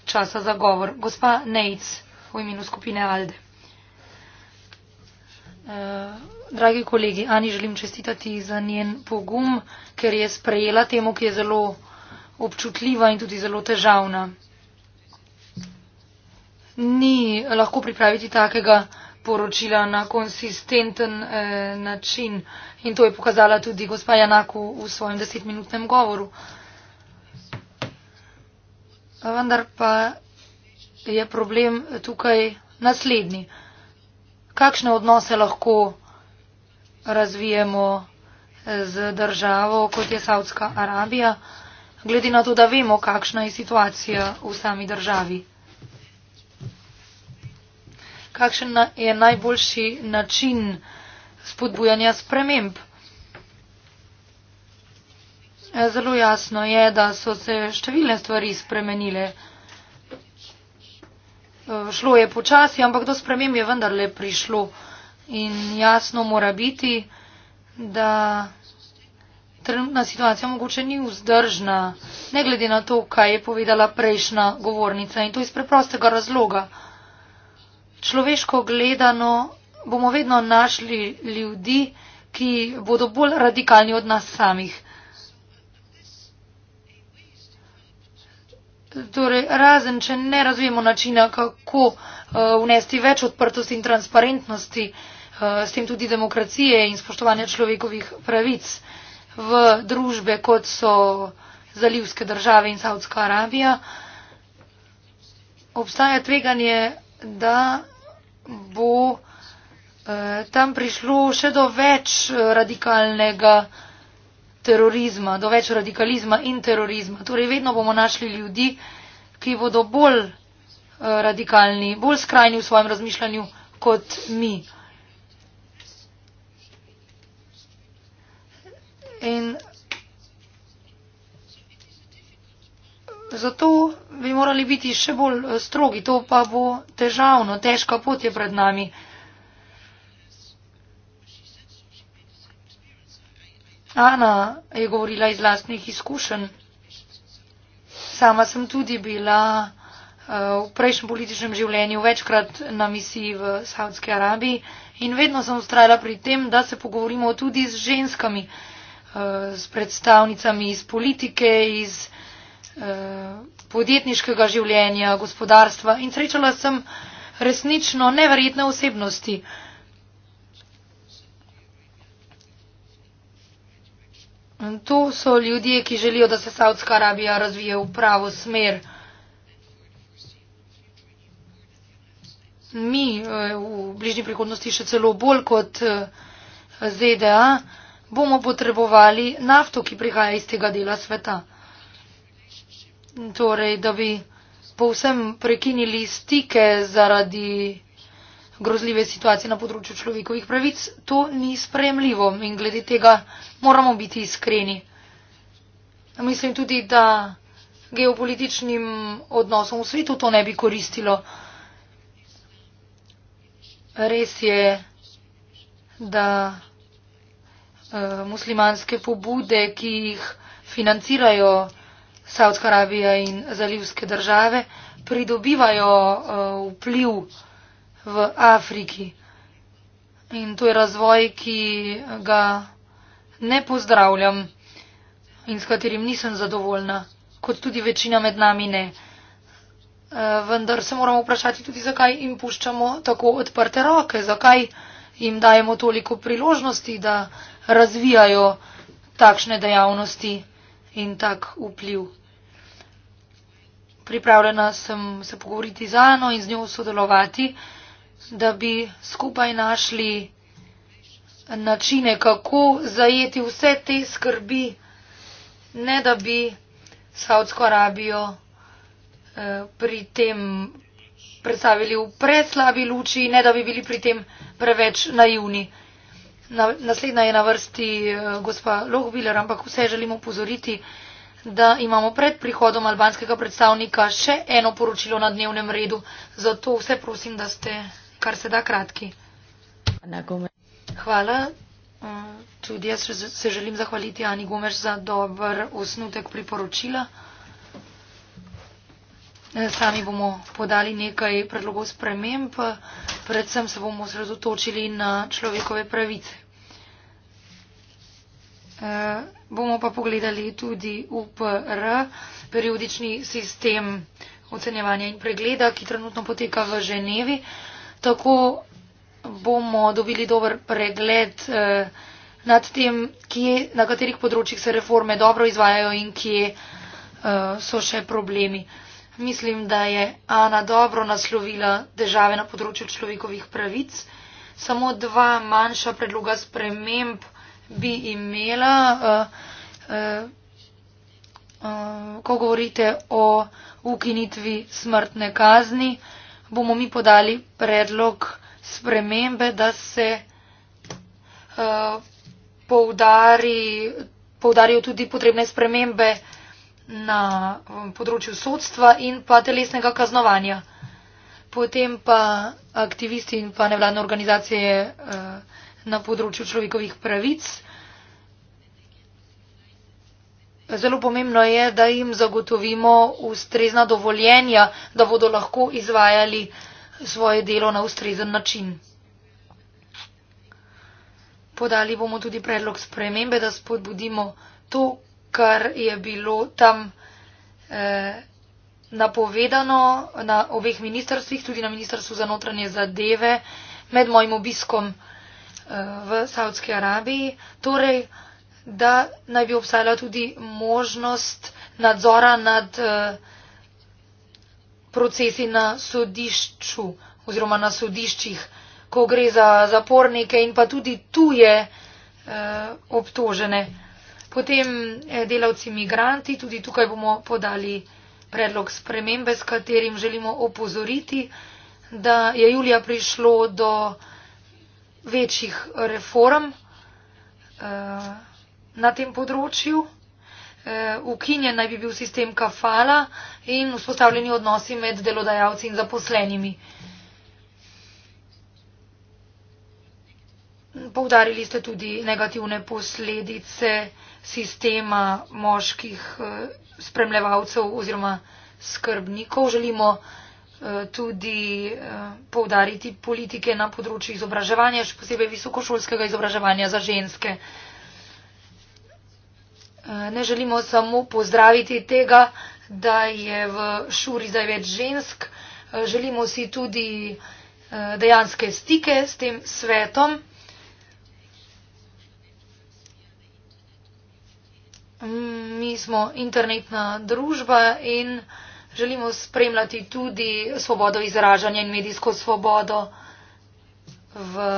časa za govor. Gospa Neitz, v imenu skupine Alde. E, dragi kolegi, Ani želim čestitati za njen pogum, ker je sprejela temu, ki je zelo občutljiva in tudi zelo težavna. Ni lahko pripraviti takega poročila na konsistenten eh, način in to je pokazala tudi gospa Janaku v svojem desetminutnem govoru. Vendar pa je problem tukaj naslednji. Kakšne odnose lahko razvijemo eh, z državo, kot je Saudska Arabija, glede na to, da vemo, kakšna je situacija v sami državi kakšen je najboljši način spodbujanja sprememb. E, zelo jasno je, da so se številne stvari spremenile. E, šlo je počasi, ampak do sprememb je vendarle prišlo. In jasno mora biti, da trenutna situacija mogoče ni vzdržna, ne glede na to, kaj je povedala prejšnja govornica. In to iz preprostega razloga človeško gledano bomo vedno našli ljudi, ki bodo bolj radikalni od nas samih. Torej, razen, če ne razvijemo načina, kako eh, vnesti več odprtosti in transparentnosti, eh, s tem tudi demokracije in spoštovanja človekovih pravic v družbe, kot so zalivske države in Saudska Arabija, obstaja tveganje da bo eh, tam prišlo še do več eh, radikalnega terorizma, do več radikalizma in terorizma. Torej, vedno bomo našli ljudi, ki bodo bolj eh, radikalni, bolj skrajni v svojem razmišljanju kot mi. In Zato bi morali biti še bolj eh, strogi, to pa bo težavno, težka pot je pred nami. Ana je govorila iz lastnih izkušenj. Sama sem tudi bila eh, v prejšnjem političnem življenju večkrat na misiji v Saudski Arabiji in vedno sem ustrajala pri tem, da se pogovorimo tudi z ženskami, eh, s predstavnicami iz politike, iz Eh, podjetniškega življenja, gospodarstva in srečala sem resnično neverjetne osebnosti. To so ljudje, ki želijo, da se Saudska Arabija razvije v pravo smer. Mi eh, v bližnji prihodnosti še celo bolj kot eh, ZDA bomo potrebovali nafto, ki prihaja iz tega dela sveta torej, da bi povsem prekinili stike zaradi grozljive situacije na področju človekovih pravic, to ni spremljivo in glede tega moramo biti iskreni. Mislim tudi, da geopolitičnim odnosom v svetu to ne bi koristilo. Res je, da uh, muslimanske pobude, ki jih financirajo, Saudska Arabija in zalivske države pridobivajo uh, vpliv v Afriki. In to je razvoj, ki ga ne pozdravljam in s katerim nisem zadovoljna, kot tudi večina med nami ne. Eh, vendar se moramo vprašati tudi, zakaj jim puščamo tako odprte roke, zakaj jim dajemo toliko priložnosti, da razvijajo takšne dejavnosti in tak vpliv pripravljena sem se pogovoriti z Ano in z njo sodelovati, da bi skupaj našli načine, kako zajeti vse te skrbi, ne da bi Saudsko Arabijo eh, pri tem predstavili v preslabi luči, ne da bi bili pri tem preveč naivni. Na, naslednja je na vrsti eh, gospa Lohbiller, ampak vse želim upozoriti, da imamo pred prihodom albanskega predstavnika še eno poročilo na dnevnem redu. Zato vse prosim, da ste kar se da kratki. Hvala. Tudi jaz se želim zahvaliti Ani Gomeš za dober osnutek priporočila. Sami bomo podali nekaj predlogov sprememb, predvsem se bomo osredotočili na človekove pravice bomo pa pogledali tudi UPR, periodični sistem ocenjevanja in pregleda, ki trenutno poteka v Ženevi. Tako bomo dobili dober pregled eh, nad tem, kje, na katerih področjih se reforme dobro izvajajo in kje eh, so še problemi. Mislim, da je Ana dobro naslovila države na področju človekovih pravic. Samo dva manjša predloga sprememb bi imela, eh, eh, eh, ko govorite o ukinitvi smrtne kazni, bomo mi podali predlog spremembe, da se poudari, poudarijo tudi potrebne spremembe na področju sodstva in pa telesnega kaznovanja. Potem pa aktivisti in pa nevladne organizacije na področju človekovih pravic. Zelo pomembno je, da jim zagotovimo ustrezna dovoljenja, da bodo lahko izvajali svoje delo na ustrezen način. Podali bomo tudi predlog spremembe, da spodbudimo to, kar je bilo tam eh, napovedano na obeh ministrstvih, tudi na Ministrstvu za notranje zadeve med mojim obiskom v Saudski Arabiji, torej, da naj bi obstajala tudi možnost nadzora nad eh, procesi na sodišču oziroma na sodiščih, ko gre za zapornike in pa tudi tuje eh, obtožene. Potem eh, delavci migranti, tudi tukaj bomo podali predlog spremembe, s katerim želimo opozoriti, da je julija prišlo do večjih reform eh, na tem področju. Eh, ukinjen naj bi bil sistem kafala in vzpostavljeni odnosi med delodajalci in zaposlenimi. Poudarili ste tudi negativne posledice sistema moških eh, spremljevalcev oziroma skrbnikov. Želimo, Eh, tudi eh, poudariti politike na področju izobraževanja, še posebej visokošolskega izobraževanja za ženske. Eh, ne želimo samo pozdraviti tega, da je v šuri zdaj več žensk, želimo si tudi dejanske stike s tem svetom. Mm, mi smo internetna družba in Želimo spremljati tudi svobodo izražanja in medijsko svobodo v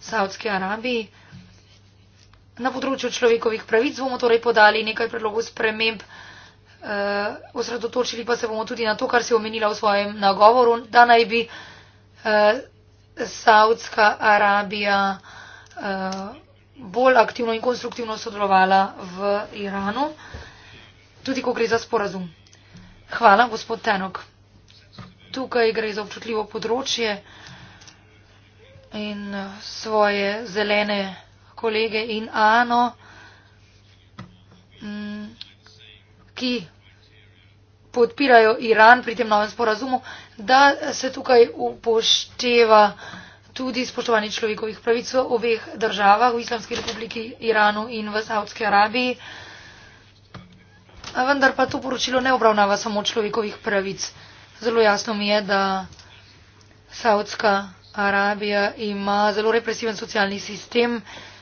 Saudski Arabiji. Na področju človekovih pravic bomo torej podali nekaj predlogov sprememb, eh, osredotočili pa se bomo tudi na to, kar si omenila v svojem nagovoru, da naj bi eh, Saudska Arabija eh, bolj aktivno in konstruktivno sodelovala v Iranu, tudi ko gre za sporazum. Hvala, gospod Tenok. Tukaj gre za občutljivo področje in eh, svoje zelene kolege in Ano, mm, ki podpirajo Iran pri tem novem sporazumu, da se tukaj upošteva tudi spoštovanje človekovih pravic v obeh državah, v Islamski republiki Iranu in v Saudski Arabiji. A vendar pa to poročilo ne obravnava samo človekovih pravic. Zelo jasno mi je, da Saudska Arabija ima zelo represiven socialni sistem,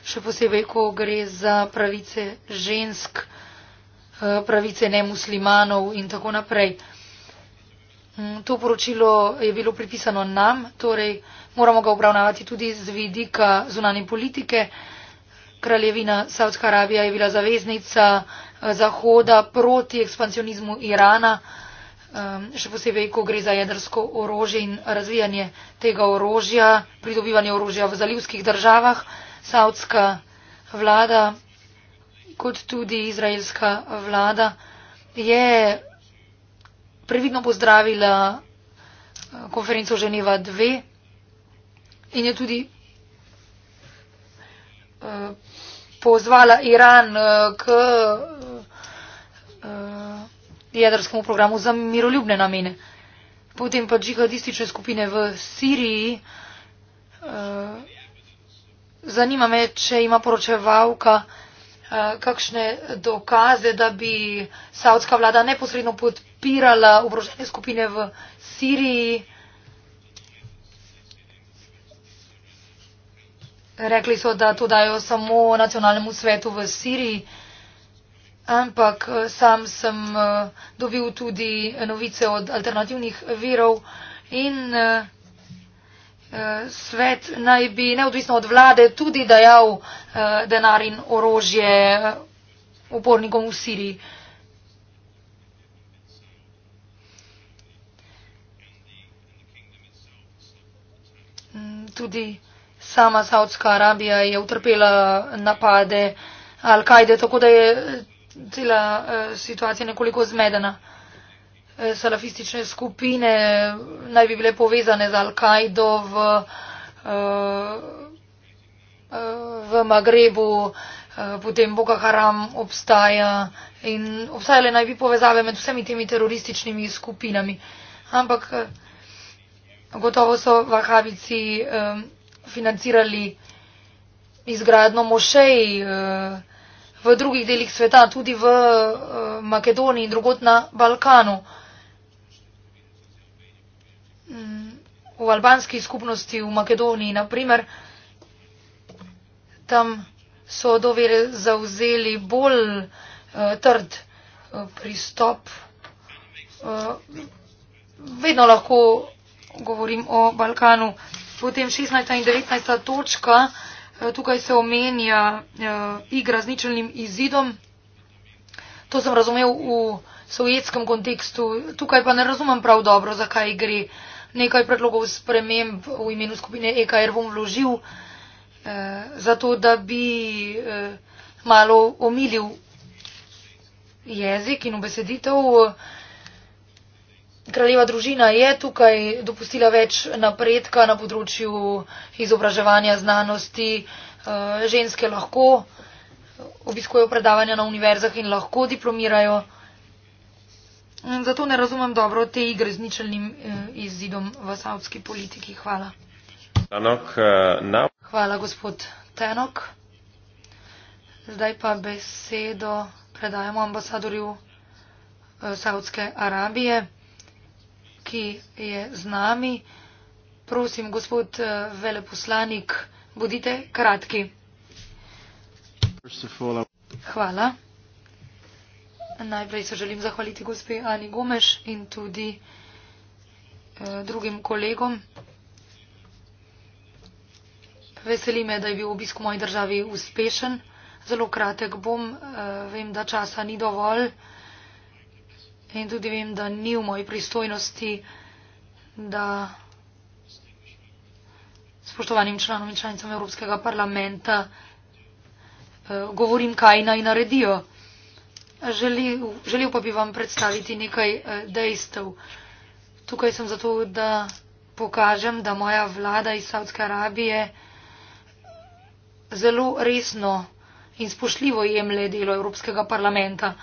še posebej, ko gre za pravice žensk, eh, pravice nemuslimanov in tako naprej. Mm, to poročilo je bilo pripisano nam, torej moramo ga obravnavati tudi z vidika zunanje politike. Kraljevina Saudska Arabija je bila zaveznica. Zahoda proti ekspansionizmu Irana, še posebej, ko gre za jedrsko orožje in razvijanje tega orožja, pridobivanje orožja v zalivskih državah, saudska vlada kot tudi izraelska vlada je previdno pozdravila eh, konferenco Ženeva 2 in je tudi eh, pozvala Iran eh, k jedrskemu programu za miroljubne namene. Potem pa džihadistične skupine v Siriji. Eh, zanima me, če ima poročevalka eh, kakšne dokaze, da bi saudska vlada neposredno podpirala obrožene skupine v Siriji. Rekli so, da to dajo samo nacionalnemu svetu v Siriji ampak eh, sam sem eh, dobil tudi novice od alternativnih virov in eh, svet naj bi neodvisno od vlade tudi dajal denar in orožje upornikom v Siriji. Mm, tudi sama Saudska Arabija je utrpela napade Al-Kaide, tako da je cela eh, situacija nekoliko zmedena. Eh, salafistične skupine naj bi bile povezane z Al-Kaido v, eh, v Magrebu, potem Boko Haram obstaja in obstajale naj bi povezave med vsemi temi terorističnimi skupinami. Ampak gotovo so vahavici financirali izgradno mošeji v drugih delih sveta, tudi v eh, Makedoniji in drugot na Balkanu. Mm, v albanski skupnosti v Makedoniji, naprimer, tam so dovere zauzeli bolj eh, trd eh, pristop. Vedno lahko govorim o Balkanu. Potem 16. in 19. točka. Eh, tukaj se omenja uh, igra z ničelnim izidom. To sem razumel v sovjetskem kontekstu. Tukaj pa ne razumem prav dobro, zakaj gre. Nekaj predlogov sprememb v imenu skupine EKR bom vložil, eh, zato da bi eh, malo omilil jezik in obeseditev. Eh, kraljeva družina je tukaj dopustila več napredka na področju izobraževanja znanosti. Eh, ženske lahko obiskujejo predavanja na univerzah in lahko diplomirajo. Mm, zato ne razumem dobro te igre z ničelnim eh, izidom v savtski politiki. Hvala. Eh, Hvala, gospod Tenok. Zdaj pa besedo predajamo ambasadorju Saudske Arabije ki je z nami. Prosim, gospod eh, veleposlanik, bodite kratki. Hvala. Najprej se želim zahvaliti gospe Ani Gomeš in tudi eh, drugim kolegom. Veseli me, da je bil obisk v moji državi uspešen. Zelo kratek bom, eh, vem, da časa ni dovolj. In tudi vem, da ni v moji pristojnosti, da spoštovanim članom in članicam Evropskega parlamenta eh, govorim, kaj naj naredijo. Želil, želil pa bi vam predstaviti nekaj eh, dejstev. Tukaj sem zato, da pokažem, da moja vlada iz Saudske Arabije zelo resno in spošljivo jemlje delo Evropskega parlamenta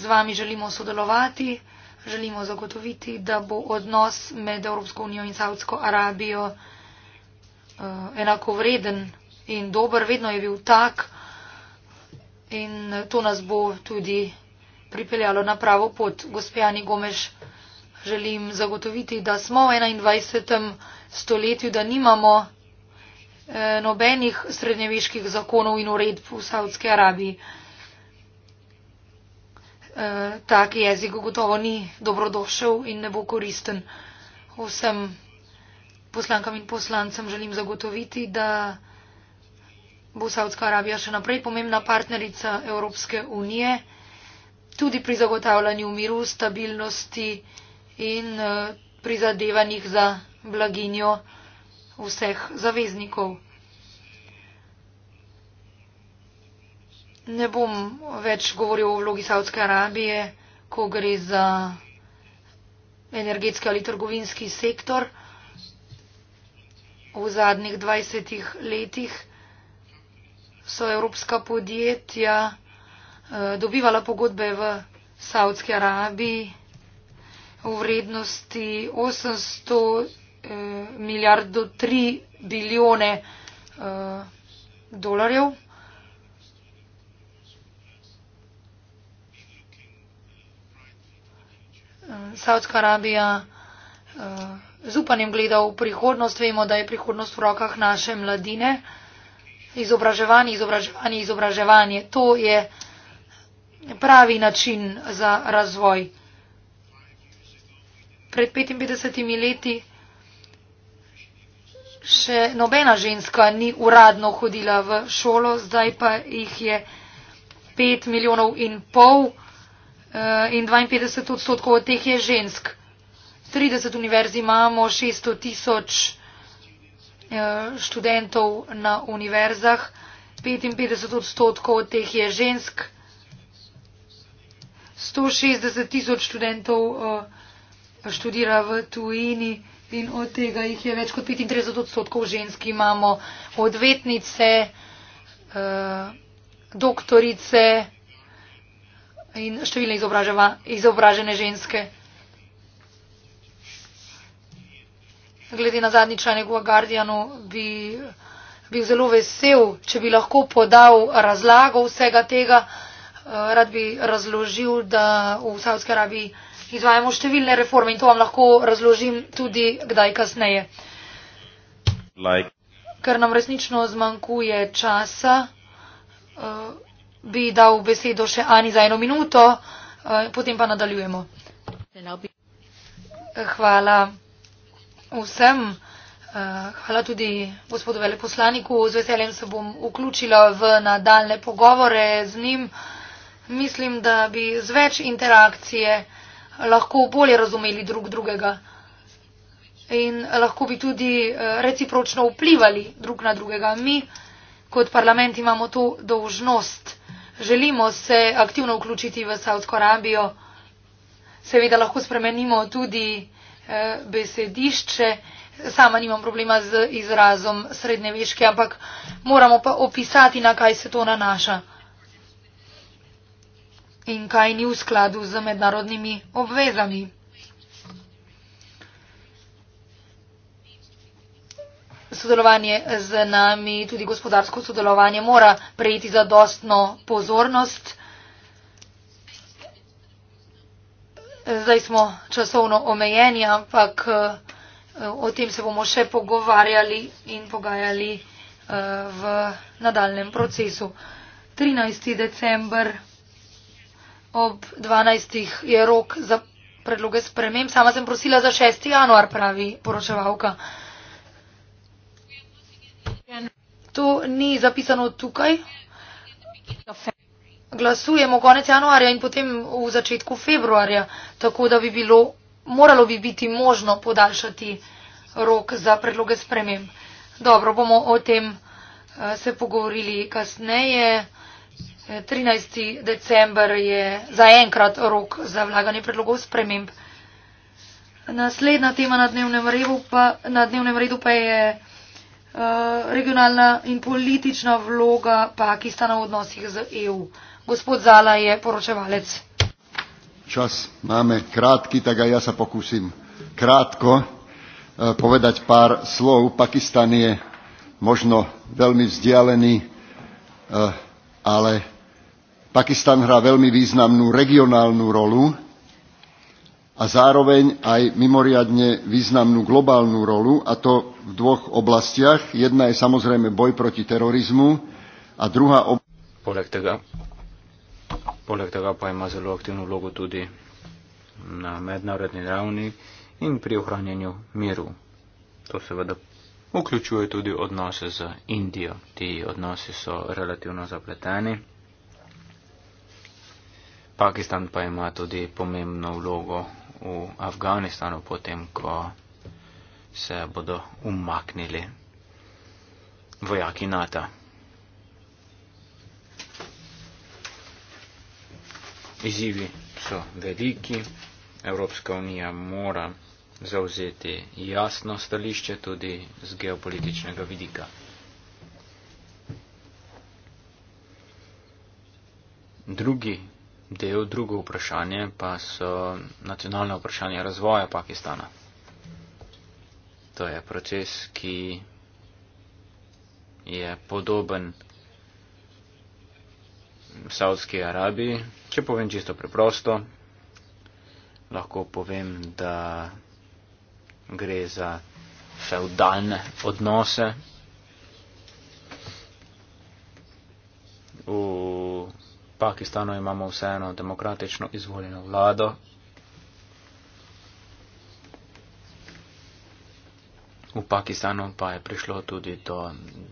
z vami želimo sodelovati, želimo zagotoviti, da bo odnos med Evropsko unijo in Saudsko Arabijo eh, enakovreden in dober, vedno je bil tak in to nas bo tudi pripeljalo na pravo pot. Gospejani Gomeš, želim zagotoviti, da smo v 21. stoletju, da nimamo eh, nobenih srednjeveških zakonov in uredb v Saudski Arabiji. Eh, tak jezik gotovo ni dobrodošel in ne bo koristen. Vsem poslankam in poslancem želim zagotoviti, da bo Saudska Arabija še naprej pomembna partnerica Evropske unije, tudi pri zagotavljanju miru, stabilnosti in eh, prizadevanjih za blaginjo vseh zaveznikov. Ne bom več govoril o vlogi Saudske Arabije, ko gre za energetski ali trgovinski sektor. V zadnjih 20 letih so evropska podjetja eh, dobivala pogodbe v Saudski Arabiji v vrednosti 800 eh, milijard do 3 bilijone eh, dolarjev. Saudska Arabija eh, z upanjem gleda v prihodnost. Vemo, da je prihodnost v rokah naše mladine. Izobraževanje, izobraževanje, izobraževanje. To je pravi način za razvoj. Pred 55 leti še nobena ženska ni uradno hodila v šolo, zdaj pa jih je 5 milijonov in pol. Eh, in 52 odstotkov od teh je žensk. 30 univerz imamo, 600 tisoč eh, študentov na univerzah, 55 odstotkov od teh je žensk, 160 tisoč študentov eh, študira v tujini in od tega jih je več kot 35 odstotkov žensk. Imamo odvetnice, doktorice, in številne izobražene ženske. Glede na zadnji članek v Guardianu bi bil zelo vesel, če bi lahko podal razlago vsega tega. Eh, rad bi razložil, da v Saudski Arabiji izvajamo številne reforme in to vam lahko razložim tudi kdaj kasneje. Like. Ker nam resnično zmanjkuje časa. Uh, bi dal besedo še Ani za eno minuto, eh, potem pa nadaljujemo. Hvala vsem. Eh, hvala tudi gospodu veleposlaniku. Z veseljem se bom vključila v nadaljne pogovore z njim. Mislim, da bi z več interakcije lahko bolje razumeli drug drugega in lahko bi tudi eh, recipročno vplivali drug na drugega. Mi kot parlament imamo to dožnost želimo se aktivno vključiti v Saudsko Arabijo, seveda lahko spremenimo tudi eh, besedišče. Sama nimam problema z izrazom srednjeveške, ampak moramo pa opisati, na kaj se to nanaša in kaj ni v skladu z mednarodnimi obvezami. sodelovanje z nami, tudi gospodarsko sodelovanje, mora prejeti zadostno pozornost. Zdaj smo časovno omejeni, ampak eh, o tem se bomo še pogovarjali in pogajali eh, v nadaljem procesu. 13. december ob 12. je rok za predloge sprememb. Sama sem prosila za 6. januar, pravi poročevalka. To ni zapisano tukaj. Glasujemo konec januarja in potem v začetku februarja, tako da bi bilo, moralo bi biti možno podaljšati rok za predloge sprememb. Dobro, bomo o tem eh, se pogovorili kasneje. 13. Eh, december je zaenkrat rok za vlaganje predlogov sprememb. Naslednja tema na dnevnem redu pa, na dnevnem redu pa je. Eh, regionalna in politična vloga Pakistana v odnosih z EU. Gospod Zala je poročevalec. Čas máme krátky, tak aj ja sa pokúsim krátko eh, povedať pár slov. Pakistan je možno veľmi vzdialený, eh, ale Pakistan hrá veľmi významnú regionálnu rolu a zároveň aj mimoriadne významnú globálnu rolu, a to v dvoch oblastiach. Jedna je samozrejme boj proti terorizmu a druhá oblast... Poleg tega pa ima zelo aktivno vlogo tudi na mednarodni ravni in pri ohranjanju miru. To seveda vključuje tudi odnose z Indijo. Ti odnosi so relativno zapleteni. Pakistan pa ima tudi pomembno vlogo v Afganistanu, potem ko se bodo umaknili vojaki NATO. Izivi so veliki, Evropska unija mora zauzeti jasno stališče tudi z geopolitičnega vidika. Drugi del, drugo vprašanje pa so nacionalne vprašanje razvoja Pakistana. To je proces, ki je podoben Saudski Arabiji. Če povem čisto preprosto, lahko povem, da gre za feudalne odnose. Pakistanu imamo vseeno demokratično izvoljeno vlado. V Pakistanu pa je prišlo tudi do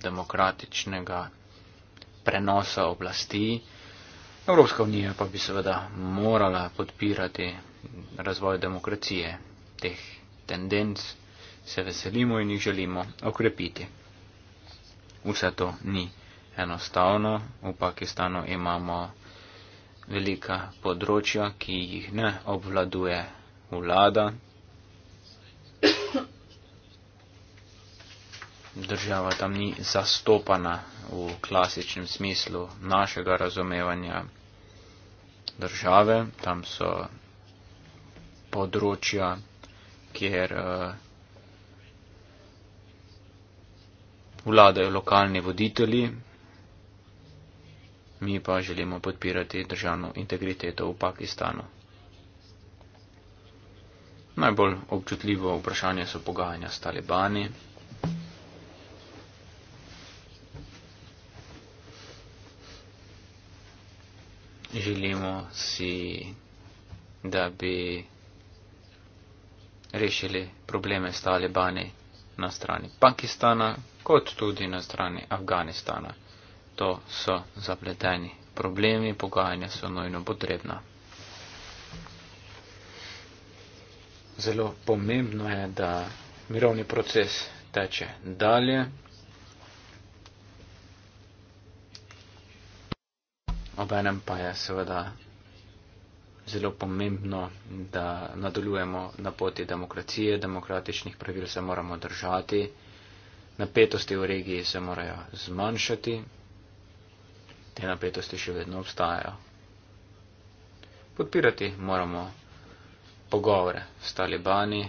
demokratičnega prenosa oblasti. Evropska unija pa bi seveda morala podpirati razvoj demokracije. Teh tendenc se veselimo in jih želimo okrepiti. Vse to ni enostavno. V Pakistanu imamo velika področja, ki jih ne obvladuje vlada. Država tam ni zastopana v klasičnem smislu našega razumevanja države. Tam so področja, kjer uh, vladajo lokalni voditelji, mi pa želimo podpirati državno integriteto v Pakistanu. Najbolj občutljivo vprašanje so pogajanja s talibani. Želimo si, da bi rešili probleme s talibani na strani Pakistana, kot tudi na strani Afganistana to so zapleteni problemi, pogajanja so nojno potrebna. Zelo pomembno je, da mirovni proces teče dalje. Obenem pa je seveda zelo pomembno, da nadaljujemo na poti demokracije, demokratičnih pravil se moramo držati, napetosti v regiji se morajo zmanjšati te napetosti še vedno obstajajo. Podpirati moramo pogovore s talibani,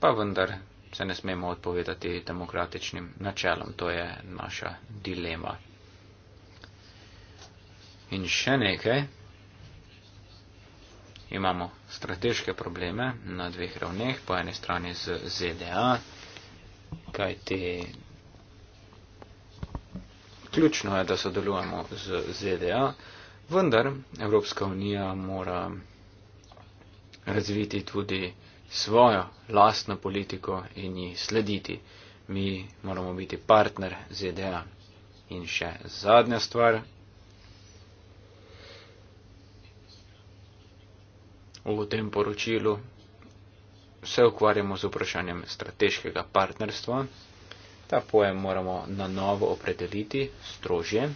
pa vendar se ne smemo odpovedati demokratičnim načelom. To je naša dilema. In še nekaj. Imamo strateške probleme na dveh ravneh, po eni strani z ZDA, kaj te ključno je, da sodelujemo z ZDA, vendar Evropska unija mora razviti tudi svojo lastno politiko in ji slediti. Mi moramo biti partner ZDA. In še zadnja stvar. V tem poročilu se ukvarjamo z vprašanjem strateškega partnerstva. Ta pojem moramo na novo opredeliti strožje.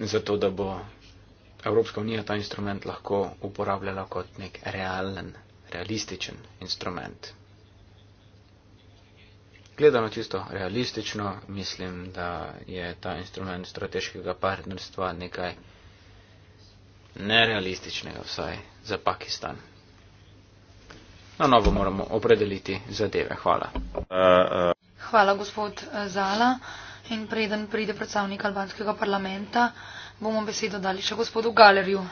Zato, da bo Evropska unija ta instrument lahko uporabljala kot nek realen, realističen instrument. Gledano čisto realistično, mislim, da je ta instrument strateškega partnerstva nekaj nerealističnega, vsaj za Pakistan na novo moramo opredeliti zadeve. Hvala. Hvala, gospod eh, Zala. In preden pride predstavnik albanskega parlamenta, bomo besedo dali še gospodu Galerju.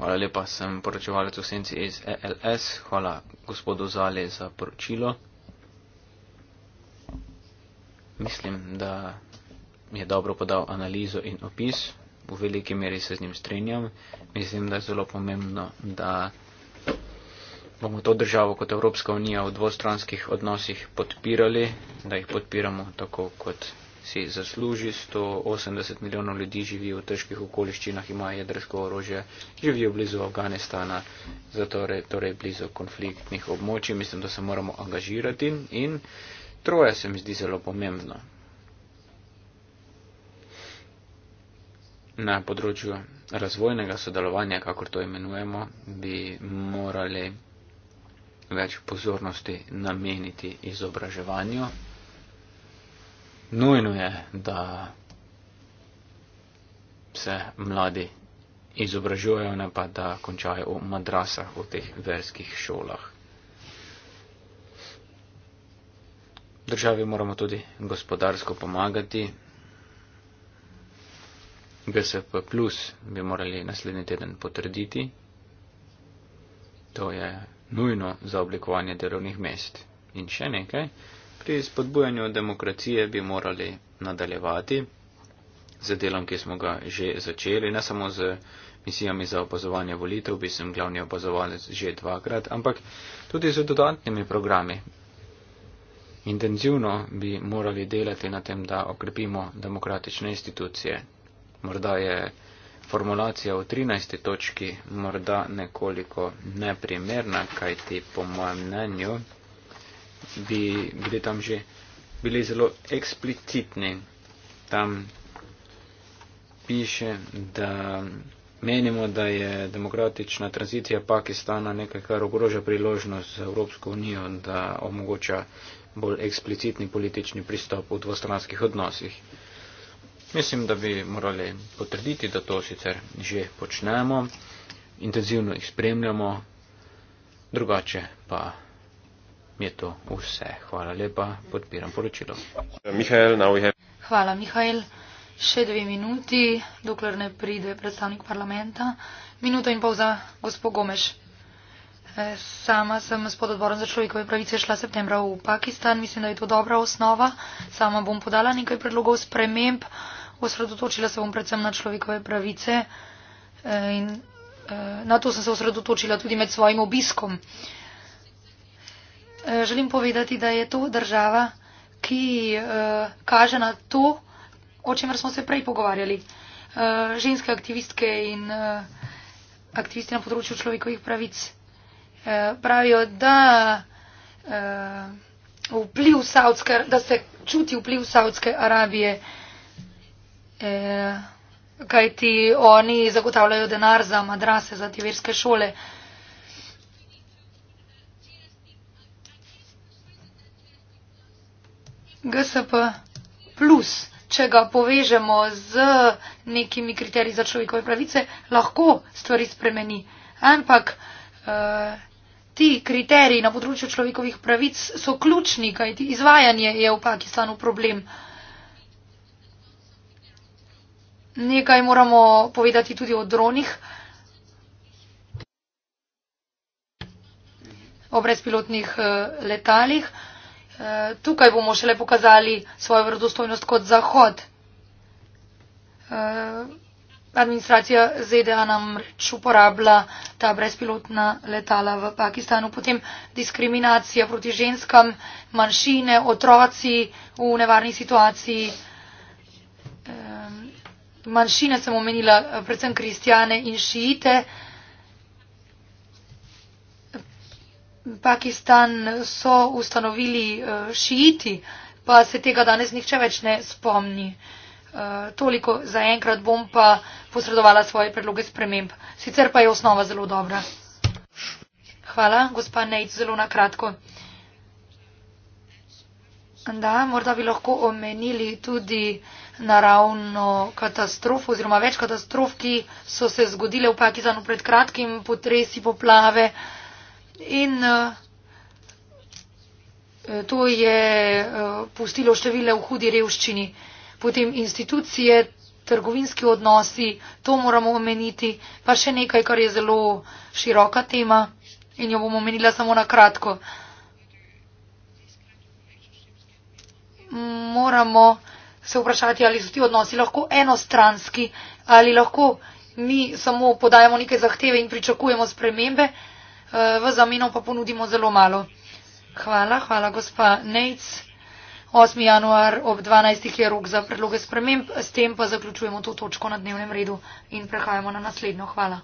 Hvala lepa, sem poročevalec v senci iz ELS. Hvala gospodu Zale za poročilo. Mislim, da je dobro podal analizo in opis. V veliki meri se z njim strenjam. Mislim, da je zelo pomembno, da bomo to državo kot Evropska unija v dvostranskih odnosih podpirali, da jih podpiramo tako, kot si zasluži. 180 milijonov ljudi živi v težkih okoliščinah, imajo jedrsko orožje, živijo blizu Afganistana, zato je torej blizu konfliktnih območij. Mislim, da se moramo angažirati in troje se mi zdi zelo pomembno. Na področju razvojnega sodelovanja, kako to imenujemo, bi morali več pozornosti nameniti izobraževanju. Nujno je, da se mladi izobražujejo, ne pa da končajo v madrasah v teh verskih šolah. Državi moramo tudi gospodarsko pomagati. GSP plus bi morali naslednji teden potrditi. To je nujno za oblikovanje delovnih mest. In še nekaj, pri spodbujanju demokracije bi morali nadaljevati z delom, ki smo ga že začeli, ne samo z misijami za opazovanje volitev, bi sem glavni opazovalec že dvakrat, ampak tudi z dodatnimi programi. Intenzivno bi morali delati na tem, da okrepimo demokratične institucije. Morda je formulacija v 13. točki morda nekoliko neprimerna, kajti po mojem mnenju bi bili tam že bili zelo eksplicitni. Tam piše, da menimo, da je demokratična tranzicija Pakistana nekaj, kar ogroža priložnost za Evropsko unijo, da omogoča bolj eksplicitni politični pristop v dvostranskih odnosih. Mislim, da bi morali potrditi, da to sicer že počnemo, intenzivno jih spremljamo, drugače pa je to vse. Hvala lepa, podpiram poročilo. Mihael, Hvala, Mihajl. Še dve minuti, dokler ne pride predstavnik parlamenta. Minuto in pol za gospod Gomeš. E, sama sem s pododborom za človekove pravice šla septembra v Pakistan. Mislim, da je to dobra osnova. Sama bom podala nekaj predlogov sprememb osredotočila se bom predvsem na človekove pravice eh, in eh, na to sem se osredotočila tudi med svojim obiskom. Eh, želim povedati, da je to država, ki kaže na to, o čemer smo se prej pogovarjali. Ženske aktivistke in aktivisti na področju človekovih pravic pravijo, da vpliv Saudske, da se čuti vpliv Saudske Arabije Eh, kaj ti oni zagotavljajo denar za madrase, za te verske šole. GSP plus, če ga povežemo z nekimi kriteriji za človekove pravice, lahko stvari spremeni. Ampak eh, ti kriteriji na področju človekovih pravic so ključni, kaj ti izvajanje je v Pakistanu problem. Eh, Nekaj moramo povedati tudi o dronih. O brezpilotnih eh, letalih. Eh, tukaj bomo šele pokazali svojo vredostojnost kot zahod. Eh, administracija ZDA nam reč uporablja ta brezpilotna letala v Pakistanu. Potem diskriminacija proti ženskam, manjšine, otroci v nevarni situaciji manjšine sem omenila, eh, predvsem kristijane in šiite. Pakistan so ustanovili eh, šiiti, pa se tega danes nihče več ne spomni. Eh, toliko za enkrat bom pa posredovala svoje predloge sprememb. Sicer pa je osnova zelo dobra. Hvala, gospa Nejc, zelo na kratko. Da, morda bi lahko omenili tudi naravno katastrof oziroma več katastrof, ki so se zgodile v Pakistanu pred kratkim, potresi, poplave. In eh, to je eh, pustilo števile v hudi revščini. Potem institucije, trgovinski odnosi, to moramo omeniti, pa še nekaj, kar je zelo široka tema in jo bom omenila samo na kratko. Moramo se vprašati, ali so ti odnosi lahko enostranski, ali lahko mi samo podajamo neke zahteve in pričakujemo spremembe, eh, v zameno pa ponudimo zelo malo. Hvala, hvala gospa Nejc. 8. januar ob 12. je rok za predloge sprememb, s tem pa zaključujemo to točko na dnevnem redu in prehajamo na naslednjo. Hvala.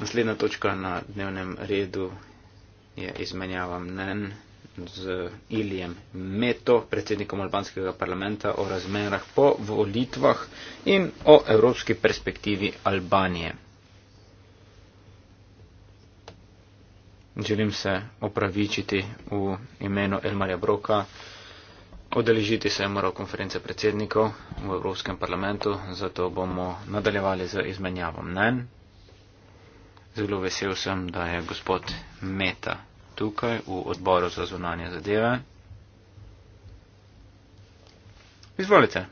Naslednja točka na dnevnem redu je izmenjava mnen z Ilijem Meto, predsednikom albanskega parlamenta, o razmerah po volitvah in o evropski perspektivi Albanije. Želim se opravičiti v imenu Elmarja Broka. Odeležiti se je moral konference predsednikov v Evropskem parlamentu, zato bomo nadaljevali z izmenjavo mnen. Zelo vesel sem, da je gospod Meta tukaj v odboru za zunanje zadeve. Izvolite.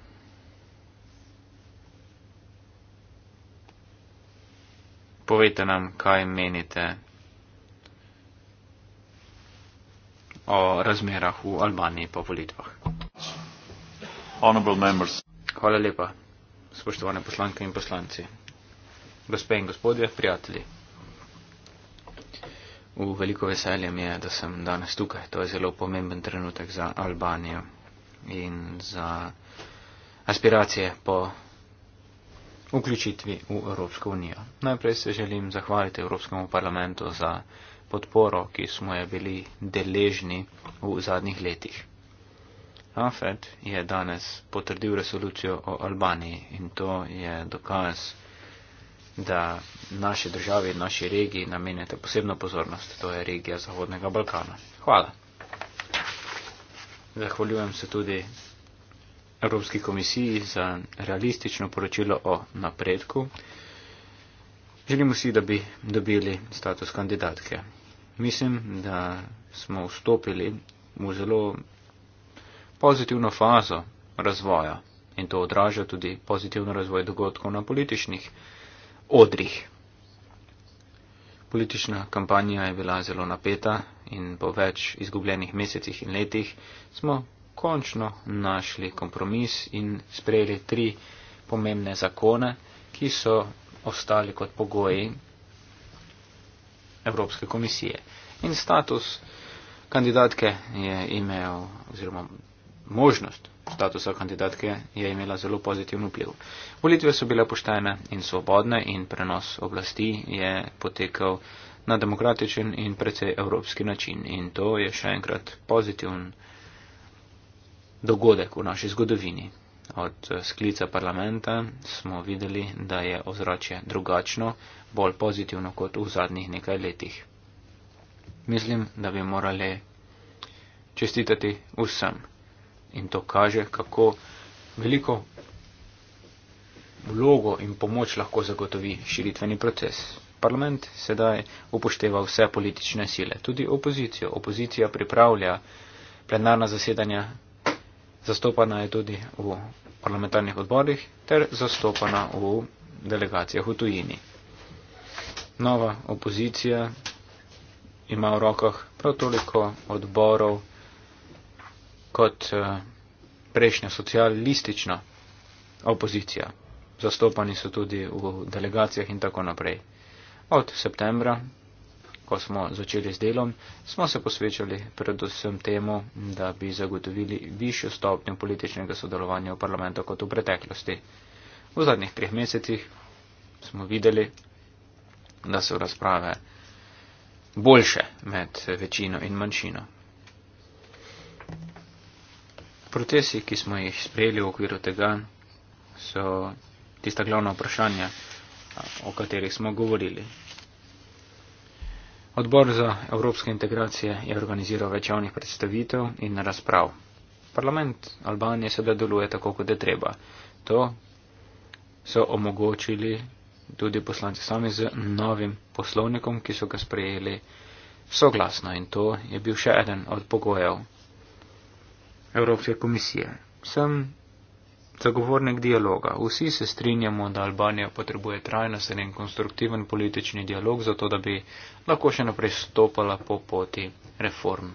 Povejte nam, kaj menite o razmerah v Albaniji po volitvah. Hvala lepa, spoštovane poslanke in poslanci, gospe in gospodje, prijatelji. V veliko veselje mi je, da sem danes tukaj. To je zelo pomemben trenutek za Albanijo in za aspiracije po vključitvi v Evropsko unijo. Najprej se želim zahvaliti Evropskemu parlamentu za podporo, ki smo jo bili deležni v zadnjih letih. Afet je danes potrdil resolucijo o Albaniji in to je dokaz, da naši državi in naši regiji namenjate posebno pozornost. To je regija Zahodnega Balkana. Hvala. Zahvaljujem se tudi Evropski komisiji za realistično poročilo o napredku. Želimo si, da bi dobili status kandidatke. Mislim, da smo vstopili v zelo pozitivno fazo razvoja in to odraža tudi pozitivno razvoj dogodkov na političnih odrih. Politična kampanja je bila zelo napeta in po več izgubljenih mesecih in letih smo končno našli kompromis in sprejeli tri pomembne zakone, ki so ostali kot pogoji Evropske komisije. In status kandidatke je imel oziroma možnost statusa kandidatke je imela zelo pozitivno vpliv. Volitve so bile poštene in svobodne in prenos oblasti je potekal na demokratičen in precej evropski način in to je še enkrat pozitiven dogodek v naši zgodovini. Od eh, sklica parlamenta smo videli, da je ozračje drugačno, bolj pozitivno kot v zadnjih nekaj letih. Mislim, da bi morali čestitati vsem. In to kaže, kako veliko vlogo in pomoč lahko zagotovi širitveni proces. Parlament sedaj upošteva vse politične sile, tudi opozicijo. Opozicija pripravlja plenarna zasedanja, zastopana je tudi v parlamentarnih odborih ter zastopana v delegacijah v tujini. Nova opozicija ima v rokah prav toliko odborov, kot eh, prejšnja socialistična opozicija. Zastopani so tudi v delegacijah in tako naprej. Od septembra, ko smo začeli s delom, smo se posvečali predvsem temu, da bi zagotovili višjo stopnjo političnega sodelovanja v parlamentu kot v preteklosti. V zadnjih treh mesecih smo videli, da so razprave boljše med večino in manjšino. Procesi, ki smo jih sprejeli v okviru tega, so tista glavna vprašanja, o katerih smo govorili. Odbor za evropske integracije je organiziral več javnih predstavitev in razprav. Parlament Albanije seveda deluje tako, kot je treba. To so omogočili tudi poslanci sami z novim poslovnikom, ki so ga sprejeli soglasno in to je bil še eden od pogojev Evropske komisije. Sem zagovornik dialoga. Vsi se strinjamo, da Albanija potrebuje trajnosten in konstruktiven politični dialog, zato da bi lahko še naprej stopala po poti reform.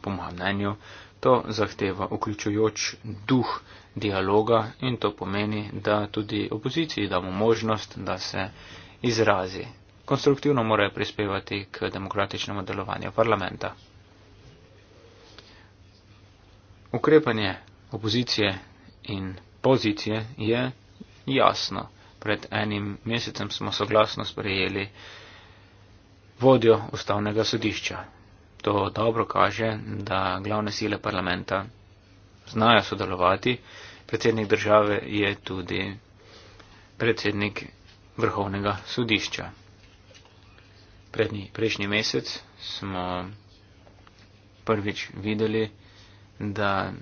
Po mojem mnenju, to zahteva vključujoč duh dialoga in to pomeni, da tudi opoziciji damo možnost, da se izrazi. Konstruktivno morajo prispevati k demokratičnemu delovanju parlamenta ukrepanje opozicije in pozicije je jasno. Pred enim mesecem smo soglasno sprejeli vodjo ustavnega sodišča. To dobro kaže, da glavne sile parlamenta znajo sodelovati. Predsednik države je tudi predsednik vrhovnega sodišča. Prejšnji mesec smo prvič videli, da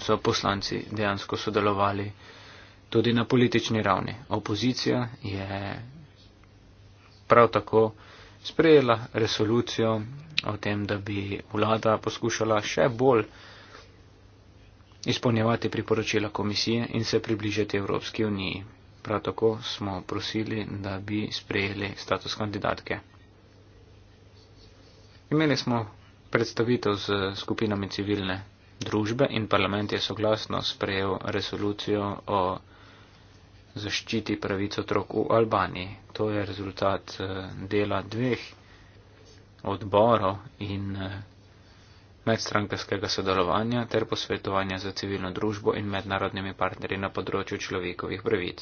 so poslanci dejansko sodelovali tudi na politični ravni. Opozicija je prav tako sprejela resolucijo o tem, da bi vlada poskušala še bolj izpolnjevati priporočila komisije in se približati Evropski uniji. Prav tako smo prosili, da bi sprejeli status kandidatke. Imeli smo predstavitev z skupinami civilne družbe in parlament je soglasno sprejel resolucijo o zaščiti pravic otrok v Albaniji. To je rezultat eh, dela dveh odborov in eh, medstrankarskega sodelovanja ter posvetovanja za civilno družbo in mednarodnimi partnerji na področju človekovih pravic.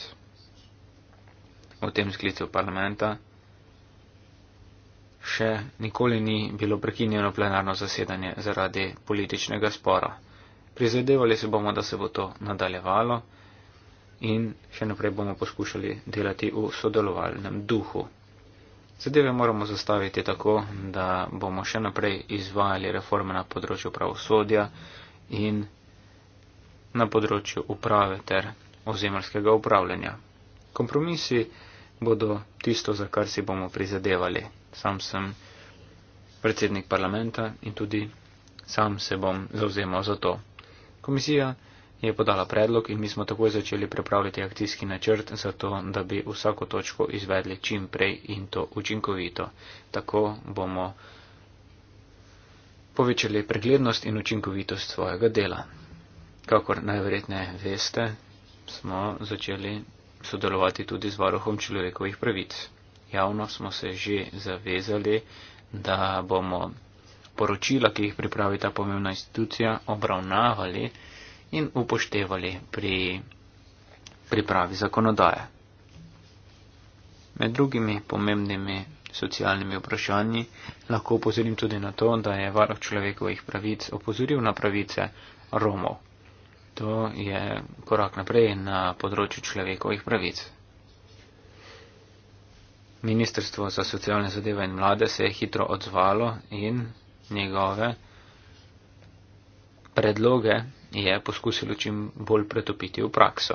V tem sklicu parlamenta še nikoli ni bilo prekinjeno plenarno zasedanje zaradi političnega spora. Prizadevali se bomo, da se bo to nadaljevalo in še naprej bomo poskušali delati v sodelovalnem duhu. Zadeve moramo zastaviti tako, da bomo še naprej izvajali reforme na področju pravosodja in na področju uprave ter ozemljskega upravljanja. Kompromisi bodo tisto, za kar si bomo prizadevali sam sem predsednik parlamenta in tudi sam se bom zauzemal za to. Komisija je podala predlog in mi smo takoj začeli pripravljati akcijski načrt za to, da bi vsako točko izvedli čim prej in to učinkovito. Tako bomo povečali preglednost in učinkovitost svojega dela. Kakor najverjetneje veste, smo začeli sodelovati tudi z varuhom človekovih pravic javno smo se že zavezali, da bomo poročila, ki jih pripravi ta pomembna institucija, obravnavali in upoštevali pri pripravi zakonodaje. Med drugimi pomembnimi socialnimi vprašanji lahko opozorim tudi na to, da je varoh človekovih pravic opozoril na pravice Romov. To je korak naprej na področju človekovih pravic. Ministrstvo za socialne zadeve in mlade se je hitro odzvalo in njegove predloge je poskusilo čim bolj pretopiti v prakso.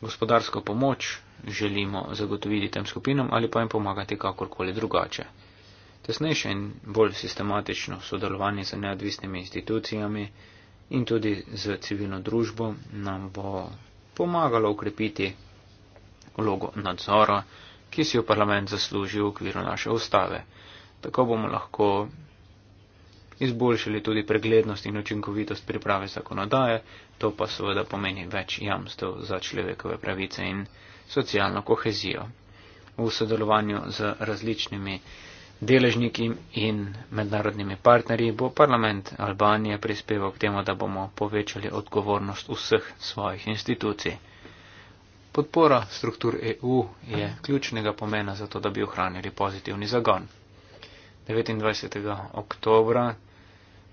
Gospodarsko pomoč želimo zagotoviti tem skupinam ali pa jim pomagati kakorkoli drugače. Tesnejše in bolj sistematično sodelovanje z neodvisnimi institucijami in tudi s civilno družbo nam bo pomagalo okrepiti vlogo nadzora ki si jo parlament zasluži v okviru naše ustave. Tako bomo lahko izboljšali tudi preglednost in učinkovitost priprave zakonodaje, to pa seveda pomeni več jamstev za človekove pravice in socialno kohezijo. V sodelovanju z različnimi deležniki in mednarodnimi partnerji bo parlament Albanije prispeval k temu, da bomo povečali odgovornost vseh svojih institucij. Podpora struktur EU je ključnega pomena za to, da bi ohranili pozitivni zagon. 29. oktobra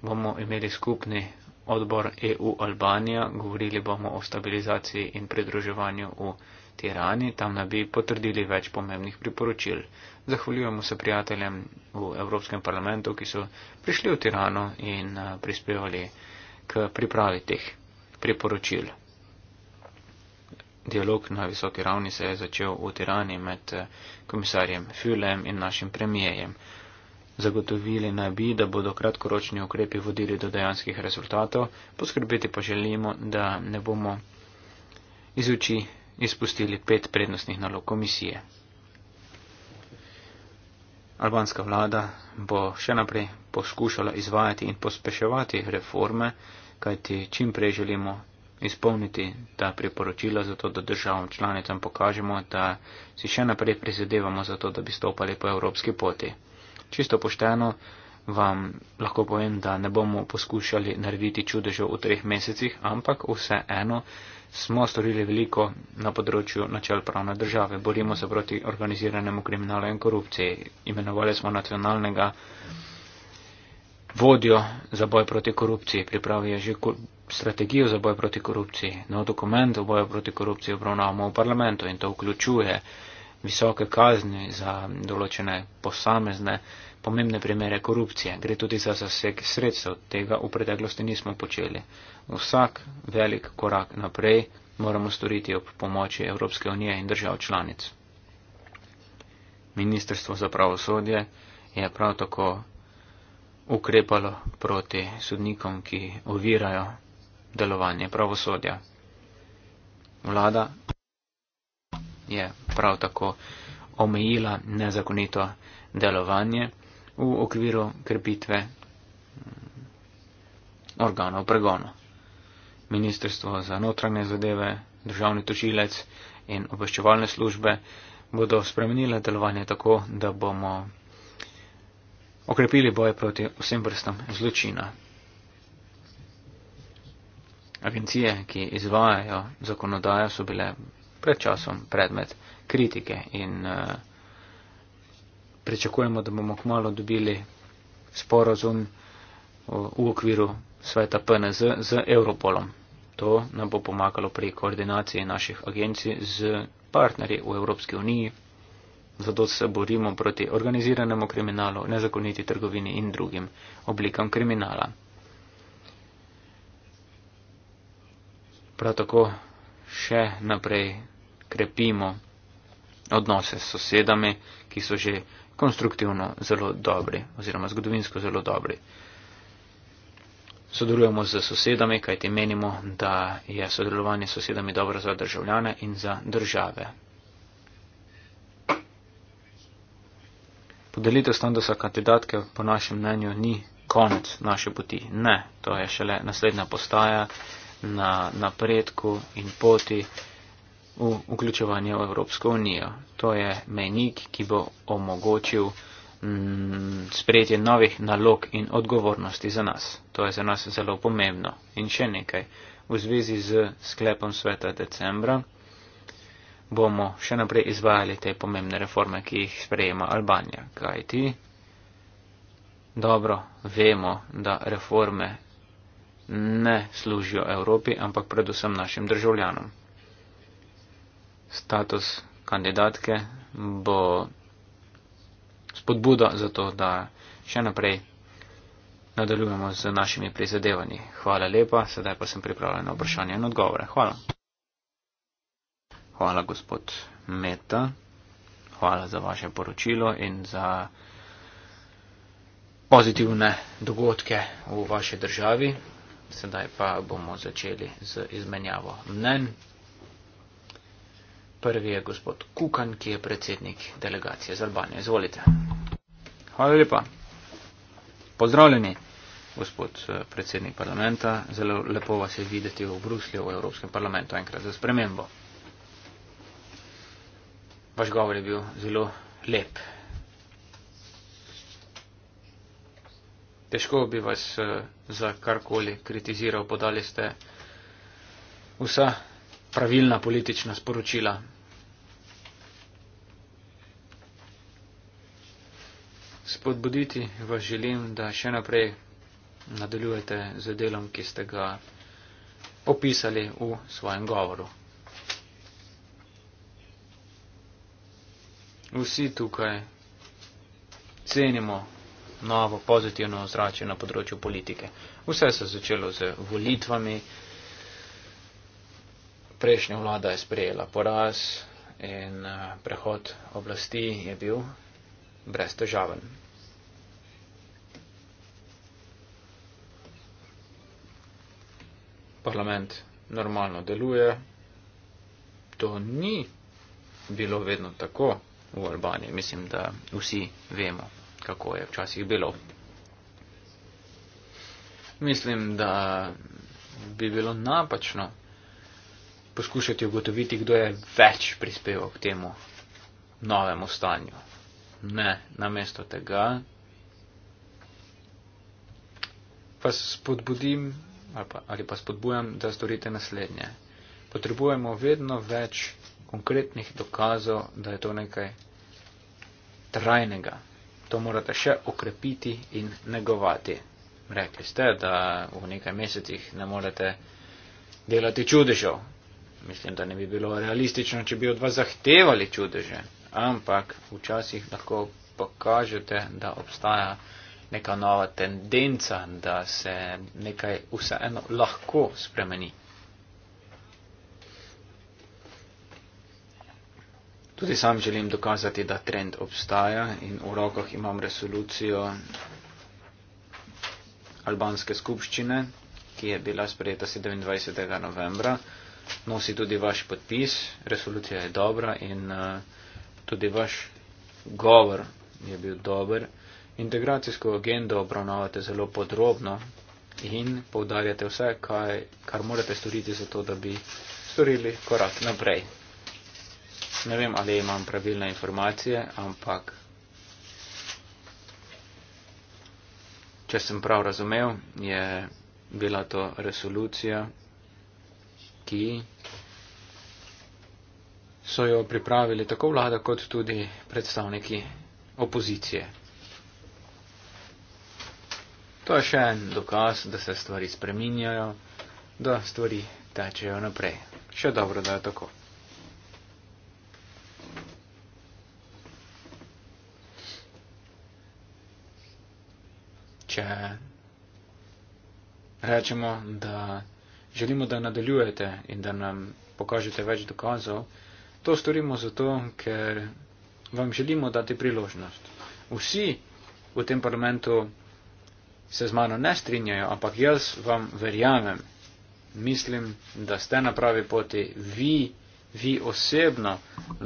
bomo imeli skupni odbor EU Albanija, govorili bomo o stabilizaciji in pridruževanju v Tirani, tam naj bi potrdili več pomembnih priporočil. Zahvaljujemo se prijateljem v Evropskem parlamentu, ki so prišli v Tirano in eh, prispevali k pripravi teh priporočil. Dialog na visoki ravni se je začel v tirani med eh, komisarjem Fulem in našim premijejem. Zagotovili naj bi, da bodo kratkoročni ukrepi vodili do dejanskih rezultatov, poskrbeti pa želimo, da ne bomo iz oči izpustili pet prednostnih nalog komisije. Albanska vlada bo še naprej poskušala izvajati in pospeševati reforme, kajti čim prej želimo izpolniti ta priporočila, zato da državam članicam pokažemo, da si še naprej prizadevamo za to, da bi stopali po evropski poti. Čisto pošteno vam lahko povem, da ne bomo poskušali narediti čudežev v treh mesecih, ampak vse eno smo storili veliko na področju načel pravne države. Borimo se proti organiziranemu kriminalu in korupciji. Imenovali smo nacionalnega. Mm vodjo za boj proti korupciji. Pripravil je že strategijo za boj proti korupciji. Nov dokument o boju proti korupciji obravnavamo v parlamentu in to vključuje visoke kazni za določene posamezne pomembne primere korupcije. Gre tudi za zaseg sredstev. Tega v preteklosti nismo počeli. Vsak velik korak naprej moramo storiti ob pomoči Evropske unije in držav članic. Ministrstvo za pravosodje je prav tako ukrepalo proti sodnikom, ki ovirajo delovanje pravosodja. Vlada je prav tako omejila nezakonito delovanje v okviru krepitve mm, organov pregona. Ministrstvo za notranje zadeve, državni tožilec in obveščevalne službe bodo spremenile delovanje tako, da bomo okrepili boj proti vsem vrstam zločina. Agencije, ki izvajajo zakonodajo, so bile pred časom predmet kritike in eh, pričakujemo, da bomo kmalo dobili sporozum eh, v okviru sveta PNZ z Europolom. To nam bo pomagalo pri koordinaciji naših agencij z partnerji v Evropski uniji Zato se borimo proti organiziranemu kriminalu, nezakoniti trgovini in drugim oblikam kriminala. Prav tako še naprej krepimo odnose s sosedami, ki so že konstruktivno zelo dobri oziroma zgodovinsko zelo dobri. Sodelujemo z sosedami, kajti menimo, da je sodelovanje s sosedami dobro za državljane in za države. Podelitev standusa kandidatke po našem mnenju ni konec naše poti. Ne, to je šele naslednja postaja na napredku in poti v vključevanje v Evropsko unijo. To je menik, ki bo omogočil mm, sprejetje novih nalog in odgovornosti za nas. To je za nas zelo pomembno. In še nekaj. V zvezi z sklepom sveta decembra bomo še naprej izvajali te pomembne reforme, ki jih sprejema Albanija. Kaj ti? Dobro, vemo, da reforme ne služijo Evropi, ampak predvsem našim državljanom. Status kandidatke bo spodbuda za to, da še naprej nadaljujemo z našimi prizadevanji. Hvala lepa, sedaj pa sem pripravljen na vprašanje in odgovore. Hvala. Hvala, gospod Meta. Hvala za vaše poročilo in za pozitivne dogodke v vaši državi. Sedaj pa bomo začeli z izmenjavo mnen. Prvi je gospod Kukan, ki je predsednik delegacije z Albanije. Izvolite. Hvala lepa. Pozdravljeni, gospod eh, predsednik parlamenta. Zelo lepo vas je videti v Bruslju, v Evropskem parlamentu, enkrat za spremembo vaš govor je bil zelo lep. Težko bi vas eh, za karkoli kritiziral, podali ste vsa pravilna politična sporočila. Spodbuditi vas želim, da še naprej nadaljujete z delom, ki ste ga opisali v svojem govoru. vsi tukaj cenimo novo pozitivno ozračje na področju politike. Vse se je začelo z volitvami, prejšnja vlada je sprejela poraz in eh, prehod oblasti je bil brez težaven. Parlament normalno deluje. To ni bilo vedno tako v Albaniji. Mislim, da vsi vemo, kako je včasih bilo. Mislim, da bi bilo napačno poskušati ugotoviti, kdo je več prispeval k temu novemu stanju. Ne, namesto tega pa spodbudim ali pa, ali pa spodbujam, da storite naslednje. Potrebujemo vedno več konkretnih dokazov, da je to nekaj trajnega. To morate še okrepiti in negovati. Rekli ste, da v nekaj mesecih ne morete delati čudežev. Mislim, da ne bi bilo realistično, če bi od vas zahtevali čudeže, ampak včasih lahko pokažete, da obstaja neka nova tendenca, da se nekaj vseeno lahko spremeni. Tudi sam želim dokazati, da trend obstaja in v rokah imam resolucijo albanske skupščine, ki je bila sprejeta 27. novembra. Nosi tudi vaš podpis, resolucija je dobra in eh, tudi vaš govor je bil dober. Integracijsko agendo obravnavate zelo podrobno in poudarjate vse, kaj, kar morate storiti za to, da bi storili korak naprej ne vem, ali imam pravilne informacije, ampak če sem prav razumel, je bila to resolucija, ki so jo pripravili tako vlada kot tudi predstavniki opozicije. To je še en dokaz, da se stvari spreminjajo, da stvari tečejo naprej. Še dobro, da je tako. če rečemo, da želimo, da nadaljujete in da nam pokažete več dokazov, to storimo zato, ker vam želimo dati priložnost. Vsi v tem parlamentu se z mano ne strinjajo, ampak jaz vam verjamem. Mislim, da ste na pravi poti. Vi, vi osebno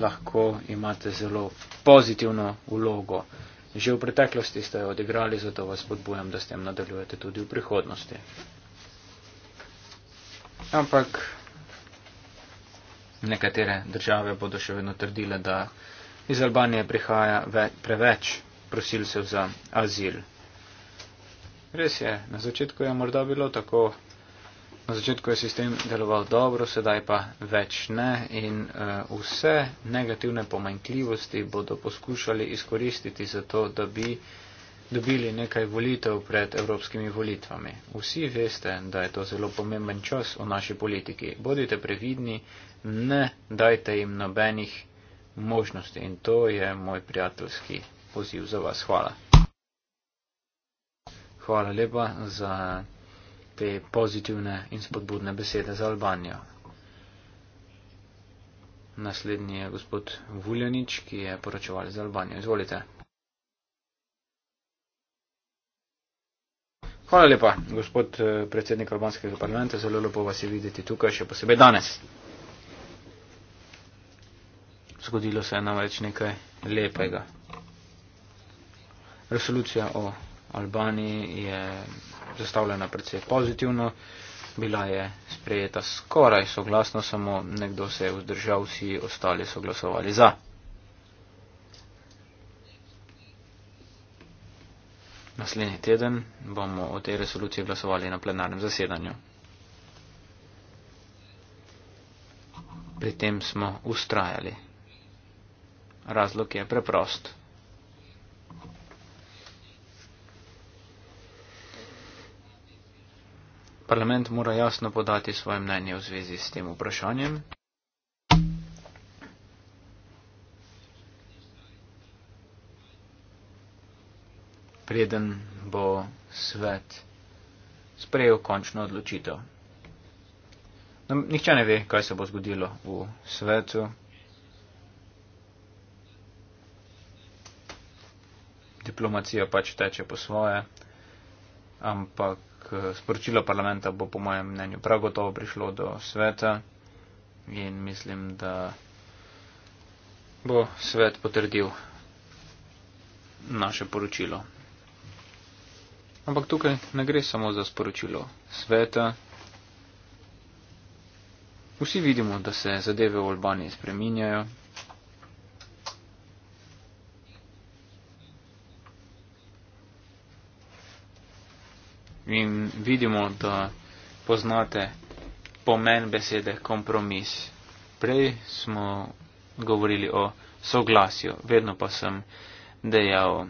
lahko imate zelo pozitivno vlogo. Že v preteklosti ste odigrali, zato vas podbujam, da s tem nadaljujete tudi v prihodnosti. Ampak nekatere države bodo še vedno trdile, da iz Albanije prihaja preveč prosilcev za azil. Res je, na začetku je morda bilo tako, Na začetku je sistem deloval dobro, sedaj pa več ne in uh, vse negativne pomanjkljivosti bodo poskušali izkoristiti za to, da bi dobili nekaj volitev pred evropskimi volitvami. Vsi veste, da je to zelo pomemben čas v naši politiki. Bodite previdni, ne dajte jim nobenih možnosti in to je moj prijateljski poziv za vas. Hvala. Hvala lepa za te pozitivne in spodbudne besede za Albanijo. Naslednji je gospod Vuljanič, ki je poročeval za Albanijo. Izvolite. Hvala lepa, gospod eh, predsednik Albanskega parlamenta. Zelo lepo vas je videti tukaj, še posebej danes. Zgodilo se je namreč nekaj lepega. Resolucija o Albaniji je zastavljena predvsej pozitivno, bila je sprejeta skoraj soglasno, samo nekdo se je vzdržal, vsi ostali so glasovali za. Naslednji teden bomo o tej resoluciji glasovali na plenarnem zasedanju. Pri tem smo ustrajali. Razlog je preprost. Parlament mora jasno podati svoje mnenje v zvezi s tem vprašanjem. Preden bo svet sprejel končno odločitev. No, nihče ne ve, kaj se bo zgodilo v svetu. Diplomacija pač teče po svoje, ampak sporočilo parlamenta bo po mojem mnenju prav gotovo prišlo do sveta in mislim, da bo svet potrdil naše poročilo. Ampak tukaj ne gre samo za sporočilo sveta. Vsi vidimo, da se zadeve v Albaniji spreminjajo. in vidimo, da poznate pomen besede kompromis. Prej smo govorili o soglasju, vedno pa sem dejal,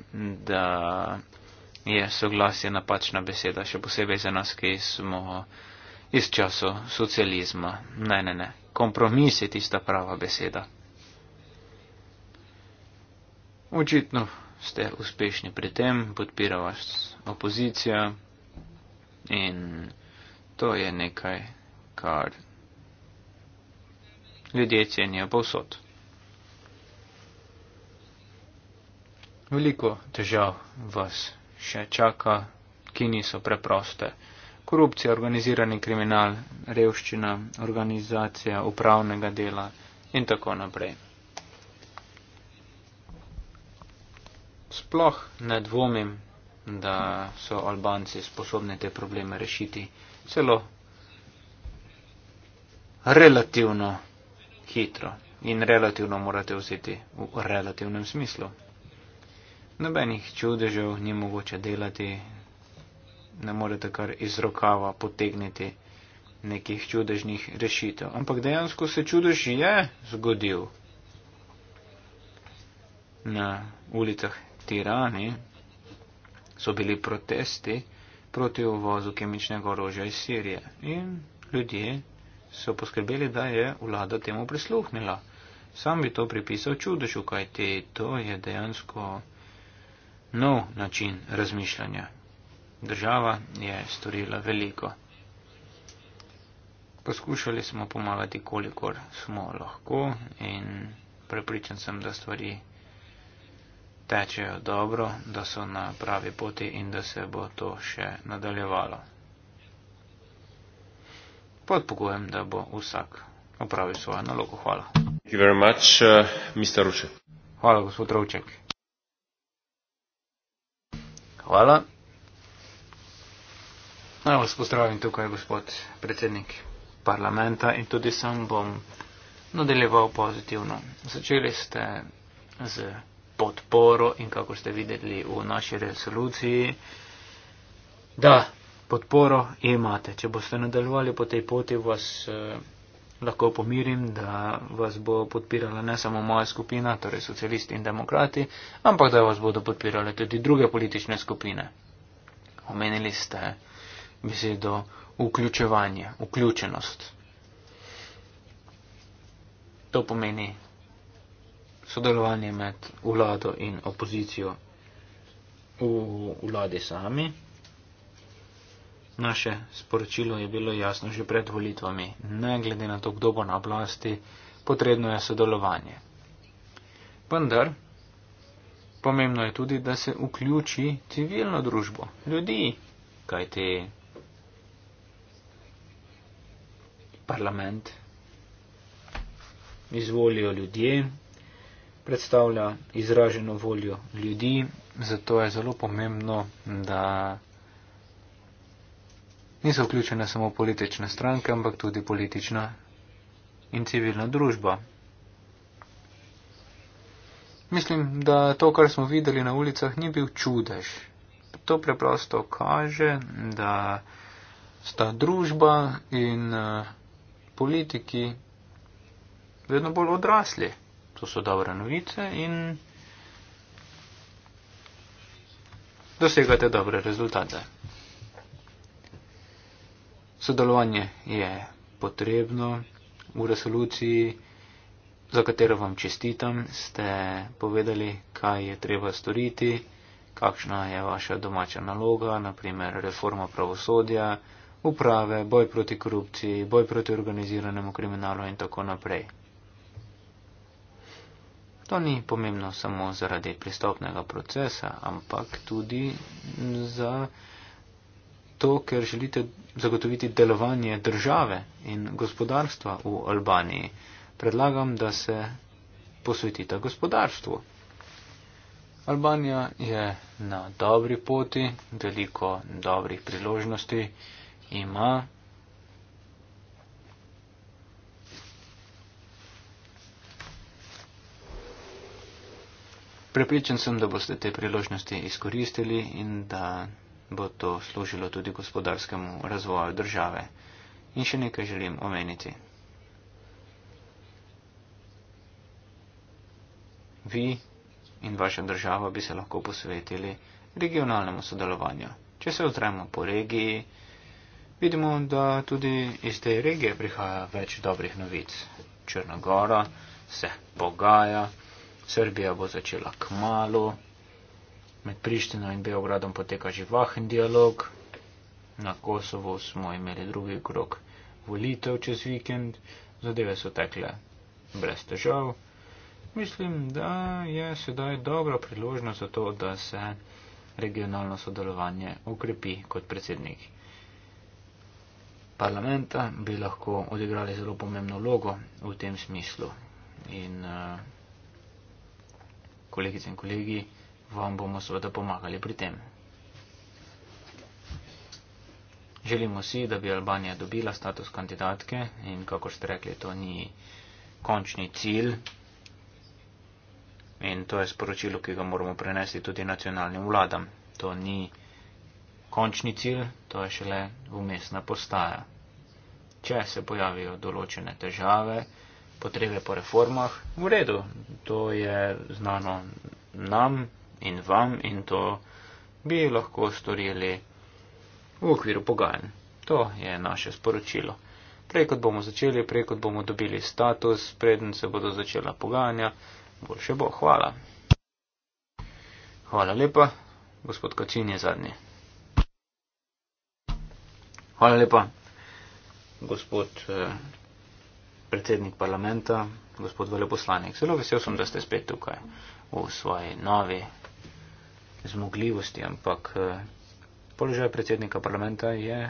da je soglasje napačna beseda, še posebej za nas, ki smo iz časov socializma. Ne, ne, ne. Kompromis je tista prava beseda. Očitno ste uspešni pri tem, podpira vas opozicija, In to je nekaj, kar ljudje cenijo povsod. Veliko težav vas še čaka, ki niso preproste. Korupcija, organizirani kriminal, revščina, organizacija upravnega dela in tako naprej. Sploh ne dvomim, da so Albanci sposobni te probleme rešiti celo relativno hitro. In relativno morate vzeti v relativnem smislu. Nobenih čudežev ni mogoče delati, ne morete kar iz rokava potegniti nekih čudežnih rešitev. Ampak dejansko se čudež je zgodil na ulicah Tirani, so bili protesti proti uvozu kemičnega orožja iz Sirije. In ljudje so poskrbeli, da je vlada temu prisluhnila. Sam bi to pripisal čudežu, kajti to je dejansko nov način razmišljanja. Država je storila veliko. Poskušali smo pomagati, kolikor smo lahko in prepričan sem, da stvari tečejo dobro, da so na pravi poti in da se bo to še nadaljevalo. Pod pogojem, da bo vsak opravil svojo nalogo. Hvala. Much, uh, Hvala, gospod Rovček. Hvala. Naj no, vas pozdravim tukaj, gospod predsednik parlamenta in tudi sam bom nadaljeval pozitivno. Začeli ste z podporo in kako ste videli v naši resoluciji, da podporo imate. Če boste nadaljevali po tej poti, vas eh, lahko pomirim, da vas bo podpirala ne samo moja skupina, torej socialisti in demokrati, ampak da vas bodo podpirale tudi druge politične skupine. Omenili ste besedo vključevanje, vključenost. To pomeni sodelovanje med vlado in opozicijo v vladi sami. Naše sporočilo je bilo jasno že pred volitvami. Ne glede na to, kdo bo na oblasti, potrebno je sodelovanje. Vendar, pomembno je tudi, da se vključi civilno družbo, ljudi, kajti parlament izvolijo ljudje, predstavlja izraženo voljo ljudi, zato je zelo pomembno, da niso vključene samo politične stranke, ampak tudi politična in civilna družba. Mislim, da to, kar smo videli na ulicah, ni bil čudež. To preprosto kaže, da sta družba in eh, politiki vedno bolj odrasli. To so dobre novice in dosegate dobre rezultate. Sodelovanje je potrebno v resoluciji, za katero vam čestitam, ste povedali, kaj je treba storiti, kakšna je vaša domača naloga, naprimer reforma pravosodja, uprave, boj proti korupciji, boj proti organiziranemu kriminalu in tako naprej. To ni pomembno samo zaradi pristopnega procesa, ampak tudi za to, ker želite zagotoviti delovanje države in gospodarstva v Albaniji. Predlagam, da se posvetite gospodarstvu. Albanija je na dobri poti, veliko dobrih priložnosti ima Prepričan sem, da boste te priložnosti izkoristili in da bo to služilo tudi gospodarskemu razvoju države. In še nekaj želim omeniti. Vi in vaša država bi se lahko posvetili regionalnemu sodelovanju. Če se ozremo po regiji, vidimo, da tudi iz te regije prihaja več dobrih novic. Črna gora se pogaja. Srbija bo začela kmalo, med Prištino in Beogradom poteka živahen dialog, na Kosovo smo imeli drugi krok volitev čez vikend, zadeve so tekle brez težav. Mislim, da je sedaj dobra priložnost za to, da se regionalno sodelovanje ukrepi kot predsednik. Parlamenta bi lahko odigrali zelo pomembno vlogo v tem smislu. In, uh, kolegice in kolegi, vam bomo seveda pomagali pri tem. Želimo si, da bi Albanija dobila status kandidatke in, kako ste rekli, to ni končni cilj. In to je sporočilo, ki ga moramo prenesti tudi nacionalnim vladam. To ni končni cilj, to je šele umestna postaja. Če se pojavijo določene težave, potrebe po reformah. V redu, to je znano nam in vam in to bi lahko storili v okviru pogajanj. To je naše sporočilo. Prej kot bomo začeli, prej kot bomo dobili status, preden se bodo začela pogajanja, boljše bo. Hvala. Hvala lepa. Gospod Kačin je zadnji. Hvala lepa. Gospod eh, predsednik parlamenta, gospod veleposlanik. Zelo vesel sem, da ste spet tukaj v svoji novi zmogljivosti, ampak eh, položaj predsednika parlamenta je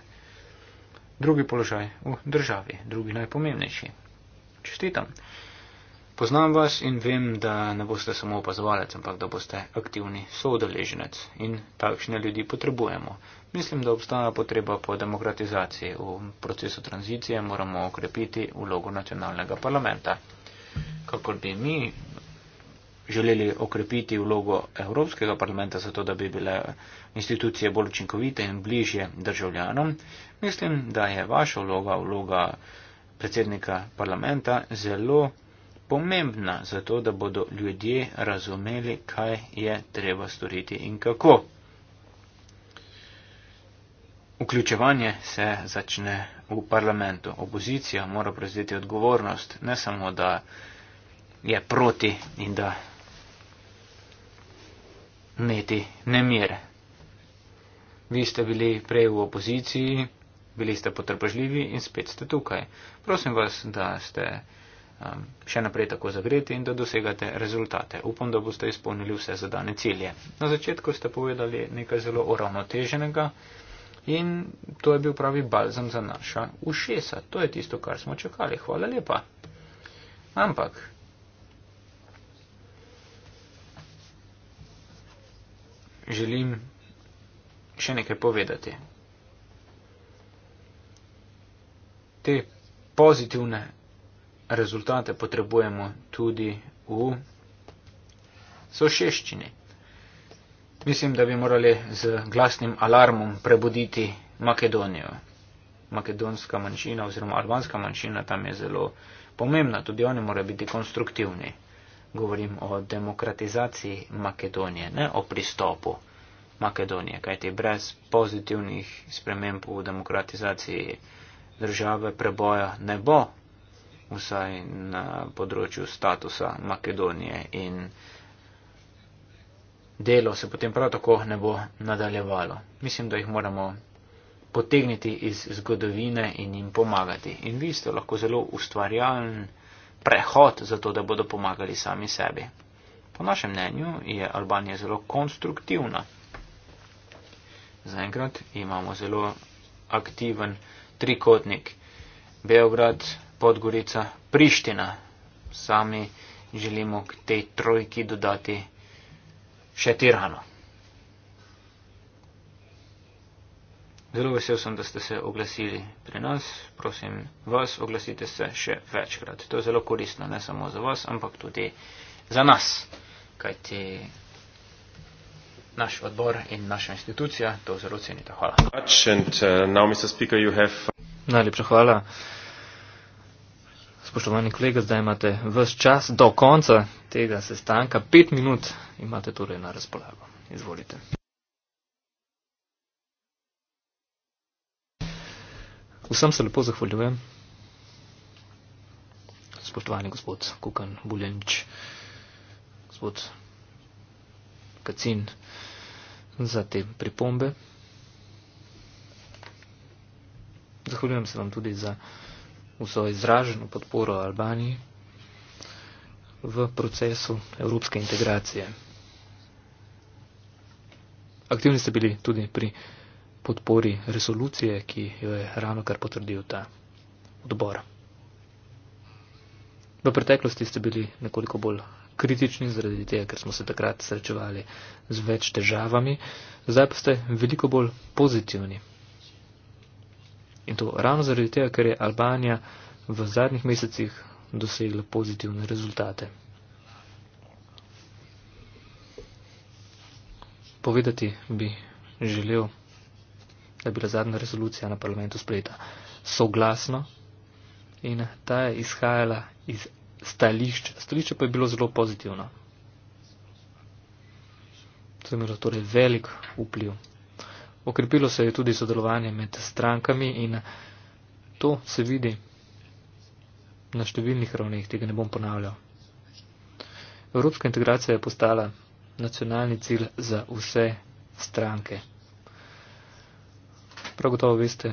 drugi položaj v državi, drugi najpomembnejši. Čestitam. Poznam vas in vem, da ne boste samo opazovalec, ampak da boste aktivni soodeleženec in takšne ljudi potrebujemo. Mislim, da obstaja potreba po demokratizaciji. V procesu tranzicije moramo okrepiti vlogo nacionalnega parlamenta. Kakor bi mi želeli okrepiti vlogo Evropskega parlamenta, zato da bi bile institucije bolj učinkovite in bližje državljanom, mislim, da je vaša vloga, vloga predsednika parlamenta, zelo pomembna, zato da bodo ljudje razumeli, kaj je treba storiti in kako. Vključevanje se začne v parlamentu. Opozicija mora prevzeti odgovornost, ne samo, da je proti in da meti nemir. Vi ste bili prej v opoziciji, bili ste potrpežljivi in spet ste tukaj. Prosim vas, da ste um, še naprej tako zagreti in da dosegate rezultate. Upam, da boste izpolnili vse zadane cilje. Na začetku ste povedali nekaj zelo uravnoteženega. In to je bil pravi balzam za naša ušesa. To je tisto, kar smo čakali. Hvala lepa. Ampak. Želim še nekaj povedati. Te pozitivne rezultate potrebujemo tudi v sošeščini. Mislim, da bi morali z glasnim alarmom prebuditi Makedonijo. Makedonska manjšina oziroma albanska manjšina tam je zelo pomembna, tudi oni morajo biti konstruktivni. Govorim o demokratizaciji Makedonije, ne o pristopu Makedonije, kajti brez pozitivnih sprememb v demokratizaciji države preboja ne bo, vsaj na področju statusa Makedonije in delo se potem prav tako ne bo nadaljevalo. Mislim, da jih moramo potegniti iz zgodovine in jim pomagati. In vi ste lahko zelo ustvarjalen prehod za to, da bodo pomagali sami sebi. Po našem mnenju je Albanija zelo konstruktivna. Zaenkrat imamo zelo aktiven trikotnik Beograd, Podgorica, Priština. Sami želimo k tej trojki dodati še tirano. Zelo vesel sem, da ste se oglasili pri nas. Prosim vas, oglasite se še večkrat. To je zelo koristno, ne samo za vas, ampak tudi za nas, kajti naš odbor in naša institucija to zelo cenita. Hvala. Uh, Najlepša hvala. Spoštovani kolega, zdaj imate vse čas do konca tega sestanka, pet minut imate torej na razpolago. Izvolite. Vsem se lepo zahvaljujem. Spoštovani gospod Kukan Buljanič, gospod Kacin, za te pripombe. Zahvaljujem se vam tudi za vso izraženo podporo Albaniji v procesu evropske integracije. Aktivni ste bili tudi pri podpori resolucije, ki jo je ravno kar potrdil ta odbor. V preteklosti ste bili nekoliko bolj kritični zaradi tega, ker smo se takrat srečevali z več težavami, zdaj pa ste veliko bolj pozitivni. In to ravno zaradi tega, ker je Albanija v zadnjih mesecih dosegla pozitivne rezultate. Povedati bi želel, da je bila zadnja rezolucija na parlamentu sprejeta soglasno in ta je izhajala iz stališča. Stališče pa je bilo zelo pozitivno. To je imelo torej velik vpliv Okrepilo se je tudi sodelovanje med strankami in to se vidi na številnih ravneh, tega ne bom ponavljal. Evropska integracija je postala nacionalni cilj za vse stranke. Prav gotovo veste,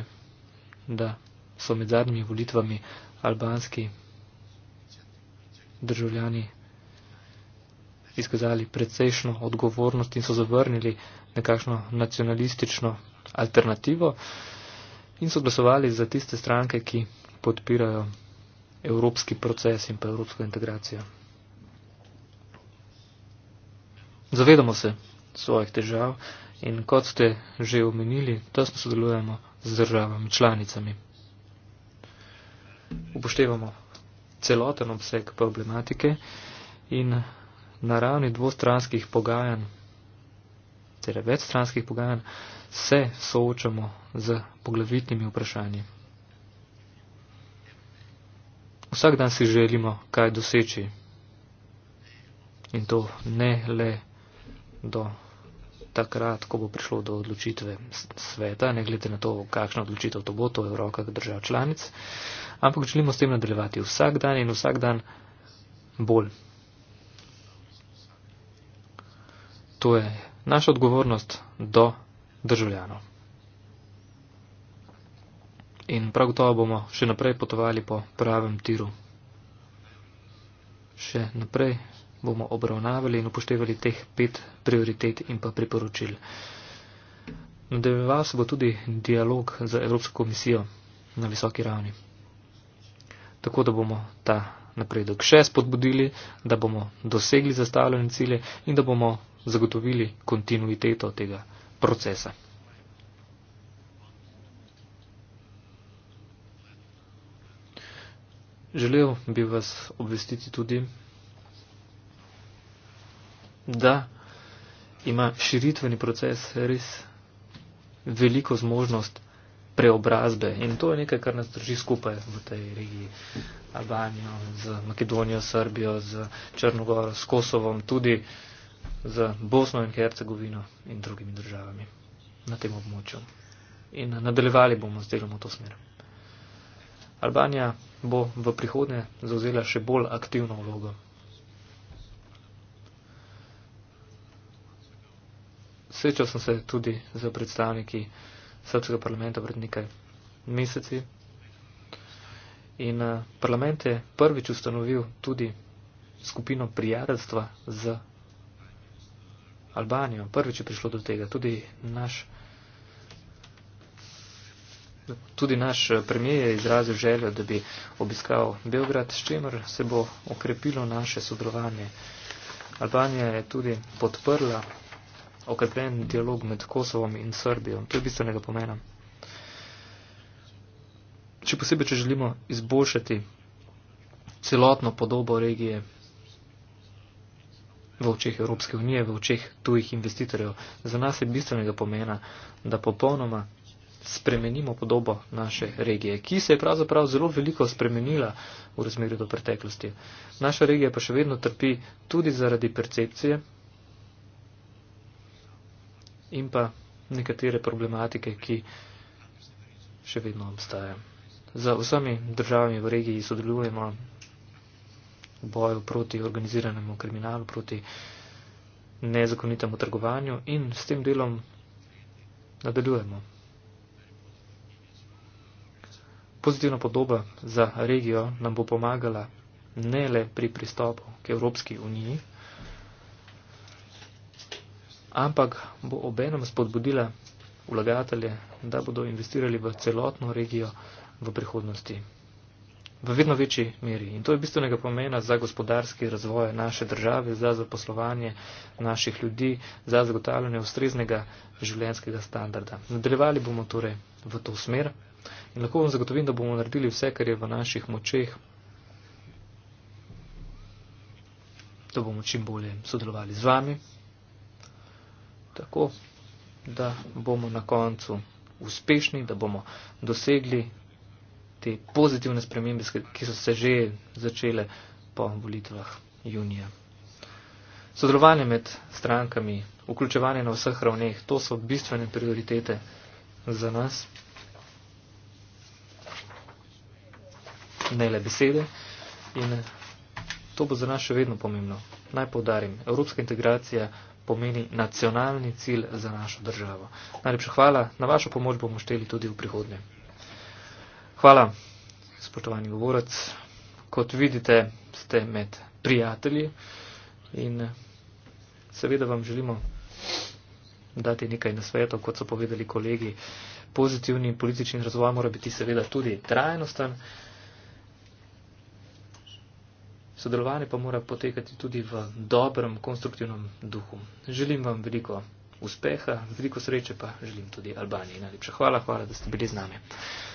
da so med zadnjimi volitvami albanski državljani izkazali precejšno odgovornost in so zavrnili nekakšno nacionalistično alternativo in so glasovali za tiste stranke, ki podpirajo evropski proces in pa evropsko integracijo. Zavedamo se svojih težav in kot ste že omenili, tesno sodelujemo z državami članicami. Upoštevamo celoten obseg problematike in na ravni dvostranskih pogajanj, torej večstranskih pogajanj, se soočamo z poglavitnimi vprašanji. Vsak dan si želimo kaj doseči in to ne le do takrat, ko bo prišlo do odločitve sveta, ne glede na to, kakšna odločitev to bo, to je v rokah držav članic, ampak želimo s tem nadaljevati vsak dan in vsak dan bolj. to je naša odgovornost do državljanov. In prav gotovo bomo še naprej potovali po pravem tiru. Še naprej bomo obravnavali in upoštevali teh pet prioritet in pa priporočil. Nadaljeval se bo tudi dialog z Evropsko komisijo na visoki ravni. Tako da bomo ta napredek še spodbudili, da bomo dosegli zastavljene cilje in da bomo zagotovili kontinuiteto tega procesa. Želel bi vas obvestiti tudi, da ima širitveni proces res veliko zmožnost preobrazbe in to je nekaj, kar nas drži skupaj v tej regiji Albanijo, z Makedonijo, Srbijo, z Črnogoro, s Kosovom, tudi uh, z Bosno in Hercegovino in drugimi državami na tem območju. In nadaljevali bomo z delom v to smer. Albanija bo v prihodnje zauzela še bolj aktivno vlogo. Srečal sem se tudi z predstavniki srpskega parlamenta pred nekaj meseci. In eh, parlament je prvič ustanovil tudi skupino prijateljstva z Albanijo. Prvič je prišlo do tega. Tudi naš, tudi naš eh, premijer je izrazil željo, da bi obiskal Belgrad, s čimer se bo okrepilo naše sodelovanje. Albanija je tudi podprla okrepljen dialog med Kosovom in Srbijo. To je bistvenega pomena. Če posebej, če želimo izboljšati celotno podobo regije, v očeh Evropske unije, v očeh tujih investitorjev. Za nas je bistvenega pomena, da popolnoma spremenimo podobo naše regije, ki se je pravzaprav zelo veliko spremenila v razmerju do preteklosti. Naša regija pa še vedno trpi tudi zaradi percepcije in pa nekatere problematike, ki še vedno obstajajo. Za vsemi državami v regiji sodelujemo boju proti organiziranemu kriminalu, proti nezakonitemu trgovanju in s tem delom nadaljujemo. Pozitivna podoba za regijo nam bo pomagala ne le pri pristopu k Evropski uniji, ampak bo obenem spodbudila vlagatelje, da bodo investirali v celotno regijo v prihodnosti v vedno večji meri. In to je bistvenega pomena za gospodarski razvoj naše države, za zaposlovanje naših ljudi, za zagotavljanje ustreznega življenjskega standarda. Nadaljevali bomo torej v to smer in lahko vam zagotovim, da bomo naredili vse, kar je v naših močeh, da bomo čim bolje sodelovali z vami, tako da bomo na koncu uspešni, da bomo dosegli te pozitivne spremembe, ki so se že začele po volitvah junija. Sodelovanje med strankami, vključevanje na vseh ravneh, to so bistvene prioritete za nas. Ne le besede in to bo za nas še vedno pomembno. Naj povdarim, evropska integracija pomeni nacionalni cilj za našo državo. Najlepša hvala, na vašo pomoč bomo šteli tudi v prihodnje. Hvala, spoštovani govorec. Kot vidite, ste med prijatelji in seveda vam želimo dati nekaj na svetu, kot so povedali kolegi. Pozitivni in politični razvoj mora biti seveda tudi trajnosten. Sodelovanje pa mora potekati tudi v dobrem, konstruktivnem duhu. Želim vam veliko uspeha, veliko sreče pa želim tudi Albaniji. Najlepša hvala, hvala, da ste bili z nami.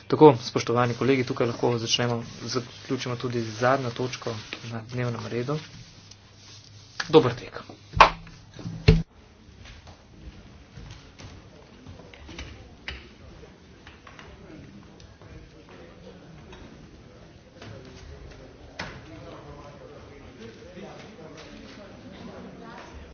Tako, spoštovani kolegi, tukaj lahko začnemo, zaključimo tudi zadnjo točko na dnevnem redu. Dobar tekam.